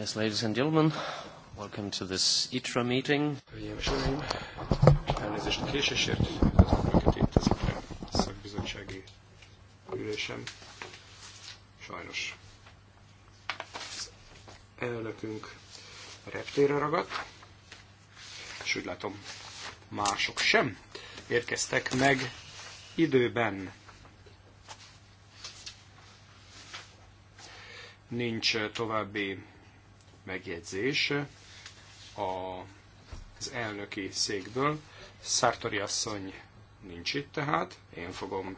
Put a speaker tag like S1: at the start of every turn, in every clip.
S1: Yes, ladies and gentlemen, welcome to this ITRA meeting. a szakbizottsági Sajnos elnökünk reptére ragadt, és úgy látom mások sem érkeztek meg időben. Nincs további megjegyzés a, az elnöki székből. Szártori asszony nincs itt tehát, én fogom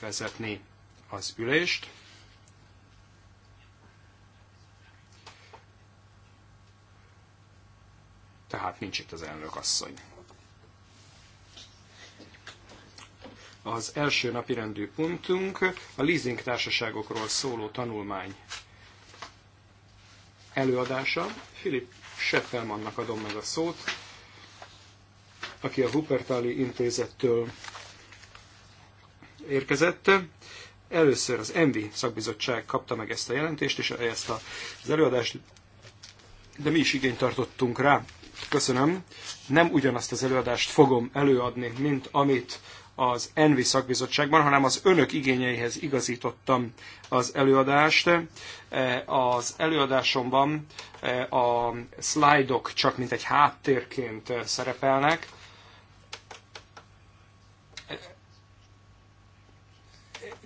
S1: vezetni az ülést. Tehát nincs itt az elnök asszony. Az első napi rendű pontunk a leasing társaságokról szóló tanulmány előadása. Philip Sepfelmannak adom meg a szót, aki a Wuppertali Intézettől érkezett. Először az ENVI szakbizottság kapta meg ezt a jelentést és ezt az előadást, de mi is igényt tartottunk rá. Köszönöm. Nem ugyanazt az előadást fogom előadni, mint amit az Envi szakbizottságban, hanem az önök igényeihez igazítottam az előadást. E, az előadásomban e, a szlájdok -ok csak mint egy háttérként szerepelnek.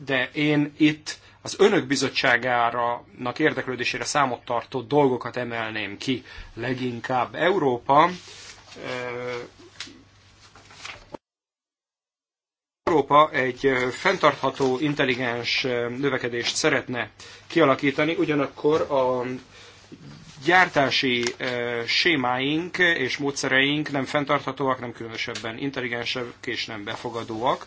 S1: De én itt az önök bizottságára érdeklődésére számot tartó dolgokat emelném ki leginkább. Európa e, Európa egy fenntartható, intelligens növekedést szeretne kialakítani, ugyanakkor a gyártási sémáink és módszereink nem fenntarthatóak, nem különösebben intelligensek és nem befogadóak.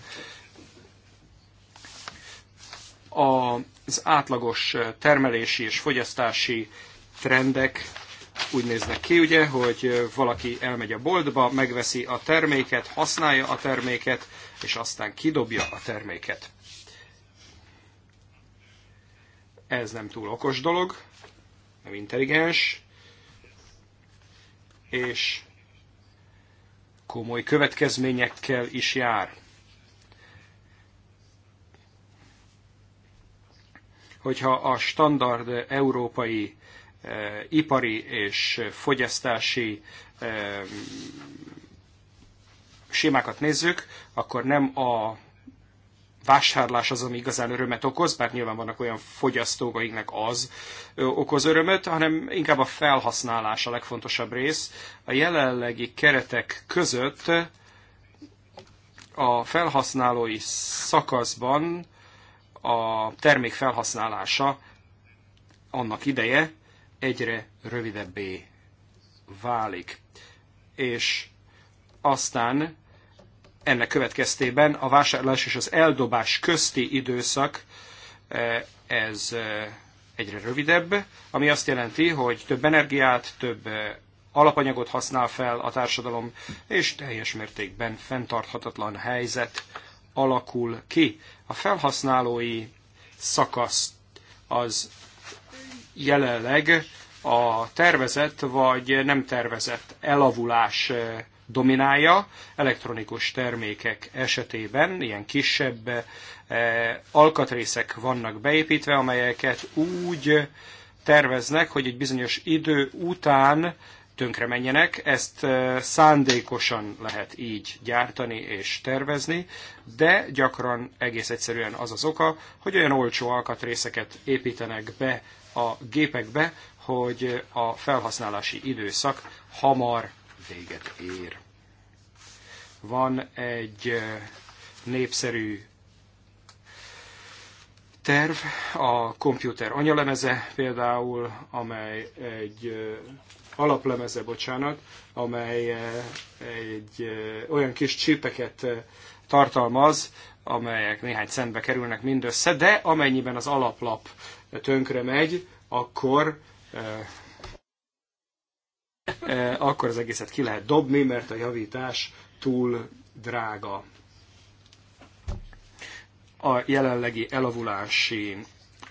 S1: Az átlagos termelési és fogyasztási trendek úgy néznek ki, ugye, hogy valaki elmegy a boltba, megveszi a terméket, használja a terméket, és aztán kidobja a terméket. Ez nem túl okos dolog, nem intelligens, és komoly következményekkel is jár. Hogyha a standard európai eh, ipari és fogyasztási eh, sémákat nézzük, akkor nem a vásárlás az, ami igazán örömet okoz, bár nyilván vannak olyan fogyasztók, akiknek az okoz örömet, hanem inkább a felhasználás a legfontosabb rész. A jelenlegi keretek között a felhasználói szakaszban a termék felhasználása annak ideje egyre rövidebbé válik. És aztán ennek következtében a vásárlás és az eldobás közti időszak eh, ez eh, egyre rövidebb, ami azt jelenti, hogy több energiát, több eh, alapanyagot használ fel a társadalom, és teljes mértékben fenntarthatatlan helyzet alakul ki. A felhasználói szakasz az jelenleg a tervezett vagy nem tervezett elavulás dominálja. Elektronikus termékek esetében ilyen kisebb eh, alkatrészek vannak beépítve, amelyeket úgy terveznek, hogy egy bizonyos idő után tönkre menjenek. Ezt eh, szándékosan lehet így gyártani és tervezni, de gyakran egész egyszerűen az az oka, hogy olyan olcsó alkatrészeket építenek be a gépekbe, hogy a felhasználási időszak hamar véget ér. Van egy eh, népszerű terv, a komputer anyalemeze például, amely egy eh, alaplemeze, bocsánat, amely eh, egy olyan kis csípeket tartalmaz, amelyek néhány centbe kerülnek mindössze, de amennyiben az alaplap tönkre megy, akkor akkor az egészet ki lehet dobni, mert a javítás túl drága. A jelenlegi elavulási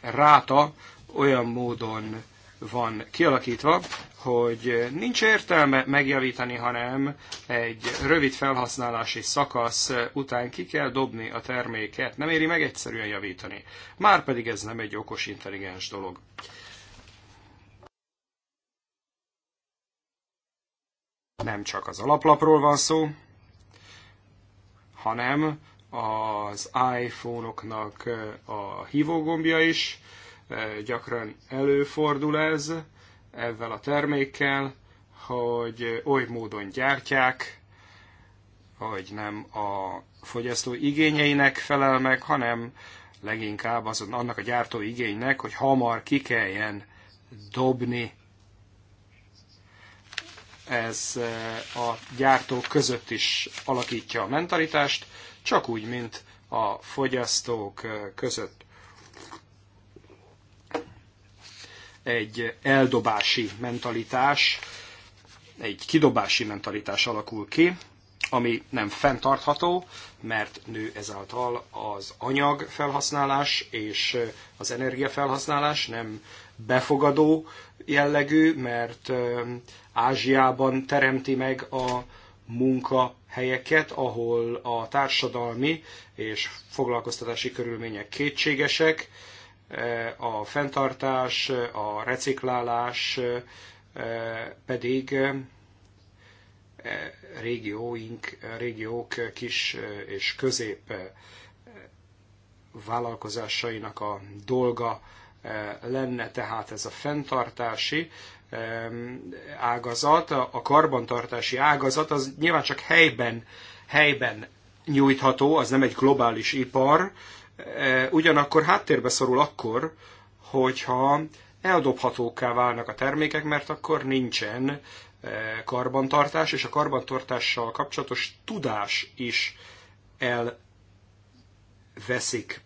S1: ráta olyan módon van kialakítva, hogy nincs értelme megjavítani, hanem egy rövid felhasználási szakasz után ki kell dobni a terméket. Nem éri meg egyszerűen javítani. Márpedig ez nem egy okos, intelligens dolog. Nem csak az alaplapról van szó, hanem az iPhone-oknak eh, a hívógombja is, eh, gyakran előfordul ez ezzel a termékkel, hogy oly módon gyártják, hogy nem a fogyasztó igényeinek felel meg, hanem leginkább azon, annak a gyártó igénynek, hogy hamar ki kelljen dobni ez eh, a gyártók között is alakítja a mentalitást, csak úgy, mint a fogyasztók eh, között. Egy eldobási mentalitás, egy kidobási mentalitás alakul ki, ami nem fenntartható, mert nő ezáltal az anyag felhasználás és eh, az energiafelhasználás nem befogadó jellegű, mert Ázsiában teremti meg a munkahelyeket, ahol a társadalmi és foglalkoztatási körülmények kétségesek, a fenntartás, a reciklálás pedig e, régióink, régiók kis és közép vállalkozásainak a dolga lenne tehát ez a fenntartási ágazat, a karbantartási ágazat, az nyilván csak helyben, helyben nyújtható, az nem egy globális ipar, e, ugyanakkor háttérbe szorul akkor, hogyha eldobhatóká válnak a termékek, mert akkor nincsen e, karbantartás, és a karbantartással kapcsolatos tudás is elveszik.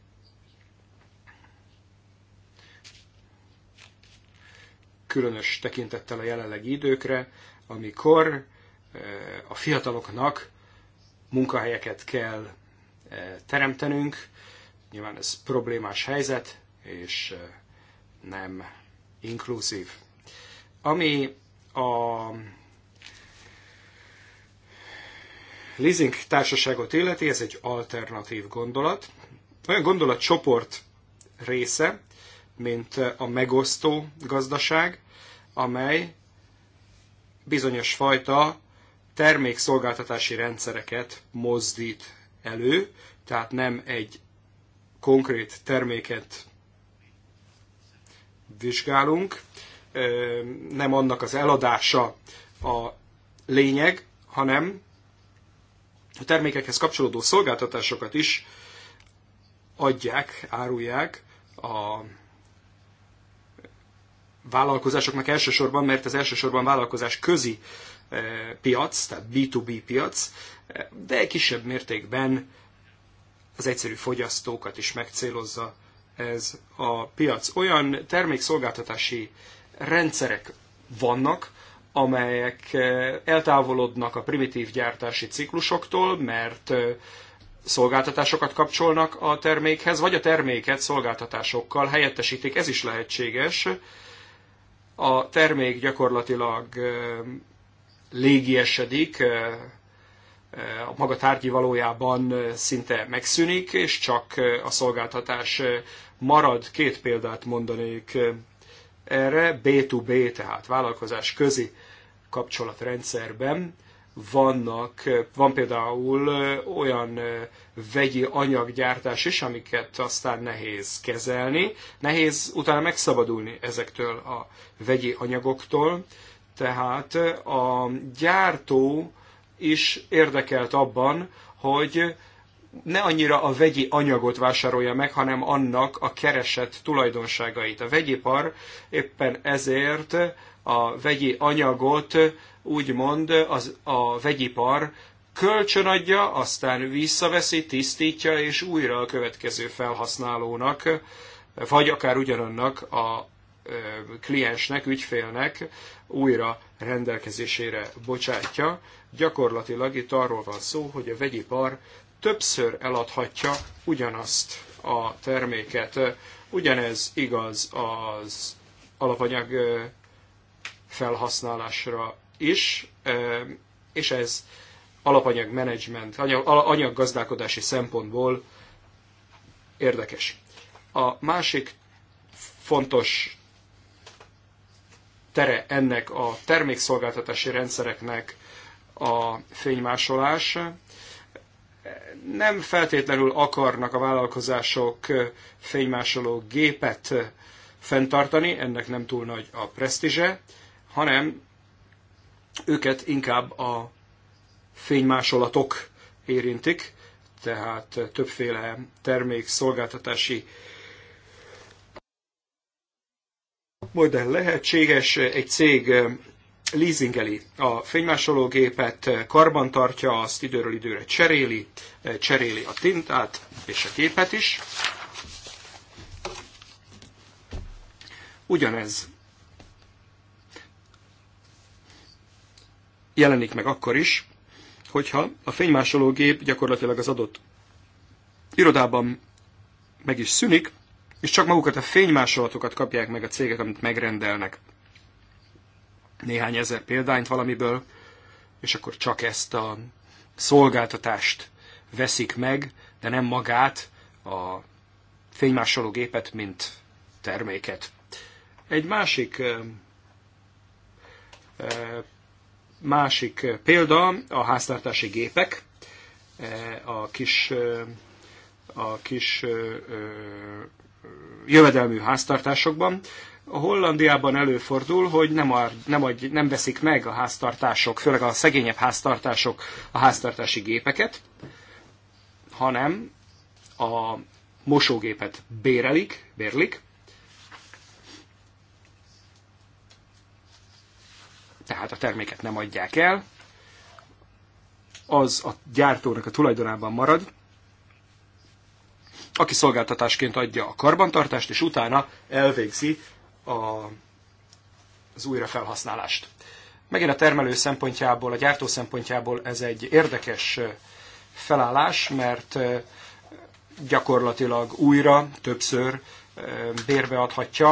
S1: különös tekintettel a jelenlegi időkre, amikor eh, a fiataloknak munkahelyeket kell eh, teremtenünk. Nyilván ez problémás helyzet, és eh, nem inkluzív. Ami a leasing társaságot illeti, ez egy alternatív gondolat. Olyan csoport része, mint a megosztó gazdaság, amely bizonyos fajta termékszolgáltatási rendszereket mozdít elő, tehát nem egy konkrét terméket vizsgálunk, nem annak az eladása a lényeg, hanem a termékekhez kapcsolódó szolgáltatásokat is adják, árulják a vállalkozásoknak elsősorban, mert ez elsősorban vállalkozás közi eh, piac, tehát B2B piac, eh, de kisebb mértékben az egyszerű fogyasztókat is megcélozza ez a piac. Olyan termékszolgáltatási rendszerek vannak, amelyek eh, eltávolodnak a primitív gyártási ciklusoktól, mert szolgáltatásokat kapcsolnak a termékhez, vagy a terméket szolgáltatásokkal helyettesítik. Ez is lehetséges, a termék gyakorlatilag légiesedik, a maga tárgyi valójában szinte megszűnik, és csak a szolgáltatás marad. Két példát mondanék erre, B2B, tehát vállalkozás közi kapcsolatrendszerben vannak, van például olyan vegyi anyaggyártás is, amiket aztán nehéz kezelni, nehéz utána megszabadulni ezektől a vegyi anyagoktól, tehát a gyártó is érdekelt abban, hogy ne annyira a vegyi anyagot vásárolja meg, hanem annak a keresett tulajdonságait. A vegyipar éppen ezért a vegyi anyagot úgymond az, a vegyipar kölcsönadja, aztán visszaveszi, tisztítja, és újra a következő felhasználónak, vagy akár ugyanannak a kliensnek, ügyfélnek újra rendelkezésére bocsátja. Gyakorlatilag itt arról van szó, hogy a vegyipar többször eladhatja ugyanazt a terméket. Ugyanez igaz az alapanyag felhasználásra is, és ez alapanyag menedzsment, anyaggazdálkodási szempontból érdekes. A másik fontos tere ennek a termékszolgáltatási rendszereknek a fénymásolás, nem feltétlenül akarnak a vállalkozások fénymásoló gépet fenntartani, ennek nem túl nagy a presztízse, hanem őket inkább a fénymásolatok érintik, tehát többféle termék, szolgáltatási modell lehetséges. Egy cég leasingeli a fénymásológépet, eh, karbantartja azt, időről időre cseréli, eh, cseréli a tintát és a képet is. Ugyanez jelenik meg akkor is, hogyha a fénymásológép gyakorlatilag az adott irodában meg is szűnik, és csak magukat a fénymásolatokat kapják meg a cégek, amit megrendelnek néhány ezer példányt valamiből, és akkor csak ezt a szolgáltatást veszik meg, de nem magát, a fénymásológépet, mint terméket. Egy másik másik példa a háztartási gépek, a kis, a kis jövedelmű háztartásokban. A Hollandiában előfordul, hogy nem, ar, nem, ad, nem veszik meg a háztartások, főleg a szegényebb háztartások a háztartási gépeket, hanem a mosógépet bérelik, bérlik, tehát a terméket nem adják el, az a gyártónak a tulajdonában marad, aki szolgáltatásként adja a karbantartást, és utána elvégzi a, az újrafelhasználást. Megint a termelő szempontjából, a gyártó szempontjából ez egy érdekes felállás, mert gyakorlatilag újra, többször adhatja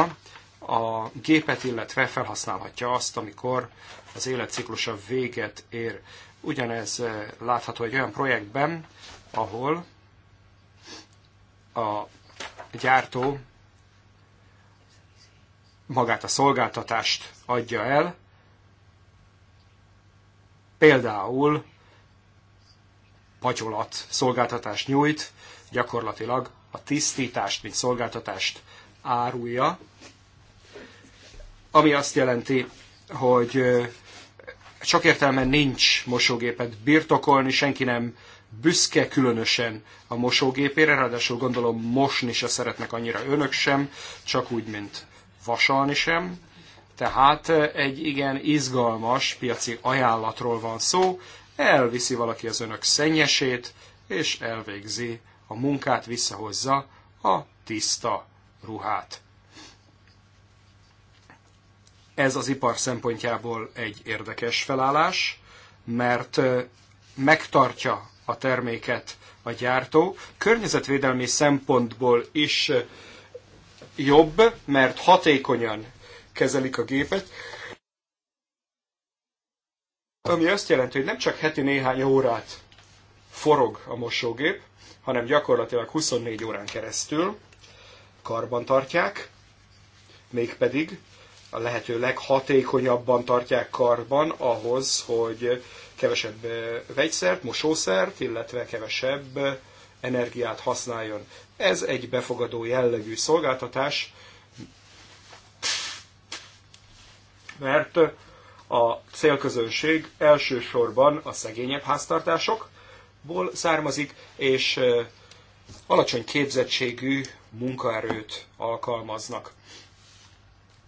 S1: a gépet, illetve felhasználhatja azt, amikor az életciklusa véget ér. Ugyanez látható egy olyan projektben, ahol a gyártó magát a szolgáltatást adja el, például pacsolat szolgáltatást nyújt, gyakorlatilag a tisztítást, mint szolgáltatást árulja, ami azt jelenti, hogy csak értelme nincs mosógépet birtokolni, senki nem büszke különösen a mosógépére, ráadásul gondolom mosni se szeretnek annyira önök sem, csak úgy, mint vasalni sem, tehát eh, egy igen izgalmas piaci ajánlatról van szó, elviszi valaki az önök szennyesét, és elvégzi a munkát, visszahozza a tiszta ruhát. Ez az ipar szempontjából egy érdekes felállás, mert eh, megtartja a terméket a gyártó. Környezetvédelmi szempontból is eh, jobb, mert hatékonyan kezelik a gépet, ami azt jelenti, hogy nem csak heti néhány órát forog a mosógép, hanem gyakorlatilag 24 órán keresztül karban tartják, mégpedig a lehető leghatékonyabban tartják karban ahhoz, hogy kevesebb vegyszert, mosószert, illetve kevesebb energiát használjon. Ez egy befogadó jellegű szolgáltatás, mert a célközönség elsősorban a szegényebb háztartásokból származik, és alacsony képzettségű munkaerőt alkalmaznak.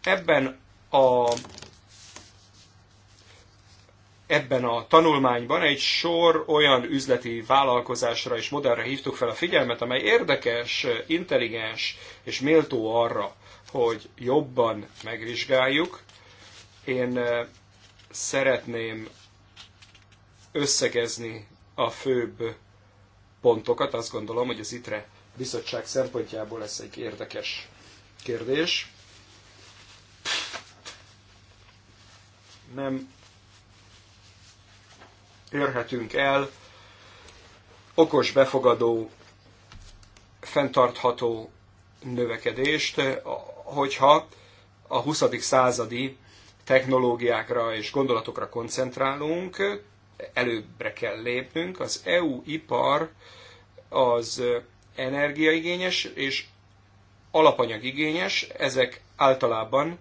S1: Ebben a ebben a tanulmányban egy sor olyan üzleti vállalkozásra és modellre hívtuk fel a figyelmet, amely érdekes, intelligens és méltó arra, hogy jobban megvizsgáljuk. Én eh, szeretném összegezni a főbb pontokat. Azt gondolom, hogy az ITRE bizottság szempontjából lesz egy érdekes kérdés. Nem érhetünk el, okos, befogadó, fenntartható növekedést, hogyha a 20. századi technológiákra és gondolatokra koncentrálunk, előbbre kell lépnünk. Az EU ipar az energiaigényes és alapanyagigényes, ezek általában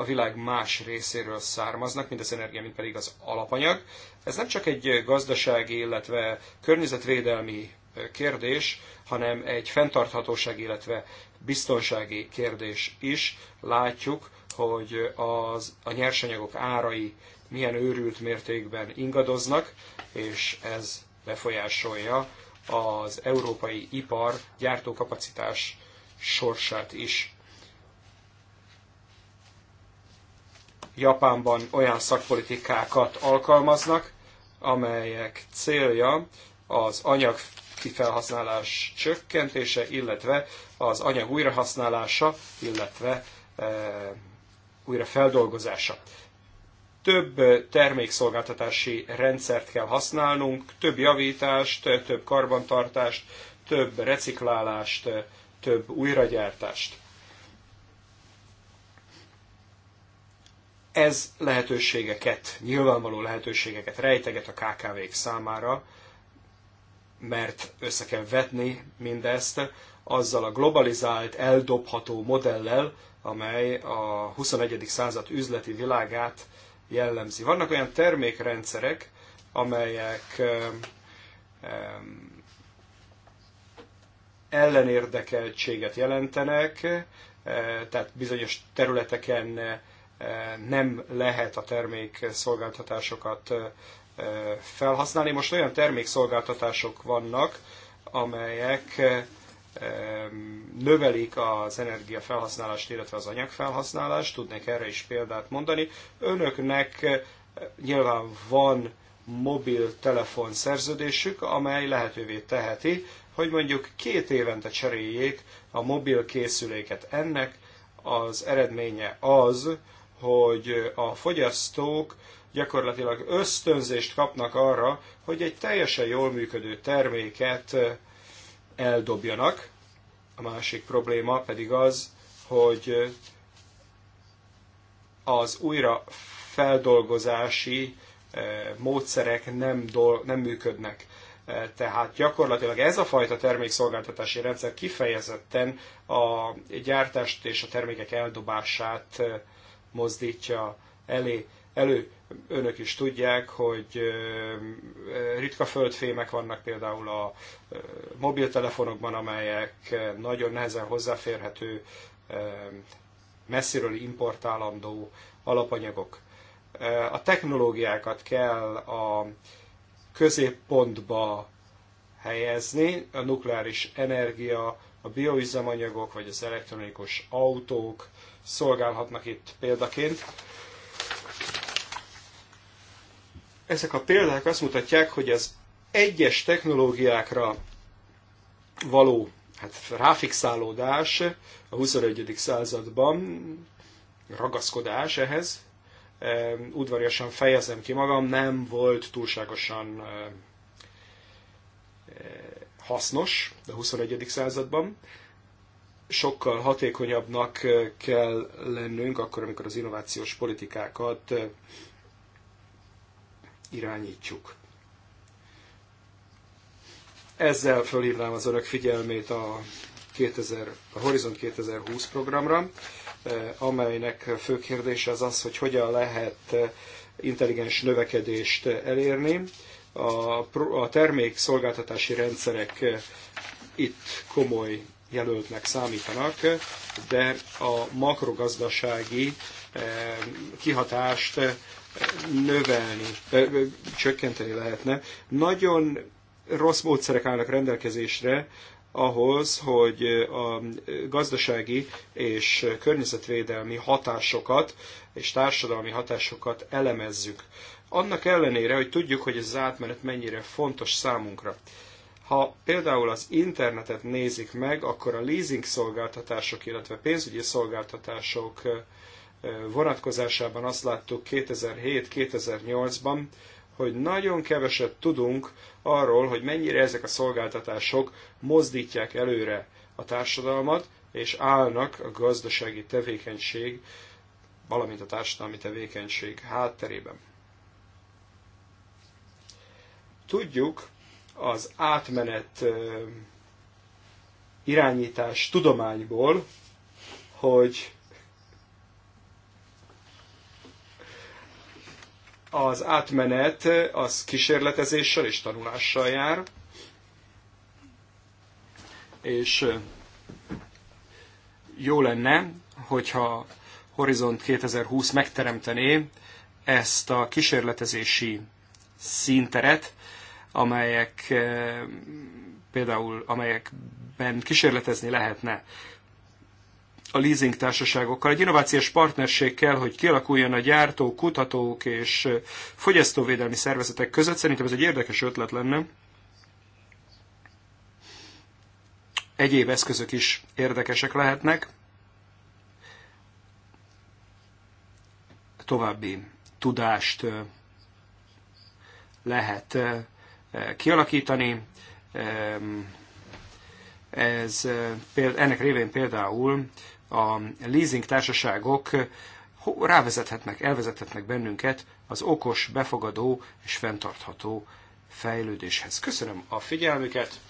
S1: a világ más részéről származnak, mint az energia, mint pedig az alapanyag. Ez nem csak egy gazdasági, illetve környezetvédelmi kérdés, hanem egy fenntarthatóság, illetve biztonsági kérdés is. Látjuk, hogy az, a nyersanyagok árai milyen őrült mértékben ingadoznak, és ez befolyásolja az európai ipar gyártókapacitás sorsát is. Japánban olyan szakpolitikákat alkalmaznak, amelyek célja az anyag kifelhasználás csökkentése, illetve az anyag újrahasználása, illetve e, újrafeldolgozása. Több eh, termékszolgáltatási rendszert kell használnunk, több javítást, eh, több karbantartást, több reciklálást, több újragyártást. Ez lehetőségeket, nyilvánvaló lehetőségeket rejteget a KKV-k számára, mert össze kell vetni mindezt azzal a globalizált, eldobható modellel, amely a 21. század üzleti világát jellemzi. Vannak olyan termékrendszerek, amelyek ellenérdekeltséget jelentenek, eh, tehát bizonyos területeken nem lehet a termékszolgáltatásokat felhasználni. Most olyan termékszolgáltatások vannak, amelyek növelik az energiafelhasználást, illetve az anyagfelhasználást. Tudnék erre is példát mondani. Önöknek nyilván van mobiltelefon szerződésük, amely lehetővé teheti, hogy mondjuk két évente cseréljék a mobil készüléket. Ennek az eredménye az, hogy a fogyasztók gyakorlatilag ösztönzést kapnak arra, hogy egy teljesen jól működő terméket eh, eldobjanak. A másik probléma pedig az, hogy eh, az újra feldolgozási eh, módszerek nem, dol- nem működnek. Tehát gyakorlatilag ez a fajta termékszolgáltatási rendszer kifejezetten a gyártást és a termékek eldobását mozdítja elé, elő. Önök is tudják, hogy ritka földfémek vannak például a mobiltelefonokban, amelyek nagyon nehezen hozzáférhető, messziről importálandó alapanyagok. A technológiákat kell a középpontba helyezni, a nukleáris energia, a bioüzemanyagok vagy az elektronikus autók, szolgálhatnak itt példaként. Ezek a példák azt mutatják, hogy az egyes technológiákra való hát ráfixálódás a 21. században, ragaszkodás ehhez, udvariasan fejezem ki magam, nem volt túlságosan hasznos a 21. században sokkal hatékonyabbnak kell lennünk akkor, amikor az innovációs politikákat irányítjuk. Ezzel fölhívnám az önök figyelmét a, 2000, a Horizon 2020 programra, amelynek fő kérdése az az, hogy hogyan lehet intelligens növekedést elérni. A, a termék szolgáltatási rendszerek itt komoly jelöltnek számítanak, de a makrogazdasági eh, kihatást eh, növelni, eh, csökkenteni lehetne. Nagyon rossz módszerek állnak rendelkezésre ahhoz, hogy a gazdasági és környezetvédelmi hatásokat és társadalmi hatásokat elemezzük. Annak ellenére, hogy tudjuk, hogy ez az átmenet mennyire fontos számunkra. Ha például az internetet nézik meg, akkor a leasing szolgáltatások, illetve pénzügyi szolgáltatások vonatkozásában azt láttuk 2007-2008-ban, hogy nagyon keveset tudunk arról, hogy mennyire ezek a szolgáltatások mozdítják előre a társadalmat, és állnak a gazdasági tevékenység, valamint a társadalmi tevékenység hátterében. Tudjuk, az átmenet irányítás tudományból, hogy az átmenet az kísérletezéssel és tanulással jár, és jó lenne, hogyha Horizont 2020 megteremtené ezt a kísérletezési szinteret, amelyek eh, például, amelyekben kísérletezni lehetne a leasing társaságokkal. Egy innovációs partnerség kell, hogy kialakuljon a gyártó, kutatók és eh, fogyasztóvédelmi szervezetek között. Szerintem ez egy érdekes ötlet lenne. Egyéb eszközök is érdekesek lehetnek. További tudást eh, lehet kialakítani. Ez, eh, ennek révén például a leasing társaságok rávezethetnek, elvezethetnek bennünket az okos, befogadó és fenntartható fejlődéshez. Köszönöm a figyelmüket!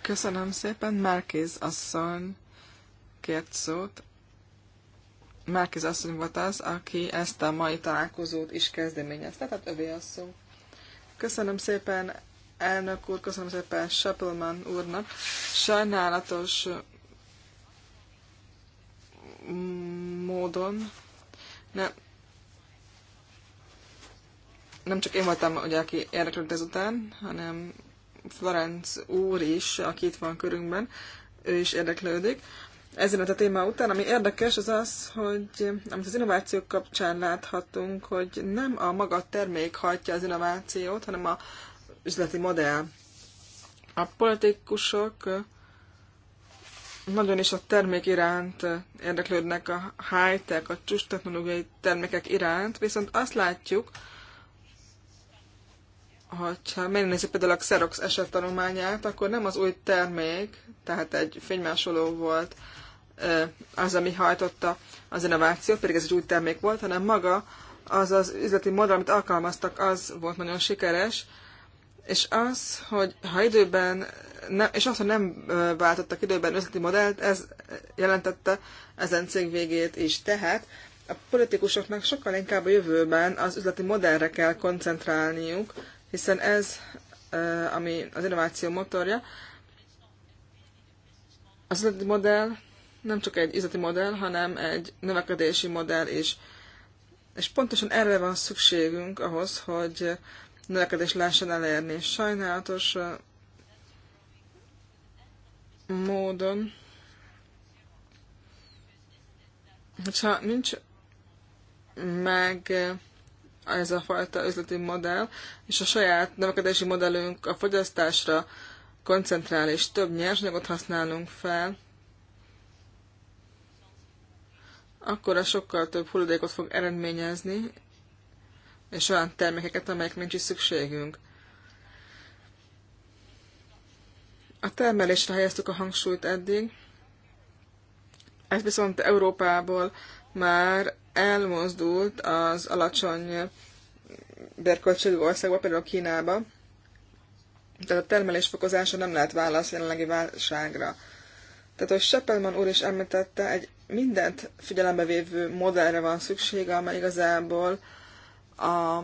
S2: Köszönöm szépen, Márkéz asszony kért szót. Márkiz asszony volt az, aki ezt a mai találkozót is kezdeményezte, tehát övé asszony. Köszönöm szépen, elnök úr, köszönöm szépen Seppelman úrnak. Sajnálatos módon nem, nem csak én voltam, ugye, aki érdeklődött ezután, hanem Florence úr is, aki itt van körünkben, ő is érdeklődik ezen a téma után, ami érdekes, az az, hogy amit az innovációk kapcsán láthatunk, hogy nem a maga termék hajtja az innovációt, hanem a üzleti modell. A politikusok nagyon is a termék iránt érdeklődnek a high-tech, a csúcs technológiai termékek iránt, viszont azt látjuk, hogyha megnézzük például a Xerox esettanulmányát, akkor nem az új termék, tehát egy fénymásoló volt az, ami hajtotta az innovációt, pedig ez egy új termék volt, hanem maga az az üzleti modell, amit alkalmaztak, az volt nagyon sikeres, és az, hogy ha időben, nem, és az, hogy nem váltottak időben üzleti modellt, ez jelentette ezen cég végét is. Tehát a politikusoknak sokkal inkább a jövőben az üzleti modellre kell koncentrálniuk, hiszen ez, ami az innováció motorja, az üzleti modell nem csak egy üzleti modell, hanem egy növekedési modell is. És pontosan erre van szükségünk ahhoz, hogy növekedés lehessen elérni. Sajnálatos módon, hogyha nincs meg ez a fajta üzleti modell, és a saját növekedési modellünk a fogyasztásra koncentrál és több nyersanyagot használunk fel, akkor a sokkal több hulladékot fog eredményezni, és olyan termékeket, amelyek nincs is szükségünk. A termelésre helyeztük a hangsúlyt eddig, ez viszont Európából már elmozdult az alacsony bérköltségű országba, például Kínába. Tehát a termelés fokozása nem lehet válasz jelenlegi válságra. Tehát, hogy Seppelman úr is említette, egy mindent figyelembe vévő modellre van szüksége, amely igazából a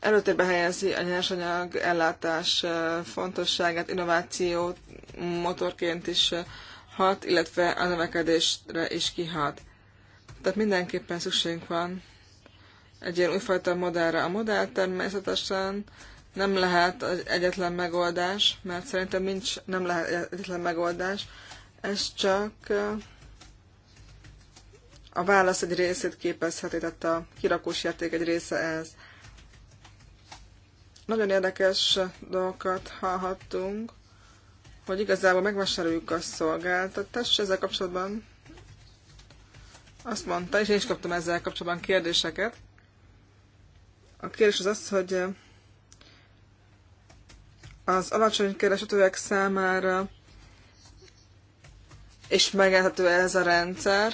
S2: előtérbe helyezi a nyersanyag ellátás fontosságát, innovációt motorként is hat, illetve a növekedésre is kihat. Tehát mindenképpen szükségünk van egy ilyen újfajta modellre. A modell természetesen nem lehet az egyetlen megoldás, mert szerintem nincs, nem lehet egyetlen megoldás. Ez csak a válasz egy részét képezheti, tehát a kirakós játék egy része ez. Nagyon érdekes dolgokat hallhattunk, hogy igazából megvásároljuk a szolgáltatást, és ezzel kapcsolatban azt mondta, és én is kaptam ezzel kapcsolatban kérdéseket. A kérdés az az, hogy az alacsony keresetőek számára és megállható ez a rendszer,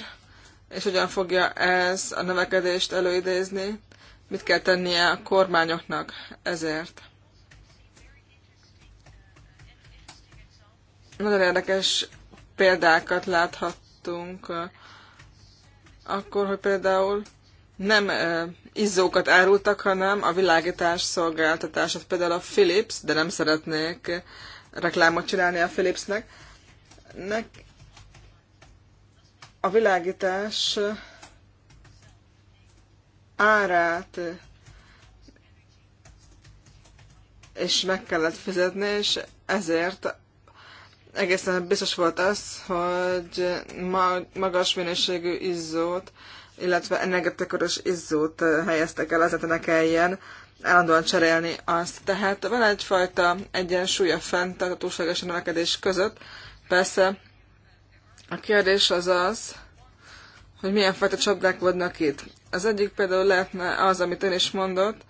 S2: és hogyan fogja ez a növekedést előidézni, mit kell tennie a kormányoknak ezért. Nagyon érdekes példákat láthattunk akkor, hogy például nem izzókat árultak, hanem a világítás szolgáltatását, például a Philips, de nem szeretnék reklámot csinálni a Philipsnek. Nek, a világítás árát és meg kellett fizetni, és ezért egészen biztos volt az, hogy magas minőségű izzót, illetve energetikuros izzót helyeztek el, azért ne kelljen állandóan cserélni azt. Tehát van egyfajta egyensúly a fent, és a növekedés között. Persze a kérdés az az, hogy milyen fajta csapdák vannak itt. Az egyik például lehetne az, amit ön is mondott,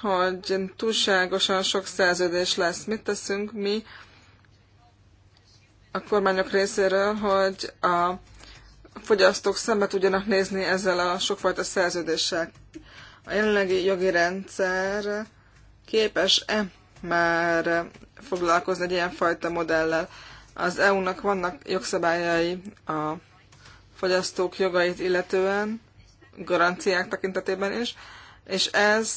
S2: hogy túlságosan sok szerződés lesz. Mit teszünk mi a kormányok részéről, hogy a fogyasztók szembe tudjanak nézni ezzel a sokfajta szerződéssel? A jelenlegi jogi rendszer képes-e már foglalkozni egy ilyenfajta modellel? Az EU-nak vannak jogszabályai a fogyasztók jogait illetően, garanciák tekintetében is, és ez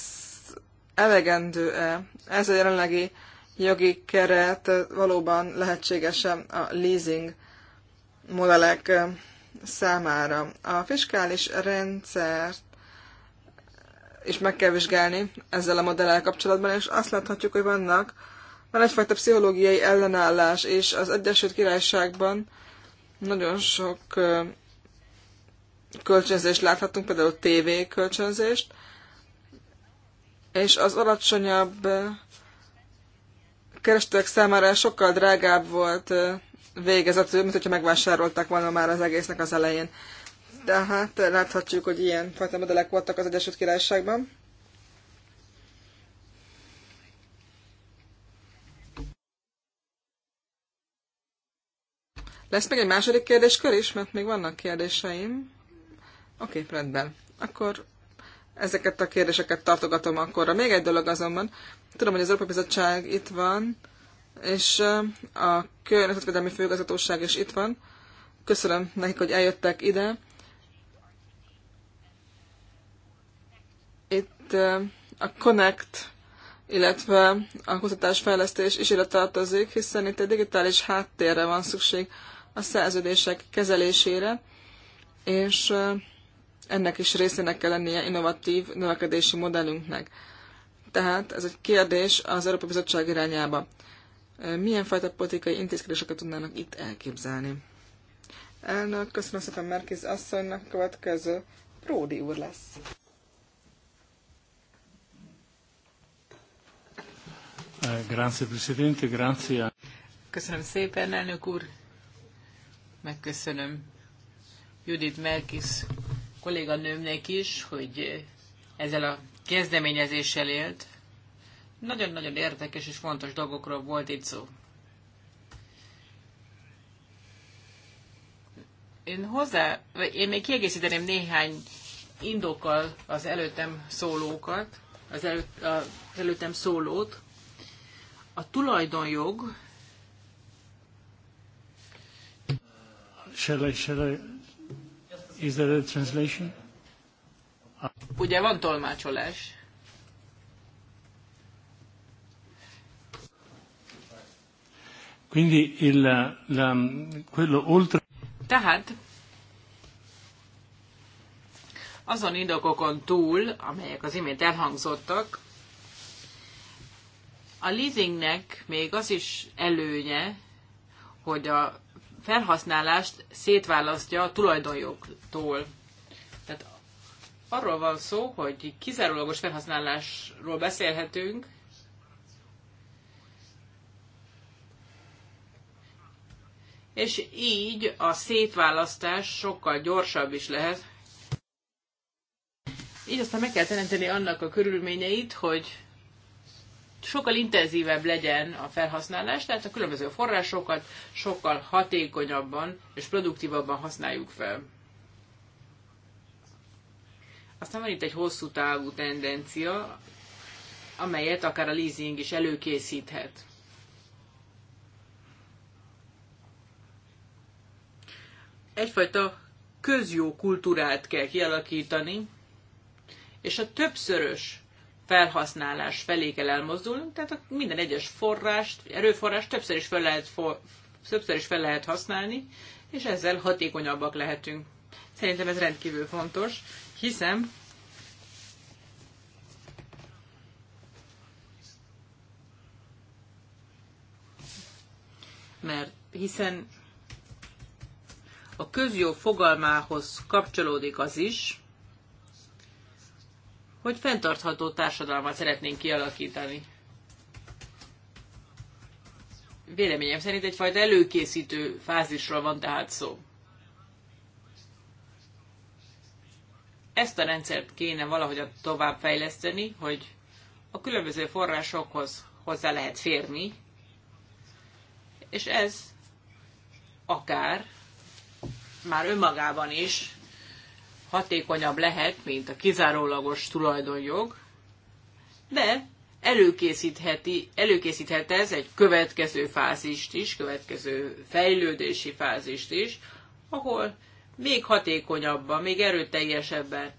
S2: elegendő-e? Ez a jelenlegi jogi keret valóban lehetséges -e a leasing modellek számára. A fiskális rendszert is meg kell vizsgálni ezzel a modellel kapcsolatban, és azt láthatjuk, hogy vannak van egyfajta pszichológiai ellenállás, és az Egyesült Királyságban nagyon sok kölcsönzést láthatunk, például TV kölcsönzést, és az alacsonyabb kerestek számára sokkal drágább volt végezetül, mint hogyha megvásárolták volna már az egésznek az elején. Tehát láthatjuk, hogy ilyen fajta modellek voltak az Egyesült Királyságban. Lesz még egy második kérdéskör is, mert még vannak kérdéseim. Oké, okay, rendben. Akkor ezeket a kérdéseket tartogatom akkorra. Még egy dolog azonban, tudom, hogy az Európai Bizottság itt van, és a Környezetvédelmi Főigazgatóság is itt van. Köszönöm nekik, hogy eljöttek ide. Itt a Connect, illetve a kutatásfejlesztés is ide tartozik, hiszen itt egy digitális háttérre van szükség a szerződések kezelésére, és ennek is részének kell lennie innovatív növekedési modellünknek. Tehát ez egy kérdés az Európai Bizottság irányába. Milyen fajta politikai intézkedéseket tudnának itt elképzelni? Elnök, köszönöm szépen Merkiz asszonynak, következő Pródi úr lesz.
S1: Eh, grazie, Presidente, grazie.
S3: Köszönöm szépen, elnök úr, Megköszönöm Judit Melkis kolléganőmnek is, hogy ezzel a kezdeményezéssel élt. Nagyon-nagyon érdekes és fontos dolgokról volt itt szó. Én hozzá, vagy én még kiegészíteném néhány indokkal az előttem szólókat, az, előtt, az előttem szólót. A tulajdonjog
S1: Shall I, shall I... Is there a translation?
S3: Ugye van tolmácsolás?
S1: Quindi il, la, quello oltre...
S3: Tehát azon indokokon túl, amelyek az imént elhangzottak, a leasingnek még az is előnye, hogy a felhasználást szétválasztja a tulajdonjogtól. Tehát arról van szó, hogy kizárólagos felhasználásról beszélhetünk, és így a szétválasztás sokkal gyorsabb is lehet. Így aztán meg kell teremteni annak a körülményeit, hogy sokkal intenzívebb legyen a felhasználás, tehát a különböző forrásokat sokkal hatékonyabban és produktívabban használjuk fel. Aztán van itt egy hosszú távú tendencia, amelyet akár a leasing is előkészíthet. Egyfajta közjó kultúrát kell kialakítani, és a többszörös felhasználás felé kell elmozdulnunk, tehát minden egyes forrást, erőforrást többször is fel lehet, for, többször is fel lehet használni, és ezzel hatékonyabbak lehetünk. Szerintem ez rendkívül fontos, hiszem, mert hiszen a közjó fogalmához kapcsolódik az is, hogy fenntartható társadalmat szeretnénk kialakítani. Véleményem szerint egyfajta előkészítő fázisról van tehát szó. Ezt a rendszert kéne valahogyan továbbfejleszteni, hogy a különböző forrásokhoz hozzá lehet férni, és ez akár már önmagában is hatékonyabb lehet, mint a kizárólagos tulajdonjog, de előkészítheti, előkészíthet ez egy következő fázist is, következő fejlődési fázist is, ahol még hatékonyabban, még erőteljesebben,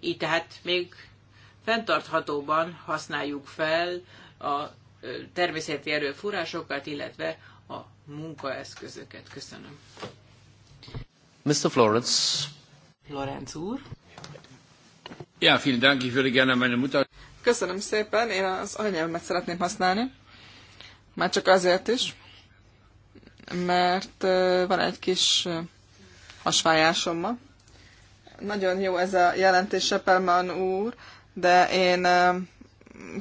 S3: így tehát még fenntarthatóban használjuk fel a természeti erőforrásokat, illetve a munkaeszközöket. Köszönöm. Mr. Florence, Lorenz úr. Ja, vielen Dank, ich würde gerne meine Mutter...
S2: Köszönöm szépen, én az anyanyelvemet szeretném használni. Már csak azért is, mert van egy kis hasvájásom ma. Nagyon jó ez a jelentés, Seppelman úr, de én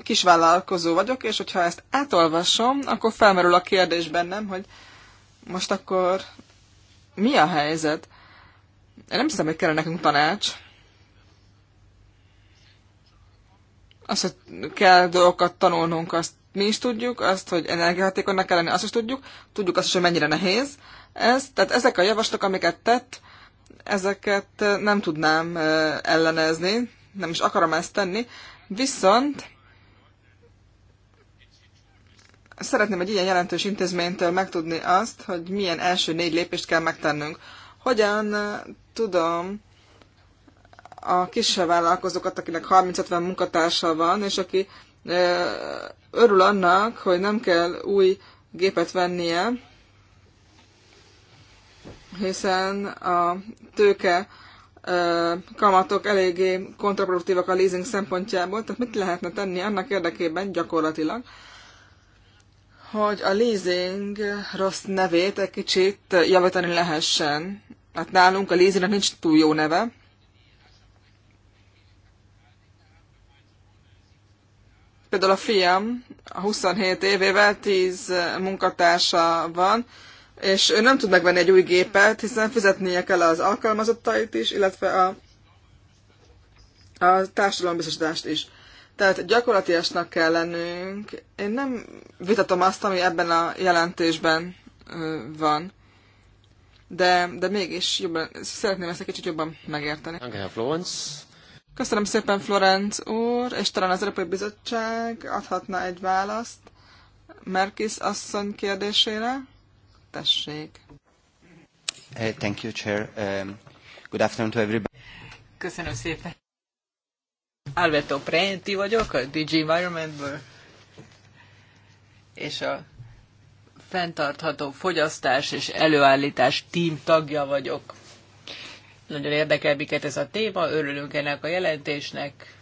S2: kisvállalkozó vagyok, és hogyha ezt átolvasom, akkor felmerül a kérdés bennem, hogy most akkor mi a helyzet? Én nem hiszem, hogy kellene nekünk tanács. Azt, hogy kell dolgokat tanulnunk, azt mi is tudjuk, azt, hogy energiahatékonynak kell lenni, azt is tudjuk, tudjuk azt is, hogy mennyire nehéz. Ez, tehát ezek a javaslatok, amiket tett, ezeket eh, nem tudnám eh, ellenezni, nem is akarom ezt tenni, viszont szeretném egy ilyen jelentős intézménytől megtudni azt, hogy milyen első négy lépést kell megtennünk. Hogyan eh, tudom a kisebb vállalkozókat, akinek 30-50 munkatársa van, és aki örül annak, hogy nem kell új gépet vennie, hiszen a tőke kamatok eléggé kontraproduktívak a leasing szempontjából, tehát mit lehetne tenni annak érdekében gyakorlatilag, hogy a leasing rossz nevét egy kicsit javítani lehessen. Hát nálunk a lézinek nincs túl jó neve. Például a fiam a 27 évével 10 munkatársa van, és ő nem tud megvenni egy új gépet, hiszen fizetnie kell az alkalmazottait is, illetve a, a társadalombiztosítást is. Tehát gyakorlatiasnak kell lennünk. Én nem vitatom azt, ami ebben a jelentésben van de, de mégis jobban, szeretném ezt egy kicsit jobban megérteni. Köszönöm szépen, Florence úr, és talán az Európai Bizottság adhatna egy választ Merkis asszony kérdésére. Tessék.
S1: thank you, Chair. Um, good afternoon to everybody.
S2: Köszönöm szépen.
S3: Alberto Prenti vagyok, a DG Environmentből, és a fenntartható fogyasztás és előállítás tím tagja vagyok. Nagyon érdekel miket ez a téma, örülünk ennek a jelentésnek.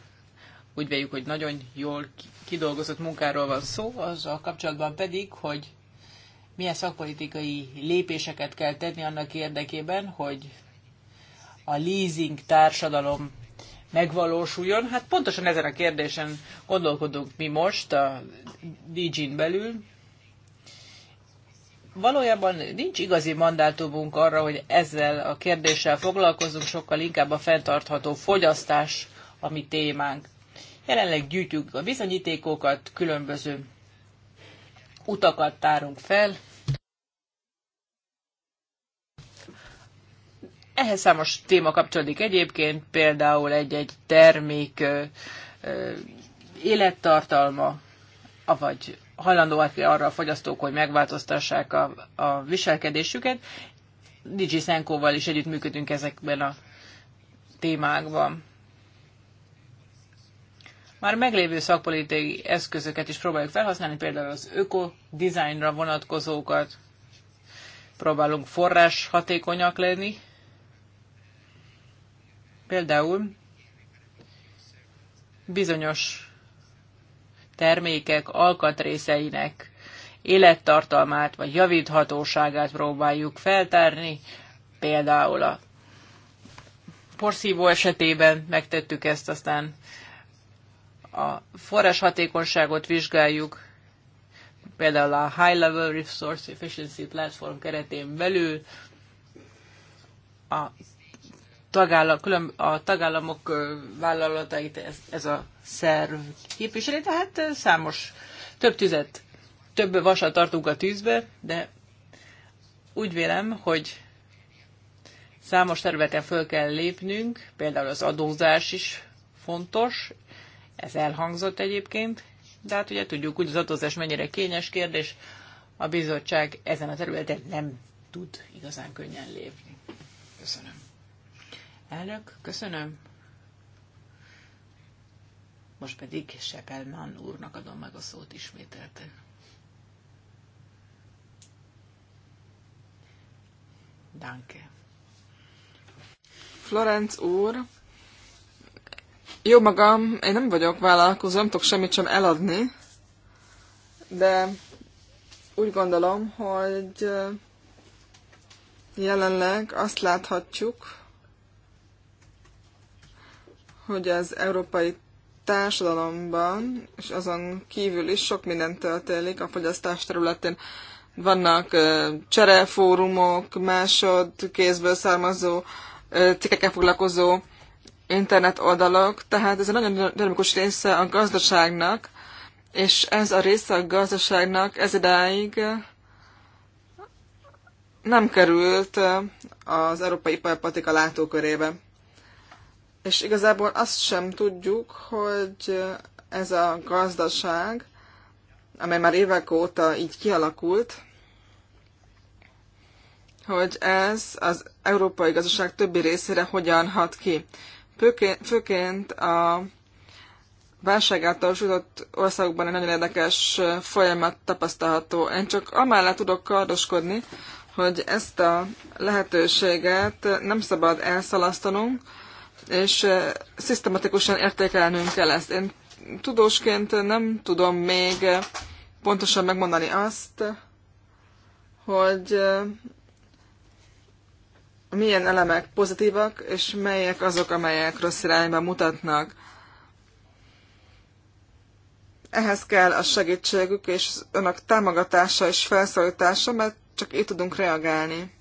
S3: Úgy véljük, hogy nagyon jól kidolgozott munkáról van szó, azzal kapcsolatban pedig, hogy milyen szakpolitikai lépéseket kell tenni annak érdekében, hogy a leasing társadalom megvalósuljon. Hát pontosan ezen a kérdésen gondolkodunk mi most a DG-n belül valójában nincs igazi mandátumunk arra, hogy ezzel a kérdéssel foglalkozunk, sokkal inkább a fenntartható fogyasztás a mi témánk. Jelenleg gyűjtjük a bizonyítékokat, különböző utakat tárunk fel. Ehhez számos téma kapcsolódik egyébként, például egy-egy termék élettartalma, avagy hajlandóak hát arra a fogyasztók, hogy megváltoztassák a, a viselkedésüket. Digi Szenkóval is együttműködünk ezekben a témákban. Már meglévő szakpolitikai eszközöket is próbáljuk felhasználni, például az öko-designra vonatkozókat, próbálunk forrás hatékonyak lenni. Például bizonyos termékek alkatrészeinek élettartalmát vagy javíthatóságát próbáljuk feltárni, például a porszívó esetében megtettük ezt, aztán a forrás hatékonyságot vizsgáljuk, például a High Level Resource Efficiency Platform keretén belül a tagállam, külön, a tagállamok vállalatait ez, ez a szerv képviseli, tehát számos több tüzet, több vasat tartunk a tűzbe, de úgy vélem, hogy számos területen föl kell lépnünk, például az adózás is fontos, ez elhangzott egyébként, de hát ugye tudjuk, hogy az adózás mennyire kényes kérdés, a bizottság ezen a területen nem tud igazán könnyen lépni. Köszönöm. Elnök, köszönöm. Most pedig Sepelman úrnak adom meg a szót ismételten. Danke.
S2: Florenc úr, jó magam, én nem vagyok vállalkozó, nem tudok semmit sem eladni, de úgy gondolom, hogy jelenleg azt láthatjuk, hogy az európai társadalomban, és azon kívül is sok minden történik a fogyasztás területén. Vannak cserefórumok, másod kézből származó cikkekkel foglalkozó internet oldalok, tehát ez egy nagyon dinamikus része a gazdaságnak, és ez a része a gazdaságnak ez idáig nem került az európai iparpolitika látókörébe és igazából azt sem tudjuk, hogy ez a gazdaság, amely már évek óta így kialakult, hogy ez az európai gazdaság többi részére hogyan hat ki. Főként a válság által sújtott országokban egy nagyon érdekes folyamat tapasztalható. Én csak amellett tudok kardoskodni, hogy ezt a lehetőséget nem szabad elszalasztanunk, és szisztematikusan értékelnünk kell ezt. Én tudósként nem tudom még pontosan megmondani azt, hogy milyen elemek pozitívak, és melyek azok, amelyek rossz irányba mutatnak. Ehhez kell a segítségük és önök támogatása és felszólítása, mert csak így tudunk reagálni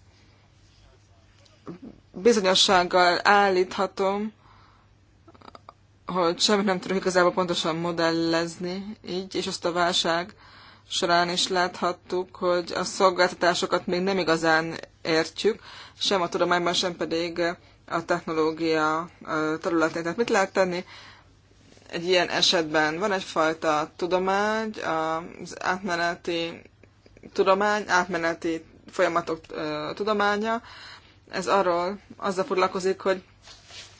S2: bizonyossággal állíthatom, hogy semmit nem tudok igazából pontosan modellezni így, és azt a válság során is láthattuk, hogy a szolgáltatásokat még nem igazán értjük, sem a tudományban, sem pedig a technológia területén. Tehát mit lehet tenni egy ilyen esetben? Van egyfajta tudomány, az átmeneti tudomány, átmeneti folyamatok tudománya, ez arról azzal foglalkozik, hogy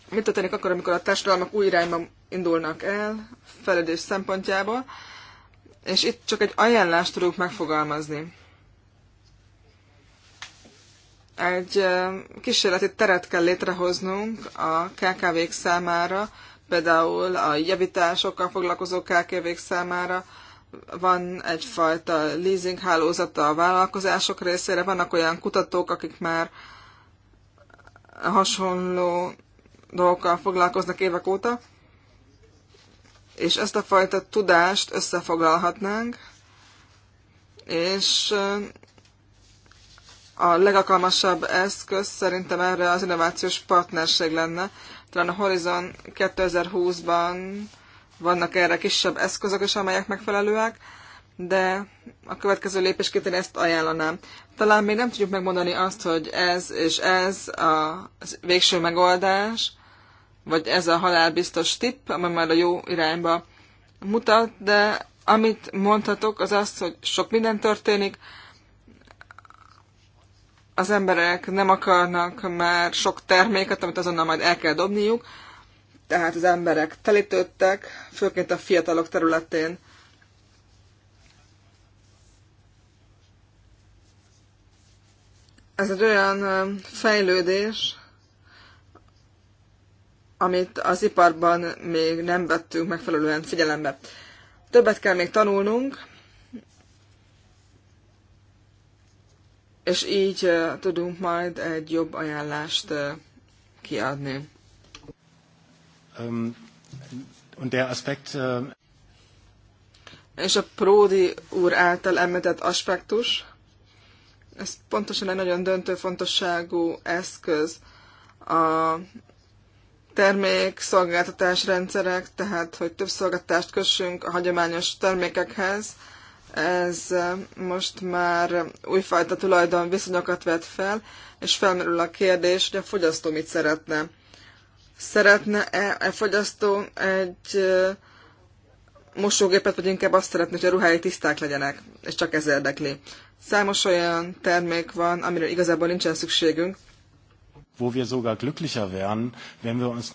S2: mit történik akkor, amikor a társadalmak új irányba indulnak el, fejlődés szempontjából, és itt csak egy ajánlást tudunk megfogalmazni. Egy kísérleti teret kell létrehoznunk a KKV-k számára, például a javításokkal foglalkozó KKV-k számára, van egyfajta leasing hálózata a vállalkozások részére, vannak olyan kutatók, akik már uh, hasonló dolgokkal foglalkoznak évek óta, és ezt a fajta tudást összefoglalhatnánk, és a legalkalmasabb eszköz szerintem erre az innovációs partnerség lenne. Talán a Horizon 2020-ban vannak erre kisebb eszközök is, amelyek megfelelőek, de a következő lépésként én ezt ajánlanám. Talán még nem tudjuk megmondani azt, hogy ez és ez a végső megoldás, vagy ez a halálbiztos tipp, ami már a jó irányba mutat, de amit mondhatok, az az, hogy sok minden történik, az emberek nem akarnak már sok terméket, amit azonnal majd el kell dobniuk, tehát az emberek telítődtek, főként a fiatalok területén Ez egy olyan fejlődés, amit az iparban még nem vettünk megfelelően figyelembe. Többet kell még tanulnunk, és így tudunk majd egy jobb ajánlást kiadni. Um, und der Aspekt, uh... És a Pródi úr által említett aspektus, ez pontosan egy nagyon döntő fontosságú eszköz a termék szolgáltatás rendszerek, tehát hogy több szolgáltást kössünk a hagyományos termékekhez, ez most már újfajta tulajdon viszonyokat vet fel, és felmerül a kérdés, hogy a fogyasztó mit szeretne. Szeretne-e a e fogyasztó egy mosógépet, vagy inkább azt szeretné, hogy a ruhái tiszták legyenek, és csak ez érdekli. Számos olyan termék van, amire igazából nincsen szükségünk. Wo wir sogar
S3: glücklicher wären, wenn wir uns...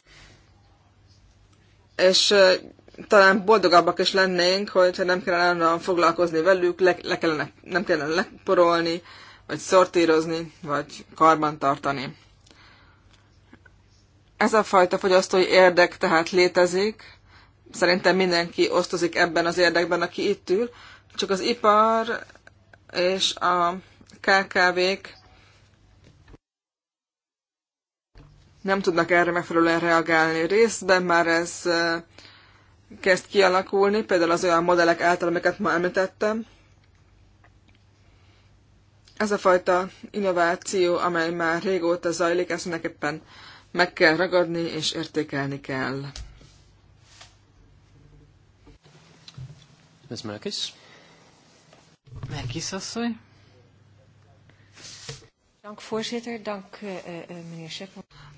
S2: És talán boldogabbak is lennénk, hogyha nem kellene olyan foglalkozni velük, le, le kellene, nem kellene leporolni, vagy szortírozni, vagy karbantartani. Ez a fajta fogyasztói érdek tehát létezik. Szerintem mindenki osztozik ebben az érdekben, aki itt ül, csak az ipar és a KKV-k nem tudnak erre megfelelően reagálni. Részben már ez kezd kialakulni, például az olyan modellek által, amiket ma említettem. Ez a fajta innováció, amely már régóta zajlik, ezt mindenképpen meg kell ragadni és értékelni kell.
S3: Ms. Merkis? Merkis asszony.
S2: Eh, eh, eh,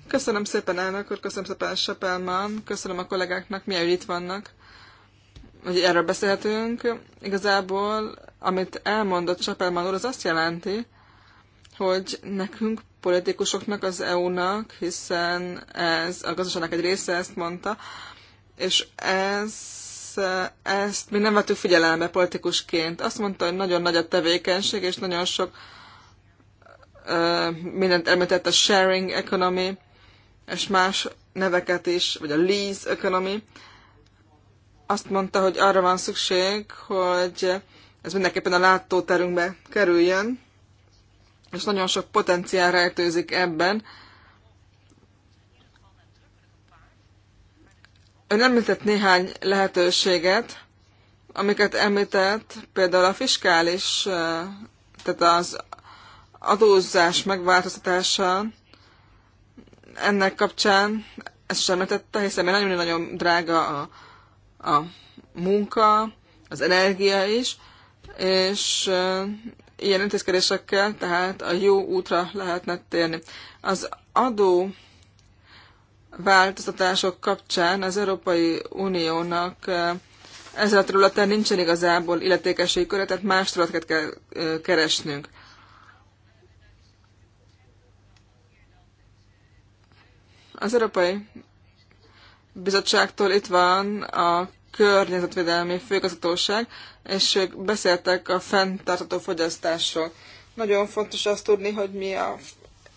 S2: köszönöm szépen, elnök úr, köszönöm szépen, Sepelman, köszönöm a kollégáknak, milyen, hogy itt vannak, hogy erről beszélhetünk. Igazából, amit elmondott Sepelman úr, az azt jelenti, hogy nekünk politikusoknak, az EU-nak, hiszen ez a gazdaságnak egy része ezt mondta, és ez Eh, ezt mi nem vettük figyelembe politikusként. Azt mondta, hogy nagyon nagy a tevékenység, és nagyon sok eh, mindent említett a sharing economy, és más neveket is, vagy a lease economy. Azt mondta, hogy arra van szükség, hogy ez mindenképpen a látóterünkbe kerüljön, és nagyon sok potenciál rejtőzik ebben, Ön említett néhány lehetőséget, amiket említett, például a fiskális, tehát az adózás megváltoztatása ennek kapcsán, ezt sem említette, hiszen nagyon-nagyon drága a, a munka, az energia is, és ilyen intézkedésekkel tehát a jó útra lehetne térni. Az adó változtatások kapcsán az Európai Uniónak eh, ezzel a területen nincsen igazából illetékesség köre, tehát más területeket kell eh, keresnünk. Az Európai Bizottságtól itt van a Környezetvédelmi Főgazgatóság, és ők beszéltek a fenntartható fogyasztásról. Nagyon fontos azt tudni, hogy mi a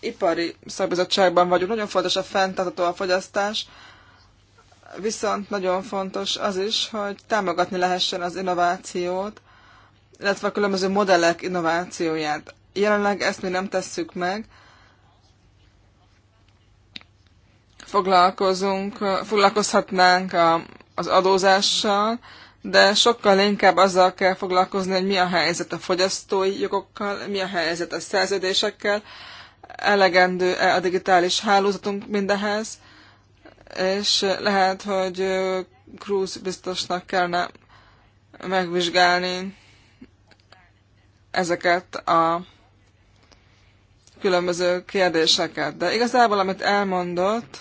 S2: ipari szakbizottságban vagyunk, nagyon fontos a fenntartható a fogyasztás, viszont nagyon fontos az is, hogy támogatni lehessen az innovációt, illetve a különböző modellek innovációját. Jelenleg ezt mi nem tesszük meg, foglalkozunk, foglalkozhatnánk a, az adózással, de sokkal inkább azzal kell foglalkozni, hogy mi a helyzet a fogyasztói jogokkal, mi a helyzet a szerződésekkel, elegendő-e a digitális hálózatunk mindehez, és lehet, hogy Cruz biztosnak kellene megvizsgálni ezeket a különböző kérdéseket. De igazából, amit elmondott,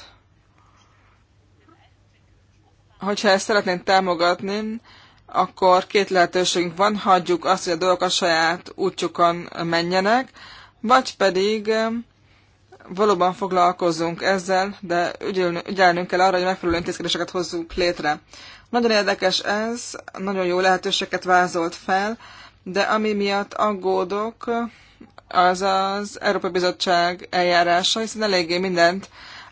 S2: hogyha ezt szeretném támogatni, akkor két lehetőségünk van, hagyjuk azt, hogy a dolgok a saját útjukon menjenek, vagy pedig valóban foglalkozzunk ezzel, de ügyelnünk kell arra, hogy megfelelő intézkedéseket hozzunk létre. Nagyon érdekes ez, nagyon jó lehetőséget vázolt fel, de ami miatt aggódok, az az Európai Bizottság eljárása, hiszen eléggé mindent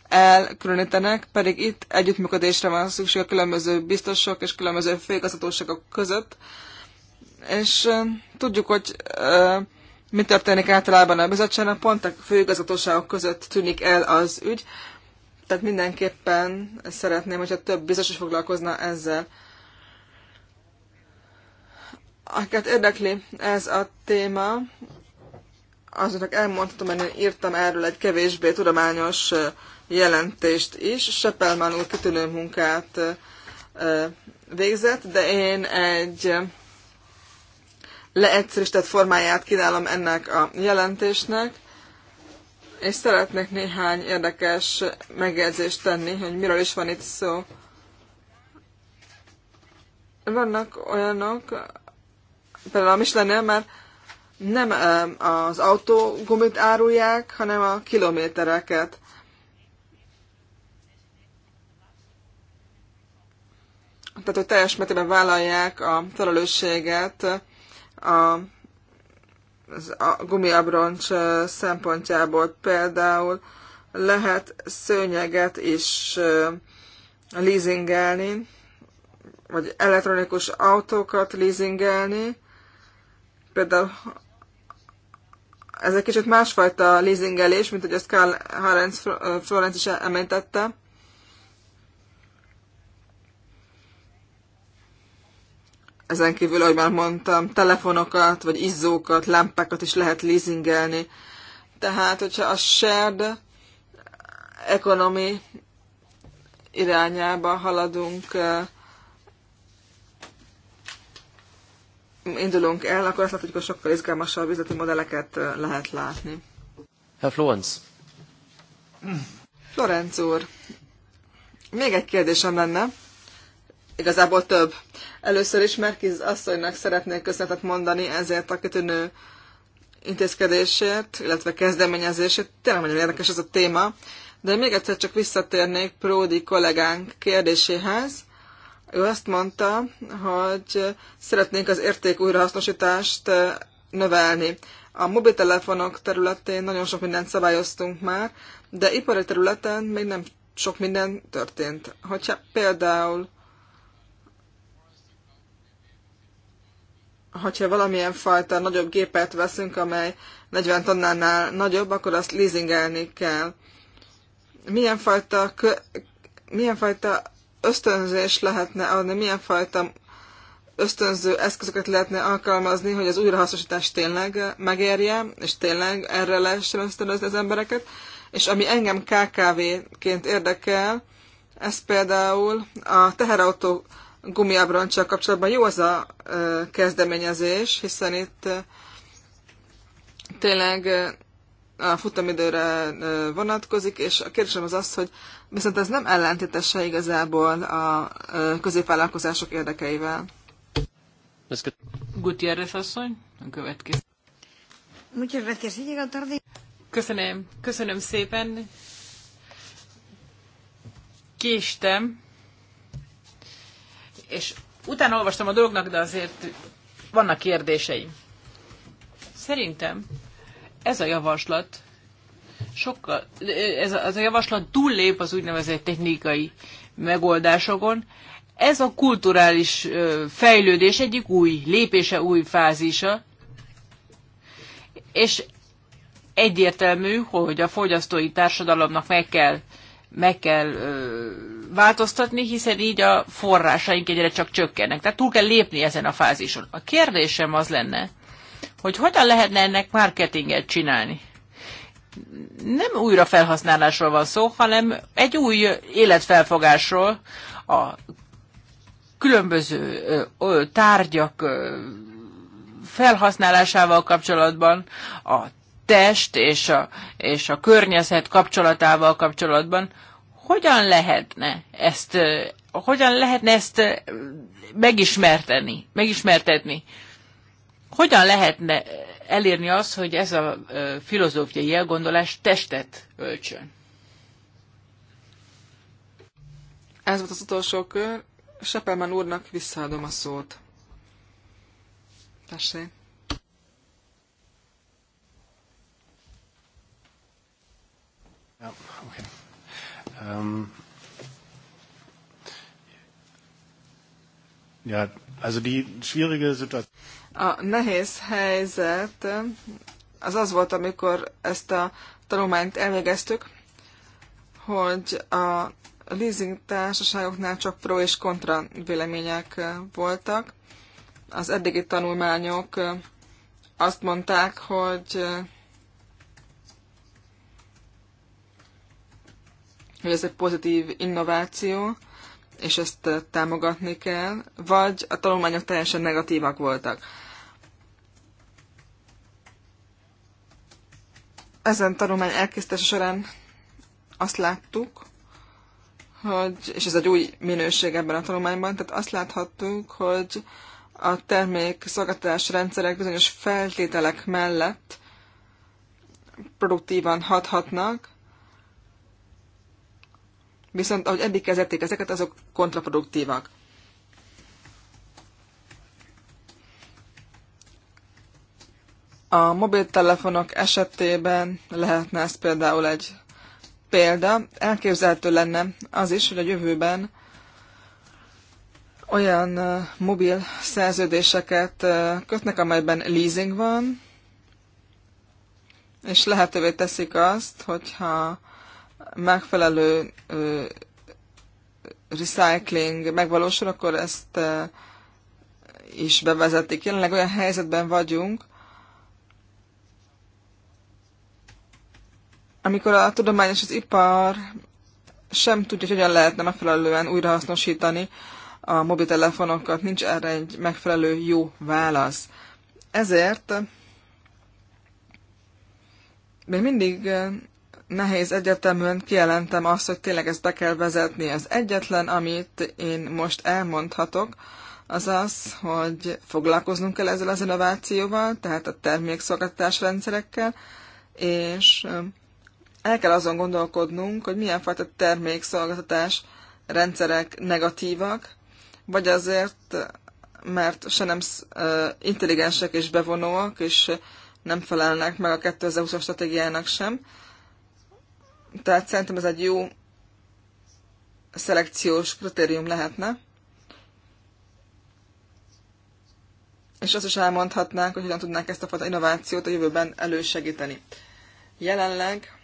S2: elkülönítenek, pedig itt együttműködésre van szükség a különböző biztosok és különböző főigazgatóságok között, és tudjuk, hogy mi történik általában a bizottságnak, pont a főigazgatóságok között tűnik el az ügy, tehát mindenképpen szeretném, hogyha több biztos is foglalkozna ezzel. Akiket érdekli ez a téma, azoknak elmondhatom, hogy én írtam erről egy kevésbé tudományos jelentést is. Seppelman úr kitűnő munkát végzett, de én egy leegyszerűsített formáját kínálom ennek a jelentésnek, és szeretnék néhány érdekes megjegyzést tenni, hogy miről is van itt szó. Vannak olyanok, például a Michelinnél már nem az autógumit árulják, hanem a kilométereket. Tehát, hogy teljes mértékben vállalják a felelősséget a, az, a gumiabroncs szempontjából például lehet szőnyeget is leasingelni, vagy elektronikus autókat leasingelni. Például ez egy kicsit másfajta leasingelés, mint hogy ezt Karl Heinz Florence is említette. Ezen kívül, ahogy már mondtam, telefonokat, vagy izzókat, lámpákat is lehet leasingelni. Tehát, hogyha a shared economy irányába haladunk, eh, indulunk el, akkor azt látjuk, hogy sokkal izgalmasabb üzleti modelleket eh, lehet látni.
S3: Herr Florenz.
S2: Florenc úr, még egy kérdésem lenne igazából több. Először is Merkiz asszonynak szeretnék köszönetet mondani ezért a kitűnő intézkedésért, illetve kezdeményezését. Tényleg nagyon érdekes ez a téma. De még egyszer csak visszatérnék Pródi kollégánk kérdéséhez. Ő azt mondta, hogy szeretnénk az érték újrahasznosítást növelni. A mobiltelefonok területén nagyon sok mindent szabályoztunk már, de ipari területen még nem sok minden történt. Hogyha például hogyha valamilyen fajta nagyobb gépet veszünk, amely 40 tonnánál nagyobb, akkor azt leasingelni kell. Milyen fajta, milyen fajta ösztönzés lehetne adni, milyen fajta ösztönző eszközöket lehetne alkalmazni, hogy az újrahasznosítás tényleg megérje, és tényleg erre lehessen ösztönözni az embereket. És ami engem KKV-ként érdekel, ez például a teherautó gumiabroncsal kapcsolatban jó az a kezdeményezés, hiszen itt tényleg a futamidőre vonatkozik, és a kérdésem az az, hogy viszont ez nem ellentétese igazából a középvállalkozások érdekeivel.
S3: Gutiérrez asszony, a következő. Köszönöm, köszönöm szépen. Késtem, és utána olvastam a dolognak, de azért vannak kérdéseim. Szerintem ez a javaslat sokkal, ez a, ez a javaslat túllép az úgynevezett technikai megoldásokon. Ez a kulturális fejlődés egyik új lépése, új fázisa, és egyértelmű, hogy a fogyasztói társadalomnak meg kell, meg kell változtatni, hiszen így a forrásaink egyre csak csökkennek. Tehát túl kell lépni ezen a fázison. A kérdésem az lenne, hogy hogyan lehetne ennek marketinget csinálni. Nem újra felhasználásról van szó, hanem egy új életfelfogásról a különböző tárgyak felhasználásával kapcsolatban, a test és a, és a környezet kapcsolatával kapcsolatban, hogyan lehetne ezt, hogyan lehetne ezt megismerteni, megismertetni? Hogyan lehetne elérni azt, hogy ez a filozófiai elgondolás testet öltsön?
S2: Ez volt az utolsó kör. Sepelmen úrnak visszaadom a szót. Tessék.
S3: Oh, okay.
S1: Ähm, ja, also die schwierige Situation.
S2: A nehéz helyzet az az volt, amikor ezt a tanulmányt elvégeztük, hogy a leasing társaságoknál csak pro és kontra vélemények voltak. Az eddigi tanulmányok azt mondták, hogy hogy ez egy pozitív innováció, és ezt eh, támogatni kell, vagy a tanulmányok teljesen negatívak voltak. Ezen tanulmány elkészítése során azt láttuk, hogy, és ez egy új minőség ebben a tanulmányban, tehát azt láthattuk, hogy a termék szolgáltatás rendszerek bizonyos feltételek mellett produktívan hathatnak, Viszont ahogy eddig kezelték ezeket, azok kontraproduktívak. A mobiltelefonok esetében lehetne ez például egy példa. Elképzelhető lenne az is, hogy a jövőben olyan mobil szerződéseket kötnek, amelyben leasing van, és lehetővé teszik azt, hogyha megfelelő recycling megvalósul, akkor ezt is bevezetik. Jelenleg olyan helyzetben vagyunk, amikor a tudomány és az ipar sem tudja, hogy hogyan lehetne megfelelően újrahasznosítani a mobiltelefonokat, nincs erre egy megfelelő jó válasz. Ezért még mindig nehéz egyértelműen kijelentem azt, hogy tényleg ezt be kell vezetni. Az egyetlen, amit én most elmondhatok, az az, hogy foglalkoznunk kell ezzel az innovációval, tehát a termékszolgáltatás rendszerekkel, és el kell azon gondolkodnunk, hogy milyen fajta termékszolgáltatás rendszerek negatívak, vagy azért, mert se nem intelligensek és bevonóak, és nem felelnek meg a 2020-as stratégiának sem, tehát szerintem ez egy jó szelekciós kritérium lehetne. És azt is elmondhatnánk, hogy hogyan tudnánk ezt a fajta innovációt a jövőben elősegíteni. Jelenleg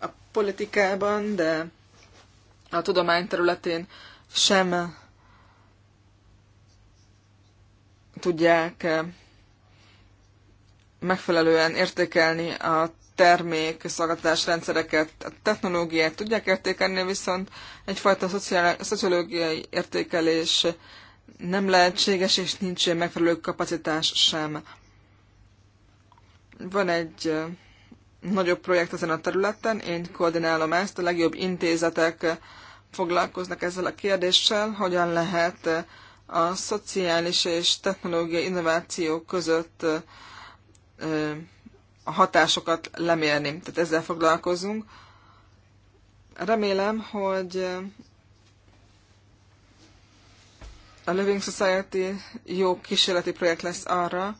S2: a politikában, de a tudomány területén sem tudják megfelelően értékelni a termék, szolgáltatás rendszereket, a technológiát tudják értékelni, viszont egyfajta szociológiai értékelés nem lehetséges, és nincs megfelelő kapacitás sem. Van egy nagyobb projekt ezen a területen, én koordinálom ezt, a legjobb intézetek foglalkoznak ezzel a kérdéssel, hogyan lehet a szociális és technológiai innováció között a hatásokat lemérni. Tehát ezzel foglalkozunk. Remélem, hogy a Living Society jó kísérleti projekt lesz arra,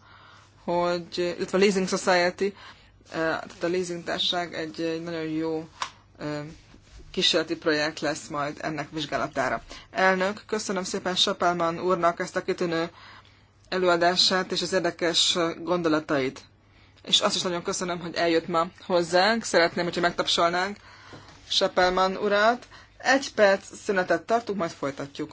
S2: hogy, illetve a Leasing Society, eh, tehát a leasing társaság egy, egy nagyon jó eh, kísérleti projekt lesz majd ennek vizsgálatára. Elnök, köszönöm szépen Sapálman úrnak ezt a kitűnő előadását és az érdekes gondolatait és azt is nagyon köszönöm, hogy eljött ma hozzánk. Szeretném, hogyha megtapsolnánk Sepelman urat. Egy perc szünetet tartunk, majd folytatjuk.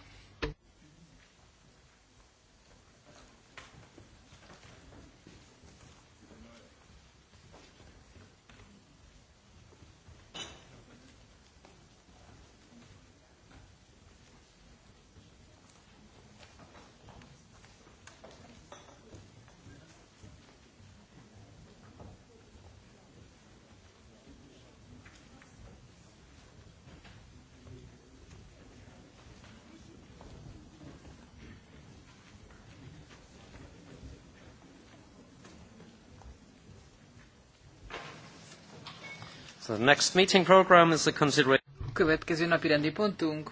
S1: the next meeting program is the consideration...
S3: következő napi rendi pontunk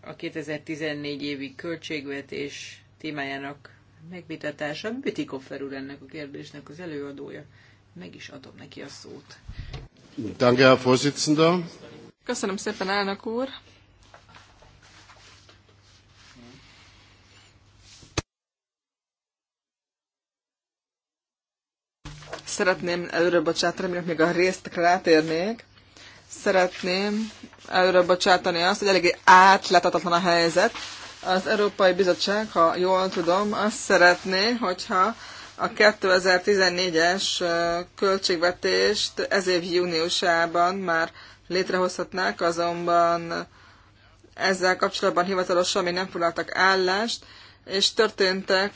S3: a 2014 évi költségvetés témájának megvitatása. Bütikoffer úr ennek a kérdésnek az előadója. Meg is adom neki a szót.
S1: Danke, Herr Vorsitzender.
S2: Köszönöm szépen, elnök úr. szeretném előre bocsátani, aminek még a résztekre rátérnék. Szeretném előre bocsátani azt, hogy eléggé átletatatlan a helyzet. Az Európai Bizottság, ha jól tudom, azt szeretné, hogyha a 2014-es költségvetést ez év júniusában már létrehozhatnák, azonban ezzel kapcsolatban hivatalosan még nem foglaltak állást, és történtek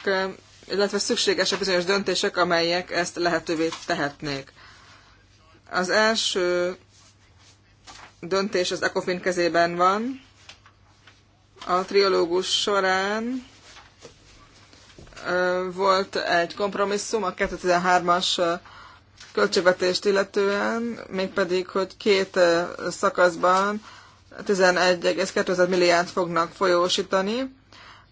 S2: illetve szükségesek bizonyos döntések, amelyek ezt lehetővé tehetnék. Az első döntés az ECOFIN kezében van. A triológus során volt egy kompromisszum a 2013-as költségvetést illetően, mégpedig, hogy két szakaszban 11,2 milliárd fognak folyósítani,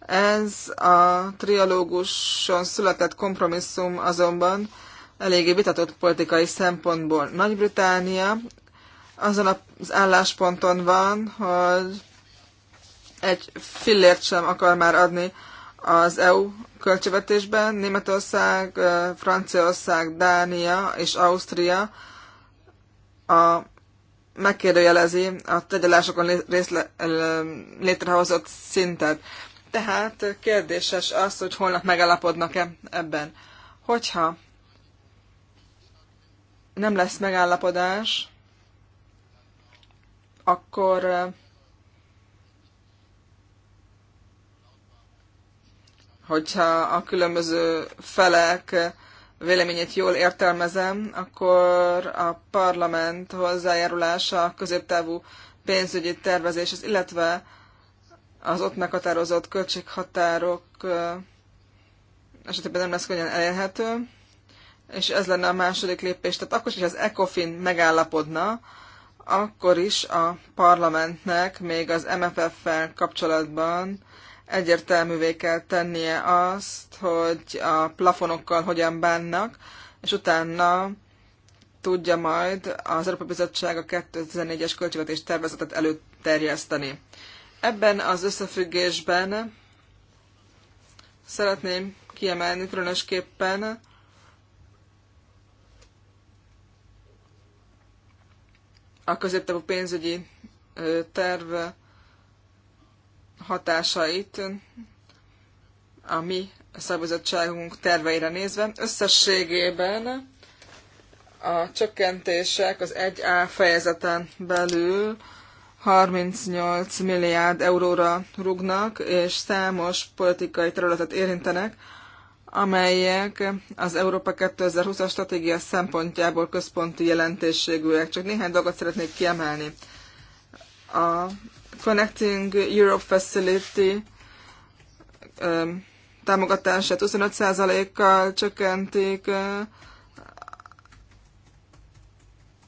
S2: ez a trialóguson született kompromisszum azonban eléggé vitatott politikai szempontból. Nagy-Británia azon az állásponton van, hogy egy fillért sem akar már adni az EU költségvetésben. Németország, Franciaország, Dánia és Ausztria a megkérdőjelezi a tegyelásokon létrehozott szintet. Tehát kérdéses az, hogy holnap megállapodnak-e ebben. Hogyha nem lesz megállapodás, akkor hogyha a különböző felek véleményét jól értelmezem, akkor a parlament hozzájárulása a középtávú pénzügyi tervezéshez, illetve az ott meghatározott költséghatárok esetében nem lesz könnyen elérhető, és ez lenne a második lépés. Tehát akkor is, az ECOFIN megállapodna, akkor is a parlamentnek még az MFF-fel kapcsolatban egyértelművé kell tennie azt, hogy a plafonokkal hogyan bánnak, és utána tudja majd az Európai Bizottság a 2014-es költségvetés tervezetet előterjeszteni. Ebben az összefüggésben szeretném kiemelni különösképpen a középtávú pénzügyi terv hatásait a mi szabadságunk terveire nézve. Összességében a csökkentések az 1A fejezeten belül 38 milliárd euróra rúgnak, és számos politikai területet érintenek, amelyek az Európa 2020-as stratégia szempontjából központi jelentésségűek. Csak néhány dolgot szeretnék kiemelni. A Connecting Europe Facility támogatását 25%-kal csökkentik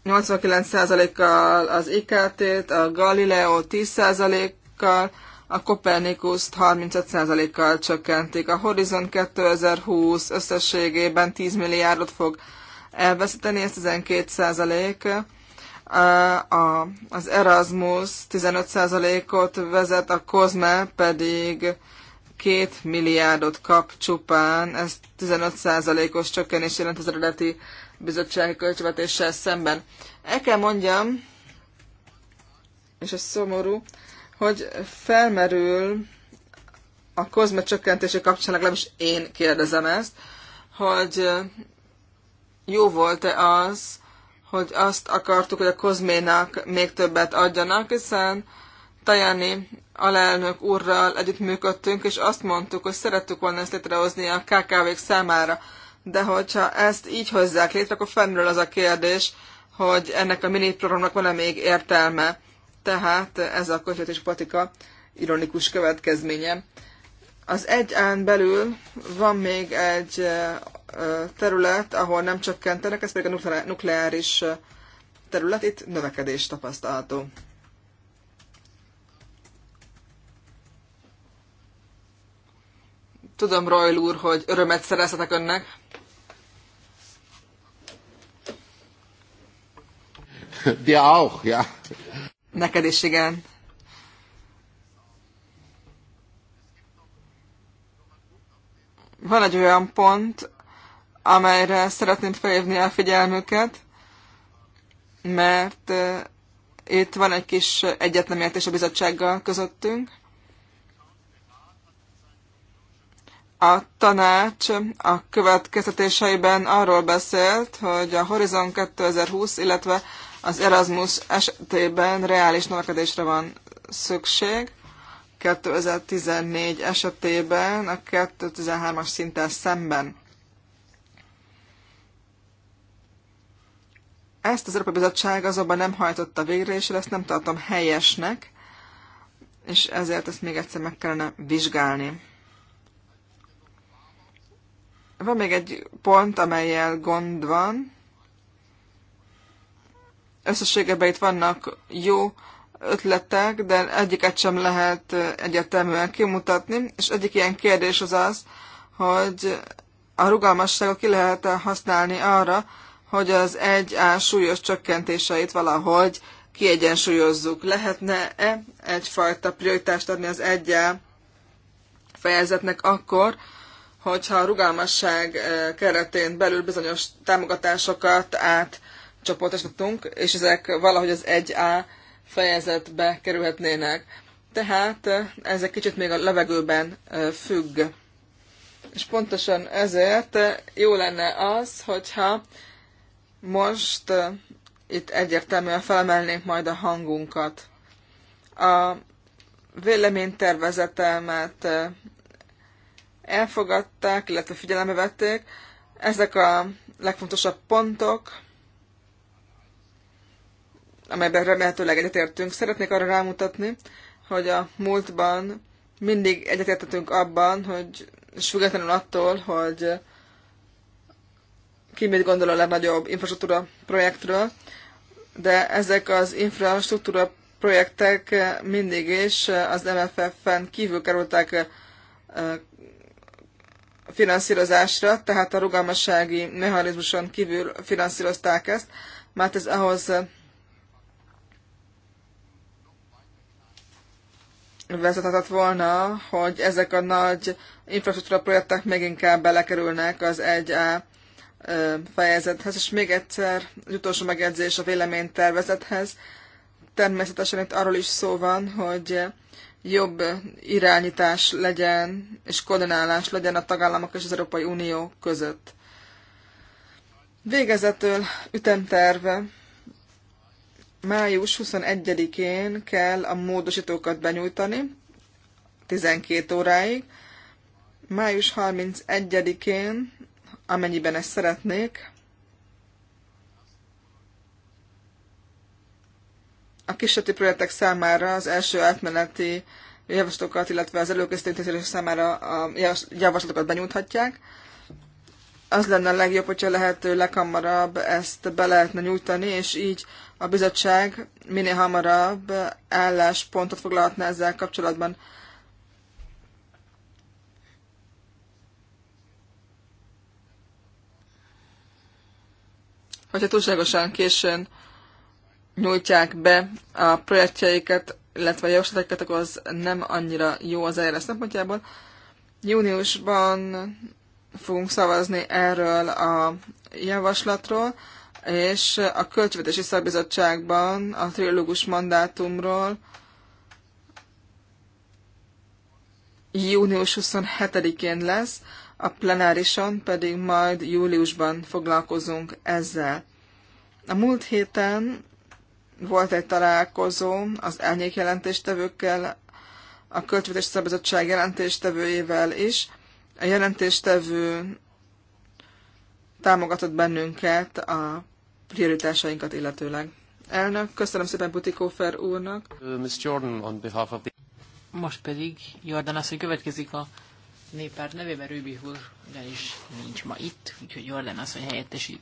S2: 89%-kal az IKT-t, a Galileo 10%-kal, a Copernicus 35%-kal csökkentik. A Horizon 2020 összességében 10 milliárdot fog elveszíteni, ez 12%. A, az Erasmus 15%-ot vezet, a Cosme pedig 2 milliárdot kap csupán, ez 15%-os csökkenés jelent az eredeti bizottsági költségvetéssel szemben. El kell mondjam, és ez szomorú, hogy felmerül a kozme csökkentése kapcsán, legalábbis én kérdezem ezt, hogy jó volt-e az, hogy azt akartuk, hogy a kozménak még többet adjanak, hiszen Tajani alelnök úrral együttműködtünk, és azt mondtuk, hogy szerettük volna ezt létrehozni a KKV-k számára de hogyha ezt így hozzák létre, akkor fennről az a kérdés, hogy ennek a mini programnak van-e még értelme. Tehát ez a és patika ironikus következménye. Az egy án belül van még egy terület, ahol nem csökkentenek, ez pedig a nukleáris terület, itt növekedés tapasztalható. Tudom, Royal úr, hogy örömet szerezhetek önnek.
S3: De auch, ja.
S2: Neked is igen. Van egy olyan pont, amelyre szeretném felhívni a figyelmüket, mert eh, itt van egy kis egyetlenértés a bizottsággal közöttünk. A tanács a következtetéseiben arról beszélt, hogy a Horizon 2020, illetve az Erasmus esetében reális növekedésre van szükség. 2014 esetében a 2013-as szinttel szemben. Ezt az Európai Bizottság azonban nem hajtotta végre, és ezt nem tartom helyesnek, és ezért ezt még egyszer meg kellene vizsgálni. Van még egy pont, amelyel gond van. Összességében itt vannak jó ötletek, de egyiket sem lehet egyértelműen kimutatni, és egyik ilyen kérdés az az, hogy a rugalmasságot ki lehet -e használni arra, hogy az egy A súlyos csökkentéseit valahogy kiegyensúlyozzuk. Lehetne-e egyfajta prioritást adni az egy fejezetnek akkor, hogyha a rugalmasság eh, keretén belül bizonyos támogatásokat átcsoportosítunk, és ezek valahogy az 1A fejezetbe kerülhetnének. Tehát eh, ez egy kicsit még a levegőben eh, függ. És pontosan ezért jó lenne az, hogyha most itt egyértelműen felemelnénk majd a hangunkat. A véleménytervezetemet elfogadták, illetve figyelembe vették. Ezek a legfontosabb pontok, amelyben remélhetőleg egyetértünk. Szeretnék arra rámutatni, hogy a múltban mindig egyetértettünk abban, hogy és függetlenül attól, hogy ki mit gondol a legnagyobb infrastruktúra projektről, de ezek az infrastruktúra projektek mindig is az MFF-en kívül kerültek finanszírozásra, tehát a rugalmassági mechanizmuson kívül finanszírozták ezt, mert ez ahhoz vezethetett volna, hogy ezek a nagy infrastruktúra projektek még inkább belekerülnek az 1A fejezethez. És még egyszer az utolsó megjegyzés a véleménytervezethez. Természetesen itt arról is szó van, hogy jobb irányítás legyen és koordinálás legyen a tagállamok és az Európai Unió között. Végezetül ütemterve. Május 21-én kell a módosítókat benyújtani, 12 óráig. Május 31-én, amennyiben ezt szeretnék, A kísérleti projektek számára az első átmeneti javaslatokat, illetve az előkészítő intézkedések számára a javaslatokat benyújthatják. Az lenne a legjobb, hogyha lehető leghamarabb ezt be lehetne nyújtani, és így a bizottság minél hamarabb álláspontot foglalhatna ezzel kapcsolatban. Hogyha túlságosan későn nyújtják be a projektjeiket, illetve a javaslataikat, akkor az nem annyira jó az eljárás szempontjából. Júniusban fogunk szavazni erről a javaslatról, és a Költségvetési Szabizottságban a trilógus mandátumról június 27-én lesz, a plenárison pedig majd júliusban foglalkozunk ezzel. A múlt héten volt egy találkozó az elnyék jelentéstevőkkel, a Költségvetési Szabadság jelentéstevőjével is. A jelentéstevő támogatott bennünket a prioritásainkat illetőleg. Elnök, köszönöm szépen Butikófer úrnak.
S3: Uh, Ms. Jordan, on behalf of the... Most pedig Jordan az, hogy következik a néppárt nevében Rübi úr, ugyanis nincs ma itt, úgyhogy Jordan az, hogy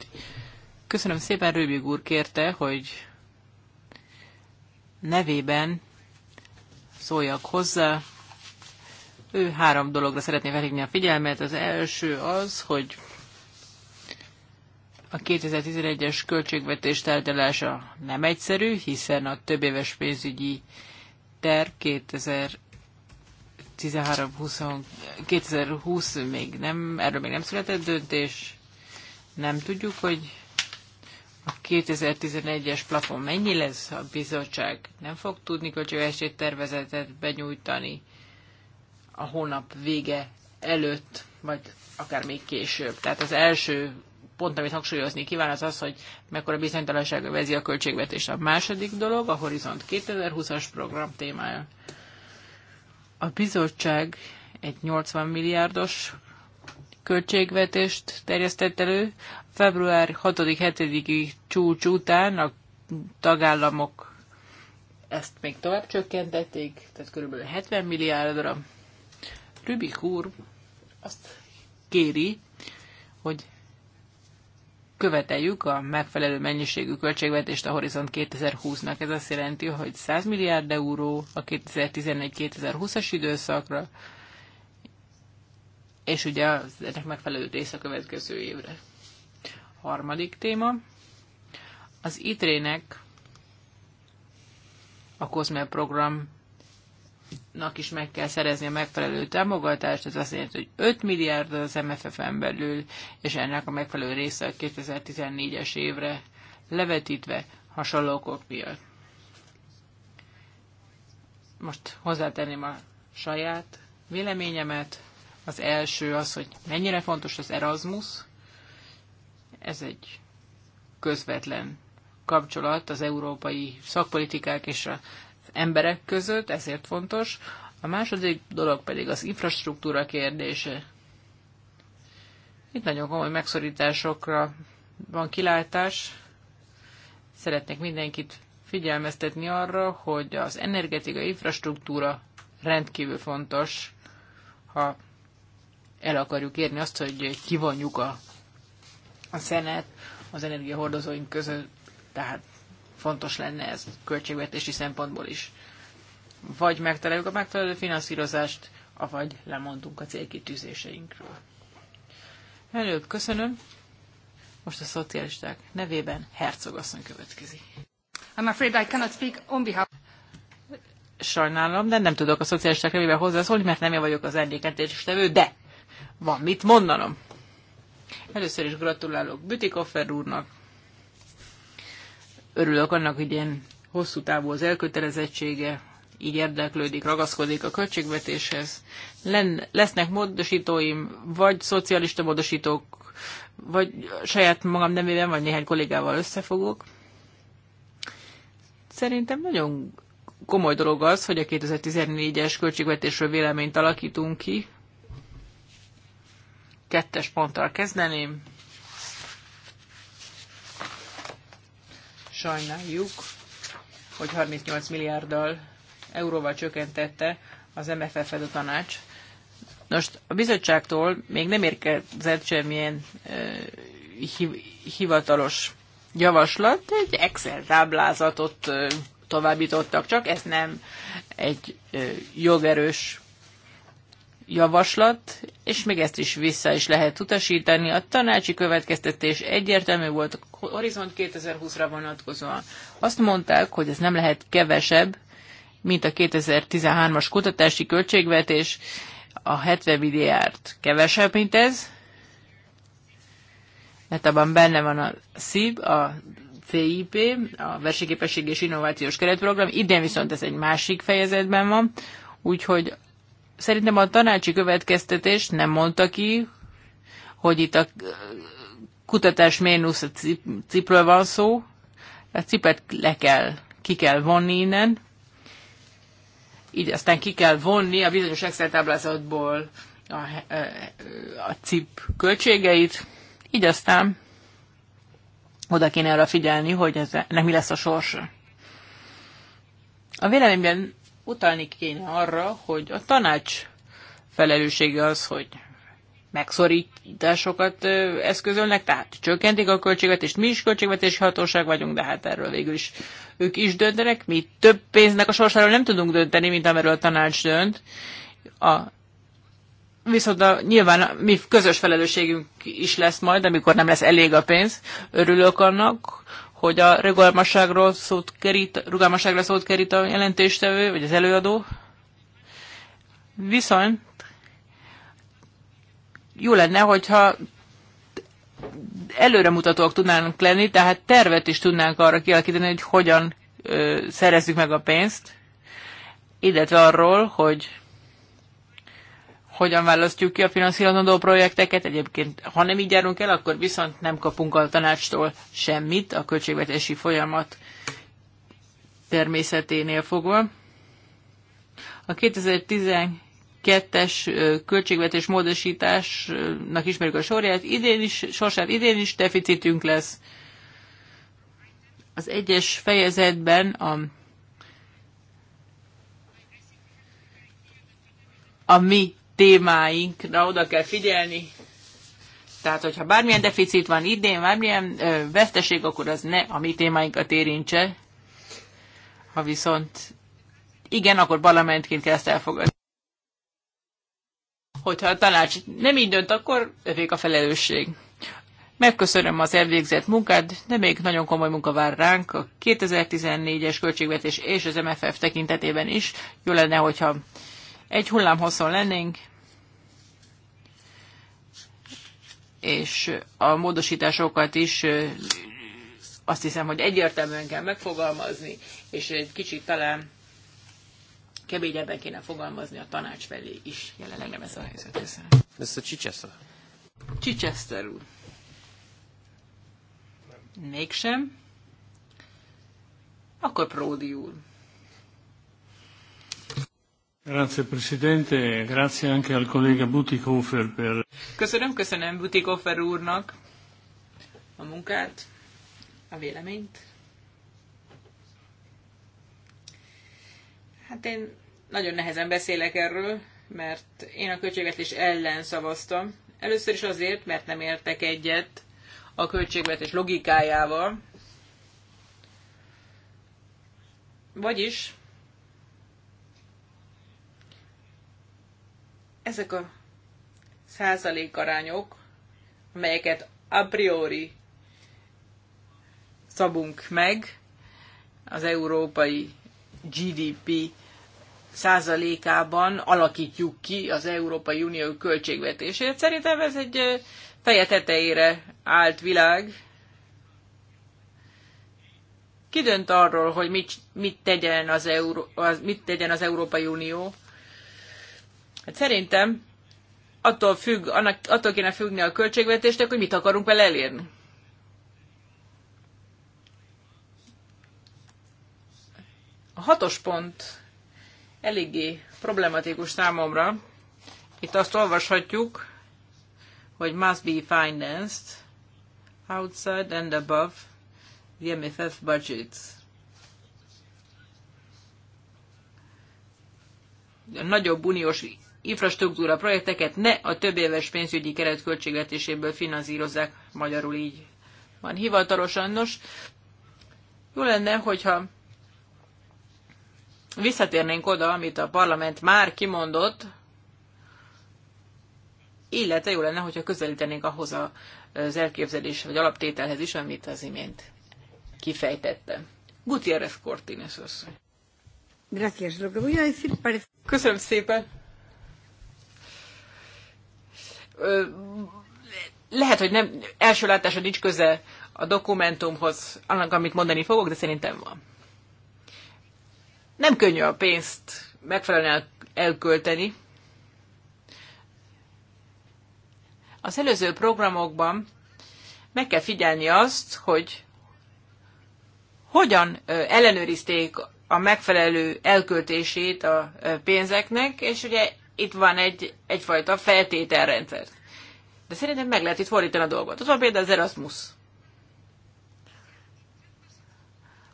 S3: Köszönöm szépen, Rübig úr kérte, hogy nevében szóljak hozzá. Ő három dologra szeretné felhívni a figyelmet. Az első az, hogy a 2011-es költségvetés tárgyalása nem egyszerű, hiszen a éves pénzügyi terv 2013 2020 még nem, erről még nem született döntés. Nem tudjuk, hogy a 2011-es plafon mennyi lesz, a bizottság nem fog tudni költségvetési tervezetet benyújtani a hónap vége előtt, vagy akár még később. Tehát az első pont, amit hangsúlyozni kíván, az az, hogy mekkora bizonytalanság vezi a költségvetés. A második dolog a Horizont 2020-as program témája. A bizottság egy 80 milliárdos költségvetést terjesztett elő, február 6-7-i csúcs után a tagállamok ezt még tovább csökkentették, tehát kb. 70 milliárdra. Rübik úr azt kéri, hogy követeljük a megfelelő mennyiségű költségvetést a Horizont 2020-nak. Ez azt jelenti, hogy 100 milliárd euró a 2011 2020 as időszakra, és ugye ennek megfelelő rész a következő évre. Harmadik téma. Az ITRE-nek a COSME programnak is meg kell szerezni a megfelelő támogatást, ez azt jelenti, hogy 5 milliárd az MFF-en belül, és ennek a megfelelő része a 2014-es évre levetítve hasonló okok miatt. Most hozzátenném a saját véleményemet. Az első az, hogy mennyire fontos az Erasmus, ez egy közvetlen kapcsolat az európai szakpolitikák és az emberek között, ezért fontos. A második dolog pedig az infrastruktúra kérdése. Itt nagyon komoly megszorításokra van kilátás. Szeretnék mindenkit figyelmeztetni arra, hogy az energetikai infrastruktúra rendkívül fontos, ha el akarjuk érni azt, hogy kivonjuk a a szenet az energiahordozóink között, tehát fontos lenne ez költségvetési szempontból is. Vagy megtaláljuk a megfelelő finanszírozást, avagy lemondunk a célkitűzéseinkről. Előbb köszönöm. Most a szocialisták nevében asszony következik.
S2: I'm afraid I cannot speak on
S3: behalf sajnálom, de nem tudok a szocialisták nevében hozzászólni, mert nem én vagyok az ellégentést tevő, de van mit mondanom. Először is gratulálok Bütikoffer úrnak. Örülök annak, hogy ilyen hosszú távú az elkötelezettsége, így érdeklődik, ragaszkodik a költségvetéshez. Len, lesznek módosítóim, vagy szocialista módosítók, vagy saját magam nemében, vagy néhány kollégával összefogok. Szerintem nagyon komoly dolog az, hogy a 2014-es költségvetésről véleményt alakítunk ki, Kettes ponttal kezdeném. Sajnáljuk, hogy 38 milliárddal euróval csökkentette az MFF-et a tanács. Most a bizottságtól még nem érkezett semmilyen uh, hivatalos javaslat, egy Excel táblázatot uh, továbbítottak, csak ez nem egy uh, jogerős javaslat, és még ezt is vissza is lehet utasítani. A tanácsi következtetés egyértelmű volt a Horizont 2020-ra vonatkozóan. Azt mondták, hogy ez nem lehet kevesebb, mint a 2013-as kutatási költségvetés, a 70 milliárd kevesebb, mint ez, mert abban benne van a SZIB, a CIP, a Versenyképesség és Innovációs Keretprogram, idén viszont ez egy másik fejezetben van, úgyhogy szerintem a tanácsi következtetés nem mondta ki, hogy itt a kutatás ménusz a cip, cipről van szó, a cipet le kell, ki kell vonni innen, így aztán ki kell vonni a bizonyos Excel táblázatból a, a, a cip költségeit, így aztán oda kéne arra figyelni, hogy ez, nem mi lesz a sorsa. A véleményben utalni kéne arra, hogy a tanács felelőssége az, hogy megszorításokat eszközölnek, tehát csökkentik a költségvetést, mi is költségvetési hatóság vagyunk, de hát erről végül is ők is döntenek, mi több pénznek a sorsáról nem tudunk dönteni, mint amiről a tanács dönt. A, viszont a, nyilván mi közös felelősségünk is lesz majd, amikor nem lesz elég a pénz. Örülök annak, hogy a rugalmasságról szót kerít, rugalmasságra szót kerít a jelentéstevő, vagy az előadó. Viszont jó lenne, hogyha előremutatóak tudnánk lenni, tehát tervet is tudnánk arra kialakítani, hogy hogyan ö, szerezzük meg a pénzt, illetve arról, hogy hogyan választjuk ki a finanszírozandó projekteket. Egyébként, ha nem így járunk el, akkor viszont nem kapunk a tanácstól semmit a költségvetési folyamat természeténél fogva. A 2012-es költségvetés módosításnak ismerjük a sorját, idén is, sorsát idén is deficitünk lesz. Az egyes fejezetben a a mi témáinkra oda kell figyelni. Tehát, hogyha bármilyen deficit van idén, bármilyen ö, veszteség, akkor az ne a mi témáinkat érintse. Ha viszont igen, akkor parlamentként kell ezt elfogadni. Hogyha a tanács nem így dönt, akkor övék a felelősség. Megköszönöm az elvégzett munkát, de még nagyon komoly munka vár ránk a 2014-es költségvetés és az MFF tekintetében is. Jó lenne, hogyha egy hullám lennénk, és a módosításokat is azt hiszem, hogy egyértelműen kell megfogalmazni, és egy kicsit talán keményebben kéne fogalmazni a tanács felé is. Jelenleg nem ez a helyzet. Köszönöm. Mr. Chichester. Chichester úr. Mégsem. Akkor Pródi úr.
S1: Grazie Presidente, grazie anche al collega Butikofer per...
S3: Köszönöm, köszönöm Butikofer úrnak a munkát, a véleményt. Hát én nagyon nehezen beszélek erről, mert én a költségvetés ellen szavaztam. Először is azért, mert nem értek egyet a költségvetés logikájával. Vagyis Ezek a százalékarányok, amelyeket
S2: a priori
S3: szabunk meg, az európai GDP százalékában alakítjuk ki az Európai Unió költségvetését. Szerintem ez egy feje tetejére állt világ. Ki dönt arról, hogy mit, mit, tegyen, az Euró, az, mit tegyen az Európai Unió? Hát szerintem attól, függ, annak, attól kéne függni a költségvetésnek, hogy mit akarunk vele elérni. A hatos pont eléggé problematikus számomra. Itt azt olvashatjuk, hogy must be financed outside and above the MFF budgets. A nagyobb uniós infrastruktúra projekteket ne a több éves pénzügyi keret költségvetéséből finanszírozzák, magyarul így van hivatalosan. Nos, jó lenne, hogyha visszatérnénk oda, amit a parlament már kimondott, illetve jó lenne, hogyha közelítenénk ahhoz az elképzelés vagy alaptételhez is, amit az imént kifejtette. Gutiérrez Cortines asszony. Köszönöm szépen lehet, hogy nem, első látása nincs köze a dokumentumhoz, annak, amit mondani fogok, de szerintem van. Nem könnyű a pénzt megfelelően elkölteni. Az előző programokban meg kell figyelni azt, hogy hogyan ellenőrizték a megfelelő elköltését a pénzeknek, és ugye itt van egy, egyfajta feltételrendszer. De szerintem meg lehet itt fordítani a dolgot. Ott van például az Erasmus.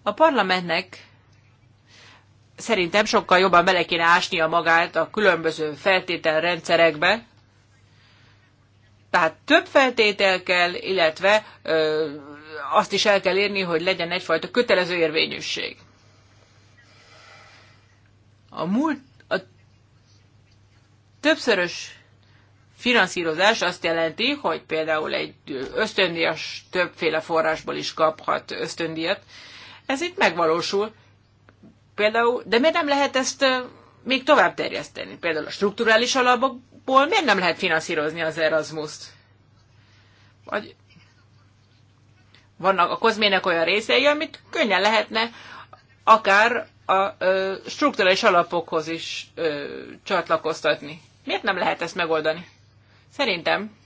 S3: A parlamentnek szerintem sokkal jobban bele kéne ásnia magát a különböző feltételrendszerekbe, tehát több feltétel kell, illetve ö, azt is el kell érni, hogy legyen egyfajta kötelező érvényűség. A múlt többszörös finanszírozás azt jelenti, hogy például egy ösztöndíjas többféle forrásból is kaphat ösztöndíjat. Ez itt megvalósul. Például, de miért nem lehet ezt még tovább terjeszteni? Például a strukturális alapokból miért nem lehet finanszírozni az Erasmus-t? Vagy vannak a kozmének olyan részei, amit könnyen lehetne akár a ö, strukturális alapokhoz is ö, csatlakoztatni. Miért nem lehet ezt megoldani? Szerintem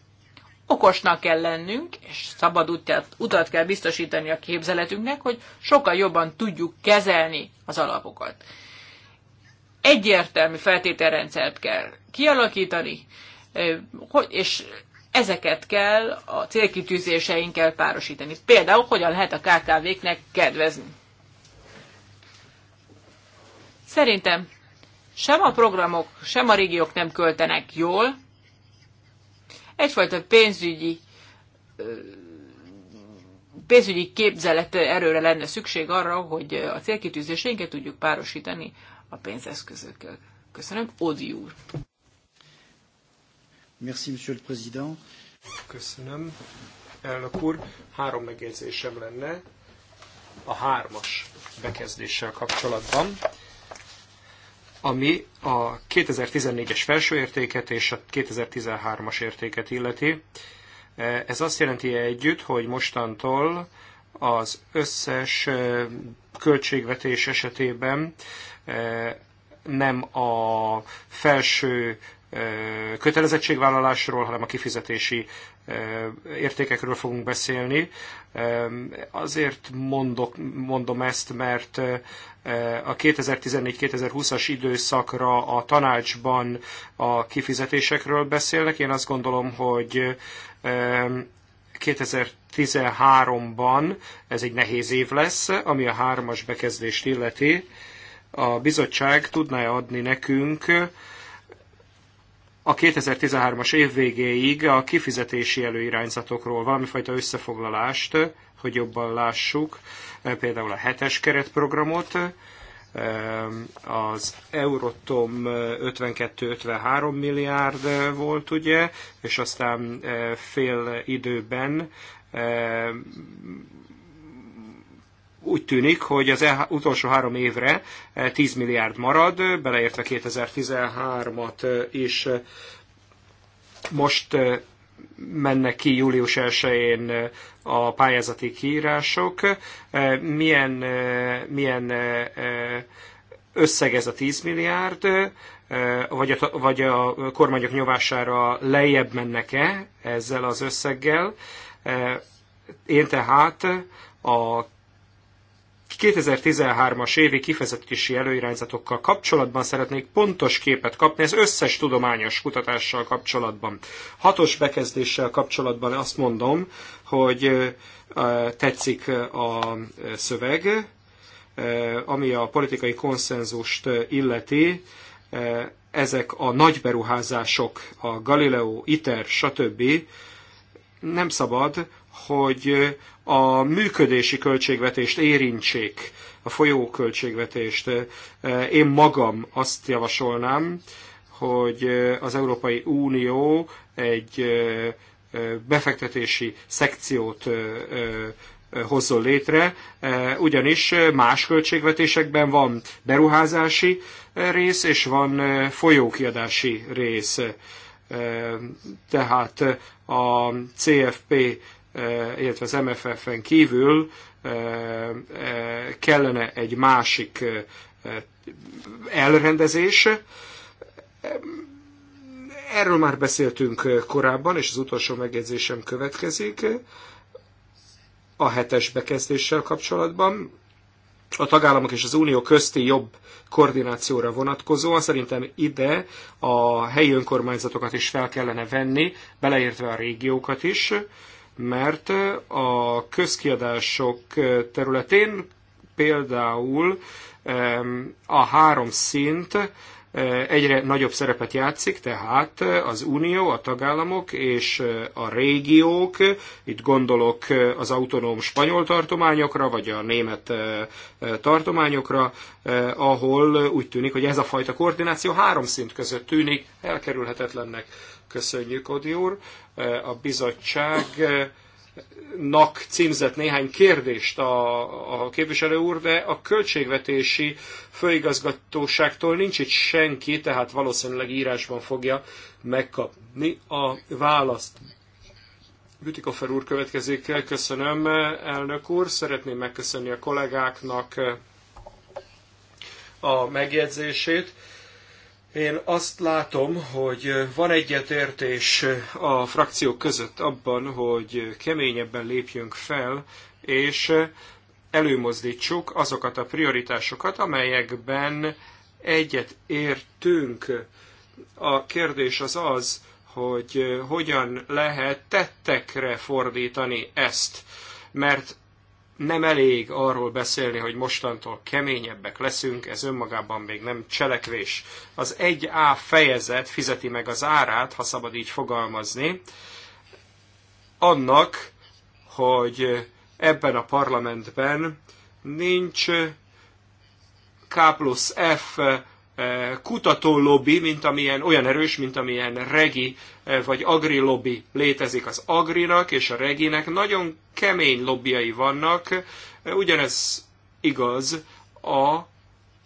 S3: okosnak kell lennünk, és szabad utat, utat kell biztosítani a képzeletünknek, hogy sokkal jobban tudjuk kezelni az alapokat. Egyértelmű feltételrendszert kell kialakítani, és ezeket kell a célkitűzéseinkkel párosítani. Például, hogyan lehet a KKV-knek kedvezni. Szerintem sem a programok, sem a régiók nem költenek jól. Egyfajta pénzügyi pénzügyi képzelet erőre lenne szükség arra, hogy a célkitűzéseinket tudjuk párosítani a pénzeszközökkel. Köszönöm, Odi úr.
S1: Merci, monsieur le président. Köszönöm, elnök úr. Három megjegyzésem lenne a hármas bekezdéssel kapcsolatban ami a 2014-es értéket és a 2013-as értéket illeti. E, ez azt jelenti együtt, hogy mostantól az összes e, költségvetés esetében e, nem a felső kötelezettségvállalásról, hanem a kifizetési értékekről fogunk beszélni. Azért mondok, mondom ezt, mert a 2014-2020-as időszakra a tanácsban a kifizetésekről beszélnek. Én azt gondolom, hogy 2013-ban ez egy nehéz év lesz, ami a hármas bekezdést illeti. A bizottság tudná adni nekünk a 2013-as év végéig a kifizetési előirányzatokról valamifajta összefoglalást, hogy jobban lássuk, eh, például a hetes keretprogramot, eh, az Eurotom 52-53 eh, milliárd volt, ugye, és aztán fél időben úgy tűnik, hogy az e- utolsó három évre 10 eh, milliárd marad, beleértve 2013-at eh, is. Most eh, mennek ki július 1-én a pályázati kiírások. Milyen, milyen összeg ez a 10 milliárd, vagy a, vagy a kormányok nyomására lejjebb mennek-e ezzel az összeggel. Én tehát a 2013-as évi kifezetési előirányzatokkal kapcsolatban szeretnék pontos képet kapni az összes tudományos kutatással kapcsolatban. Hatos bekezdéssel kapcsolatban azt mondom, hogy tetszik a szöveg, ami a politikai konszenzust illeti, ezek a nagy beruházások, a Galileo, ITER, stb. nem szabad, hogy a működési költségvetést érintsék, a folyó költségvetést Én magam azt javasolnám, hogy az Európai Unió egy befektetési szekciót hozzon létre, ugyanis más költségvetésekben van beruházási rész, és van folyókiadási rész. Tehát a CFP illetve az MFF-en kívül kellene egy másik elrendezés. Erről már beszéltünk korábban, és az utolsó megjegyzésem következik a hetes bekezdéssel kapcsolatban. A tagállamok és az unió közti jobb koordinációra vonatkozóan szerintem ide a helyi önkormányzatokat is fel kellene venni, beleértve a régiókat is mert a közkiadások területén például a három szint eh, egyre nagyobb szerepet játszik, tehát az Unió, a tagállamok és eh, a régiók, itt gondolok eh, az autonóm spanyol tartományokra, vagy a német tartományokra, ahol úgy tűnik, hogy ez a fajta koordináció három szint között tűnik elkerülhetetlennek. Köszönjük, Odi úr. E, a bizottságnak címzett néhány kérdést a, a képviselő úr, de a költségvetési főigazgatóságtól nincs itt senki, tehát valószínűleg írásban fogja megkapni a választ. Bütikofer úr következik. Köszönöm, elnök úr. Szeretném megköszönni a kollégáknak a megjegyzését. Én azt látom, hogy van egyetértés a frakciók között abban, hogy keményebben lépjünk fel, és előmozdítsuk azokat a prioritásokat, amelyekben egyet értünk. A kérdés az az, hogy hogyan lehet tettekre fordítani ezt, mert nem elég arról beszélni, hogy mostantól keményebbek leszünk, ez önmagában még nem cselekvés. Az 1A fejezet fizeti meg az árát, ha szabad így fogalmazni, annak, hogy ebben a parlamentben nincs K plusz F kutató lobby, mint amilyen, olyan erős, mint amilyen regi vagy agri lobby létezik az agrinak és a reginek. Nagyon kemény lobbyai vannak, ugyanez igaz a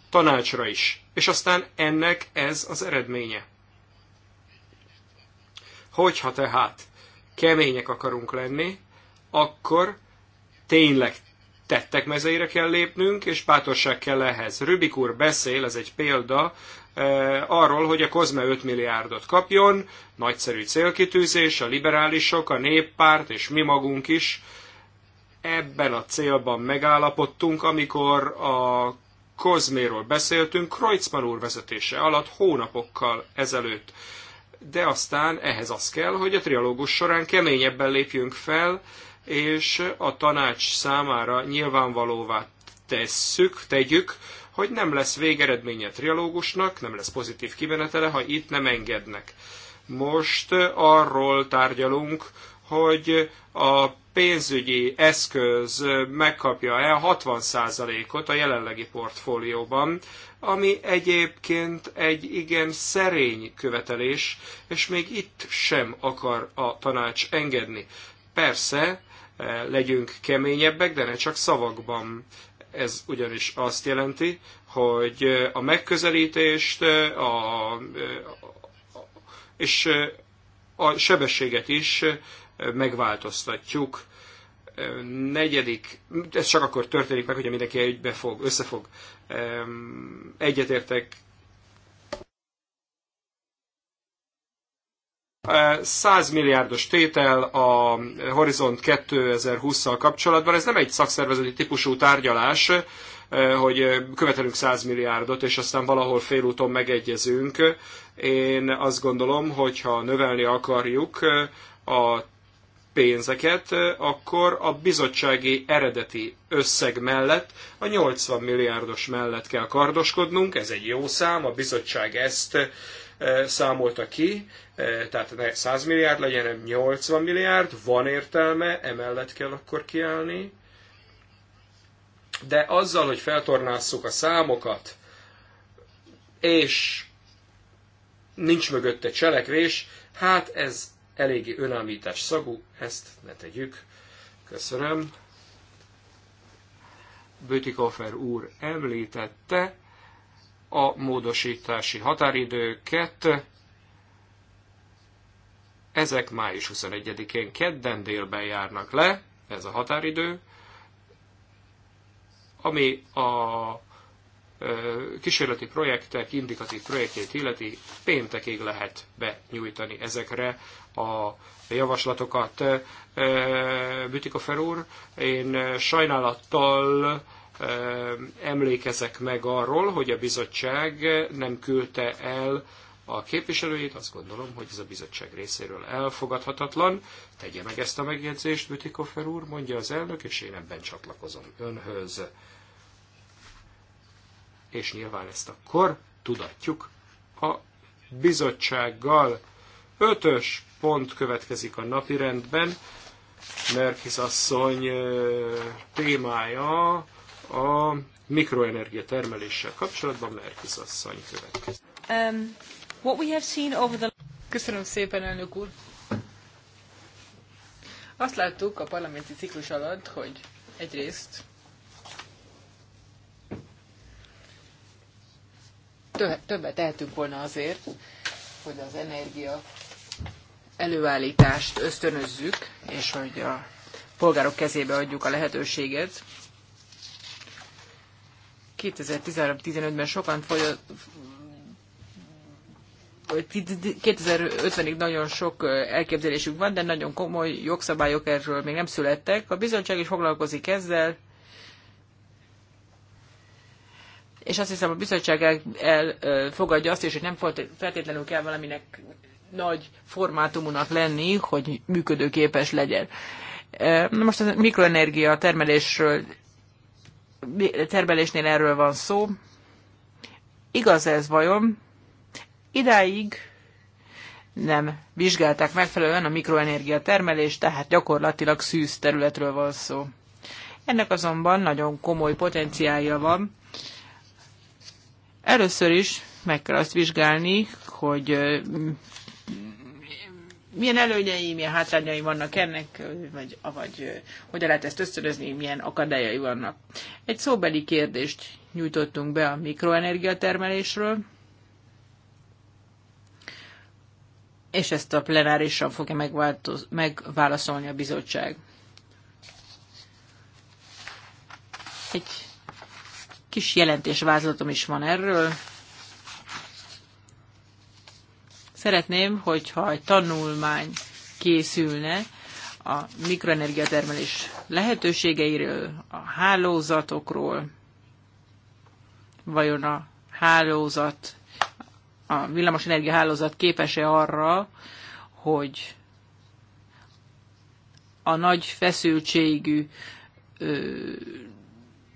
S1: tanácsra is. És aztán ennek ez az eredménye. Hogyha tehát kemények akarunk lenni, akkor tényleg tettek mezeire kell lépnünk, és bátorság kell ehhez. Rübik úr beszél, ez egy példa, eh, arról, hogy a Kozme 5 milliárdot kapjon, nagyszerű célkitűzés, a liberálisok, a néppárt és mi magunk is ebben a célban megállapodtunk, amikor a Kozméról beszéltünk Kreuzmann úr vezetése alatt hónapokkal ezelőtt. De aztán ehhez az kell, hogy a trialógus során keményebben lépjünk fel, és a tanács számára nyilvánvalóvá tesszük, tegyük, hogy nem lesz végeredménye trialógusnak, nem lesz pozitív kimenetele, ha itt nem engednek. Most arról tárgyalunk, hogy a pénzügyi eszköz megkapja-e 60%-ot a jelenlegi portfólióban, ami egyébként egy igen szerény követelés, és még itt sem akar a tanács engedni. Persze, Eh, legyünk keményebbek, de ne csak szavakban. Ez ugyanis azt jelenti, hogy eh, a megközelítést eh, a, és a sebességet is megváltoztatjuk. Negyedik, ez csak akkor történik meg, hogyha mindenki egybe fog, összefog. Egyetértek 100 milliárdos tétel a Horizont 2020-szal kapcsolatban, ez nem egy szakszervezeti típusú tárgyalás, eh, hogy követelünk 100 milliárdot, és aztán valahol félúton megegyezünk. Én azt gondolom, hogy ha növelni akarjuk eh, a pénzeket, eh, akkor a bizottsági eredeti összeg mellett, a 80 milliárdos mellett kell kardoskodnunk, ez egy jó szám, a bizottság ezt E, számolta ki, e, tehát ne 100 milliárd legyen, hanem 80 milliárd, van értelme, emellett kell akkor kiállni. De azzal, hogy feltornásszuk a számokat, és nincs mögötte cselekvés, hát ez eléggé önállítás szagú, ezt ne tegyük. Köszönöm. Bütikofer úr említette, a módosítási határidőket. Ezek május 21-én kedden délben járnak le, ez a határidő, ami a kísérleti projektek, indikatív projektjét illeti, péntekig lehet benyújtani ezekre a javaslatokat. Bütikofer úr, én sajnálattal emlékezek meg arról, hogy a bizottság nem küldte el a képviselőjét, azt gondolom, hogy ez a bizottság részéről elfogadhatatlan. Tegye meg ezt a megjegyzést, Bütikofer úr, mondja az elnök, és én ebben csatlakozom önhöz. És nyilván ezt akkor tudatjuk a bizottsággal. Ötös pont következik a napi rendben. Merkis asszony témája a mikroenergia termeléssel kapcsolatban Merkis asszony következik.
S3: Um, what we have seen over the... Köszönöm szépen, elnök úr! Azt láttuk a parlamenti ciklus alatt, hogy egyrészt többet tehetünk volna azért, hogy az energia előállítást ösztönözzük, és hogy a polgárok kezébe adjuk a lehetőséget. 2013-15-ben sokan folyott, 2050-ig nagyon sok elképzelésük van, de nagyon komoly jogszabályok erről még nem születtek. A bizottság is foglalkozik ezzel, és azt hiszem a bizottság elfogadja el, azt is, hogy nem feltétlenül kell valaminek nagy formátumúnak lenni, hogy működőképes legyen. Most a mikroenergia termelésről termelésnél erről van szó. Igaz ez vajon? Idáig nem vizsgálták megfelelően a mikroenergia termelést, tehát gyakorlatilag szűz területről van szó. Ennek azonban nagyon komoly potenciálja van. Először is meg kell azt vizsgálni, hogy milyen előnyei, milyen hátrányai vannak ennek, vagy, vagy hogyan lehet ezt ösztönözni, milyen akadályai vannak. Egy szóbeli kérdést nyújtottunk be a mikroenergia termelésről, és ezt a plenárisan fogja megválaszolni a bizottság. Egy kis jelentésvázlatom is van erről. Szeretném, hogyha egy tanulmány készülne a mikroenergiatermelés lehetőségeiről, a hálózatokról, vajon a hálózat, a villamosenergia hálózat képes-e arra, hogy a nagy feszültségű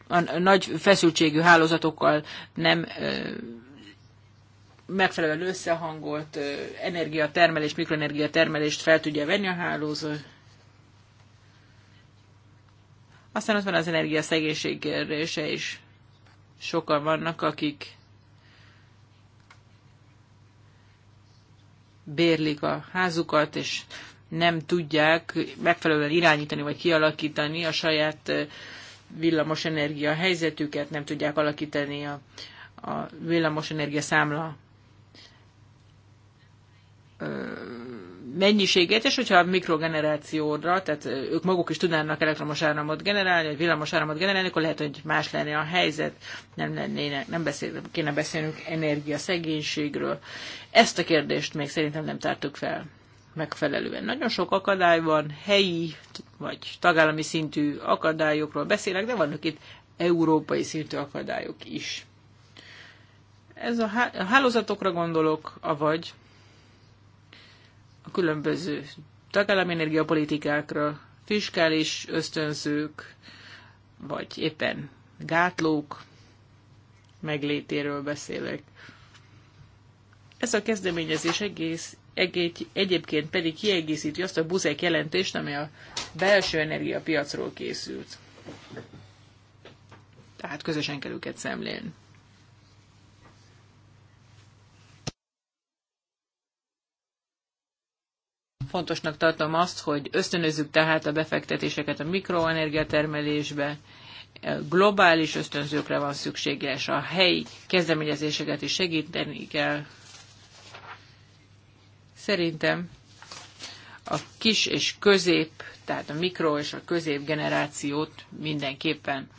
S3: a nagy feszültségű hálózatokkal nem megfelelően összehangolt energiatermelést, mikroenergiatermelést fel tudja venni a hálózó. Aztán ott van az energiaszegénység kérdése is. Sokan vannak, akik bérlik a házukat, és nem tudják megfelelően irányítani vagy kialakítani a saját villamosenergia helyzetüket, nem tudják alakítani a, a villamosenergia számla mennyiségét, és hogyha a mikrogenerációra, tehát ők maguk is tudnának elektromos áramot generálni, vagy villamos áramot generálni, akkor lehet, hogy más lenne a helyzet, nem, lennének, nem beszél, kéne beszélnünk energiaszegénységről. Ezt a kérdést még szerintem nem tártuk fel megfelelően. Nagyon sok akadály van, helyi vagy tagállami szintű akadályokról beszélek, de vannak itt európai szintű akadályok is. Ez a, há- a hálózatokra gondolok, avagy a különböző tagállami energiapolitikákra, fiskális ösztönzők, vagy éppen gátlók meglétéről beszélek. Ez a kezdeményezés egész egy, egyébként pedig kiegészíti azt a buzek jelentést, ami a belső energiapiacról készült. Tehát közösen kell őket szemlélni. fontosnak tartom azt, hogy ösztönözzük tehát a befektetéseket a mikroenergiatermelésbe, globális ösztönzőkre van szükséges, a helyi kezdeményezéseket is segíteni kell. Szerintem a kis és közép, tehát a mikro és a közép generációt mindenképpen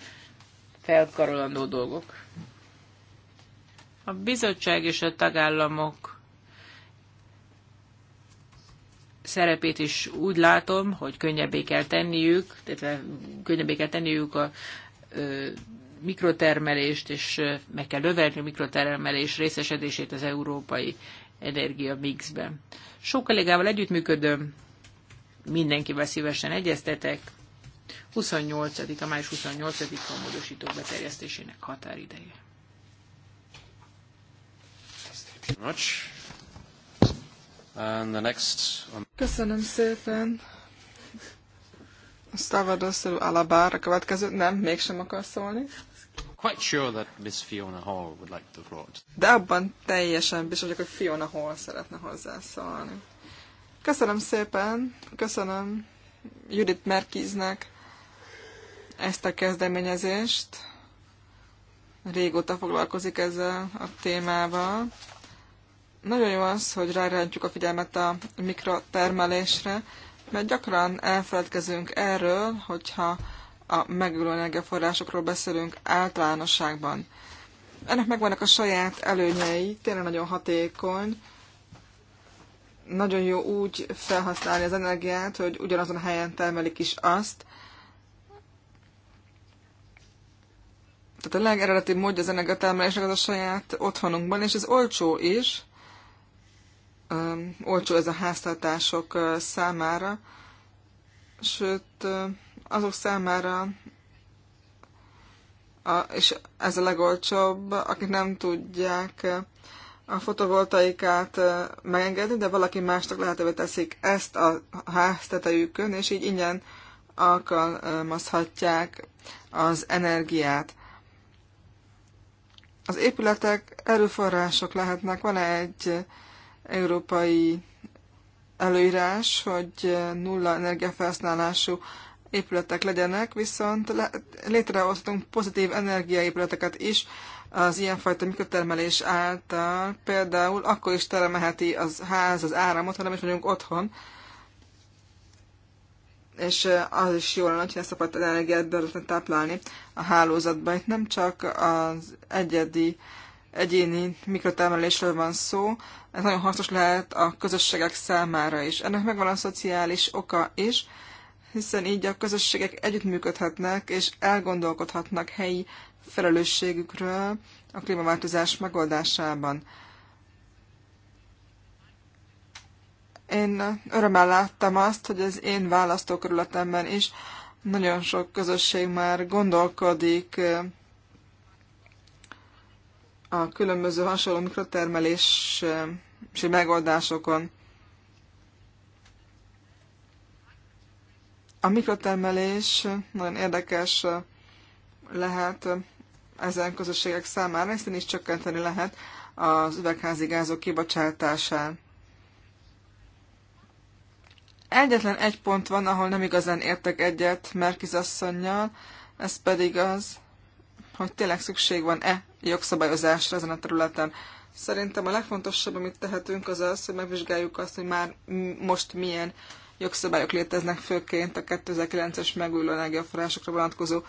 S3: felkarolandó dolgok. A bizottság és a tagállamok szerepét is úgy látom, hogy könnyebbé kell tenniük, tehát eh, könnyebbé kell tenniük a ö, mikrotermelést, és meg kell növelni a mikrotermelés részesedését az európai energia mixben. Sok kollégával együttműködöm, mindenkivel szívesen egyeztetek. 28 a május 28-a a módosítók beterjesztésének határideje.
S1: Much. And the next...
S2: Köszönöm szépen. Stavadosszerű Alabár a következő. Nem, mégsem akar szólni.
S1: Quite sure that Miss Fiona Hall would like the floor.
S2: De abban teljesen biztos vagyok, hogy Fiona Hall szeretne hozzászólni. Köszönöm szépen, köszönöm Judith Merkiznek ezt a kezdeményezést. Régóta foglalkozik ezzel a témával. Nagyon jó az, hogy rárentjük a figyelmet a mikrotermelésre, mert gyakran elfeledkezünk erről, hogyha a megülő energiaforrásokról beszélünk általánosságban. Ennek megvannak a saját előnyei, tényleg nagyon hatékony, nagyon jó úgy felhasználni az energiát, hogy ugyanazon a helyen termelik is azt. Tehát a legeredetibb módja az energiatermelésnek az a saját otthonunkban, és ez olcsó is, olcsó ez a háztartások számára, sőt azok számára, a, és ez a legolcsóbb, akik nem tudják a fotovoltaikát megengedni, de valaki másnak lehetővé teszik ezt a háztetejükön, és így ingyen alkalmazhatják az energiát. Az épületek erőforrások lehetnek. Van egy európai előírás, hogy nulla energiafelhasználású épületek legyenek, viszont létrehozhatunk pozitív energiaépületeket is az ilyenfajta mikrotermelés által. Például akkor is termelheti az ház az áramot, ha nem is vagyunk otthon, és az is jó lenne, hogyha ezt a fajta energiát be táplálni a hálózatba. Itt nem csak az egyedi egyéni mikrotermelésről van szó, ez nagyon hasznos lehet a közösségek számára is. Ennek megvan a szociális oka is, hiszen így a közösségek együttműködhetnek és elgondolkodhatnak helyi felelősségükről a klímaváltozás megoldásában. Én örömmel láttam azt, hogy az én választókörületemben is nagyon sok közösség már gondolkodik a különböző hasonló mikrotermelési megoldásokon. A mikrotermelés nagyon érdekes lehet ezen közösségek számára, hiszen is csökkenteni lehet az üvegházi gázok kibocsátásán. Egyetlen egy pont van, ahol nem igazán értek egyet Merkiz asszonynal, ez pedig az, hogy tényleg szükség van-e jogszabályozásra ezen a területen. Szerintem a legfontosabb, amit tehetünk, az az, hogy megvizsgáljuk azt, hogy már most milyen jogszabályok léteznek, főként a 2009-es megújuló energiaforrásokra vonatkozó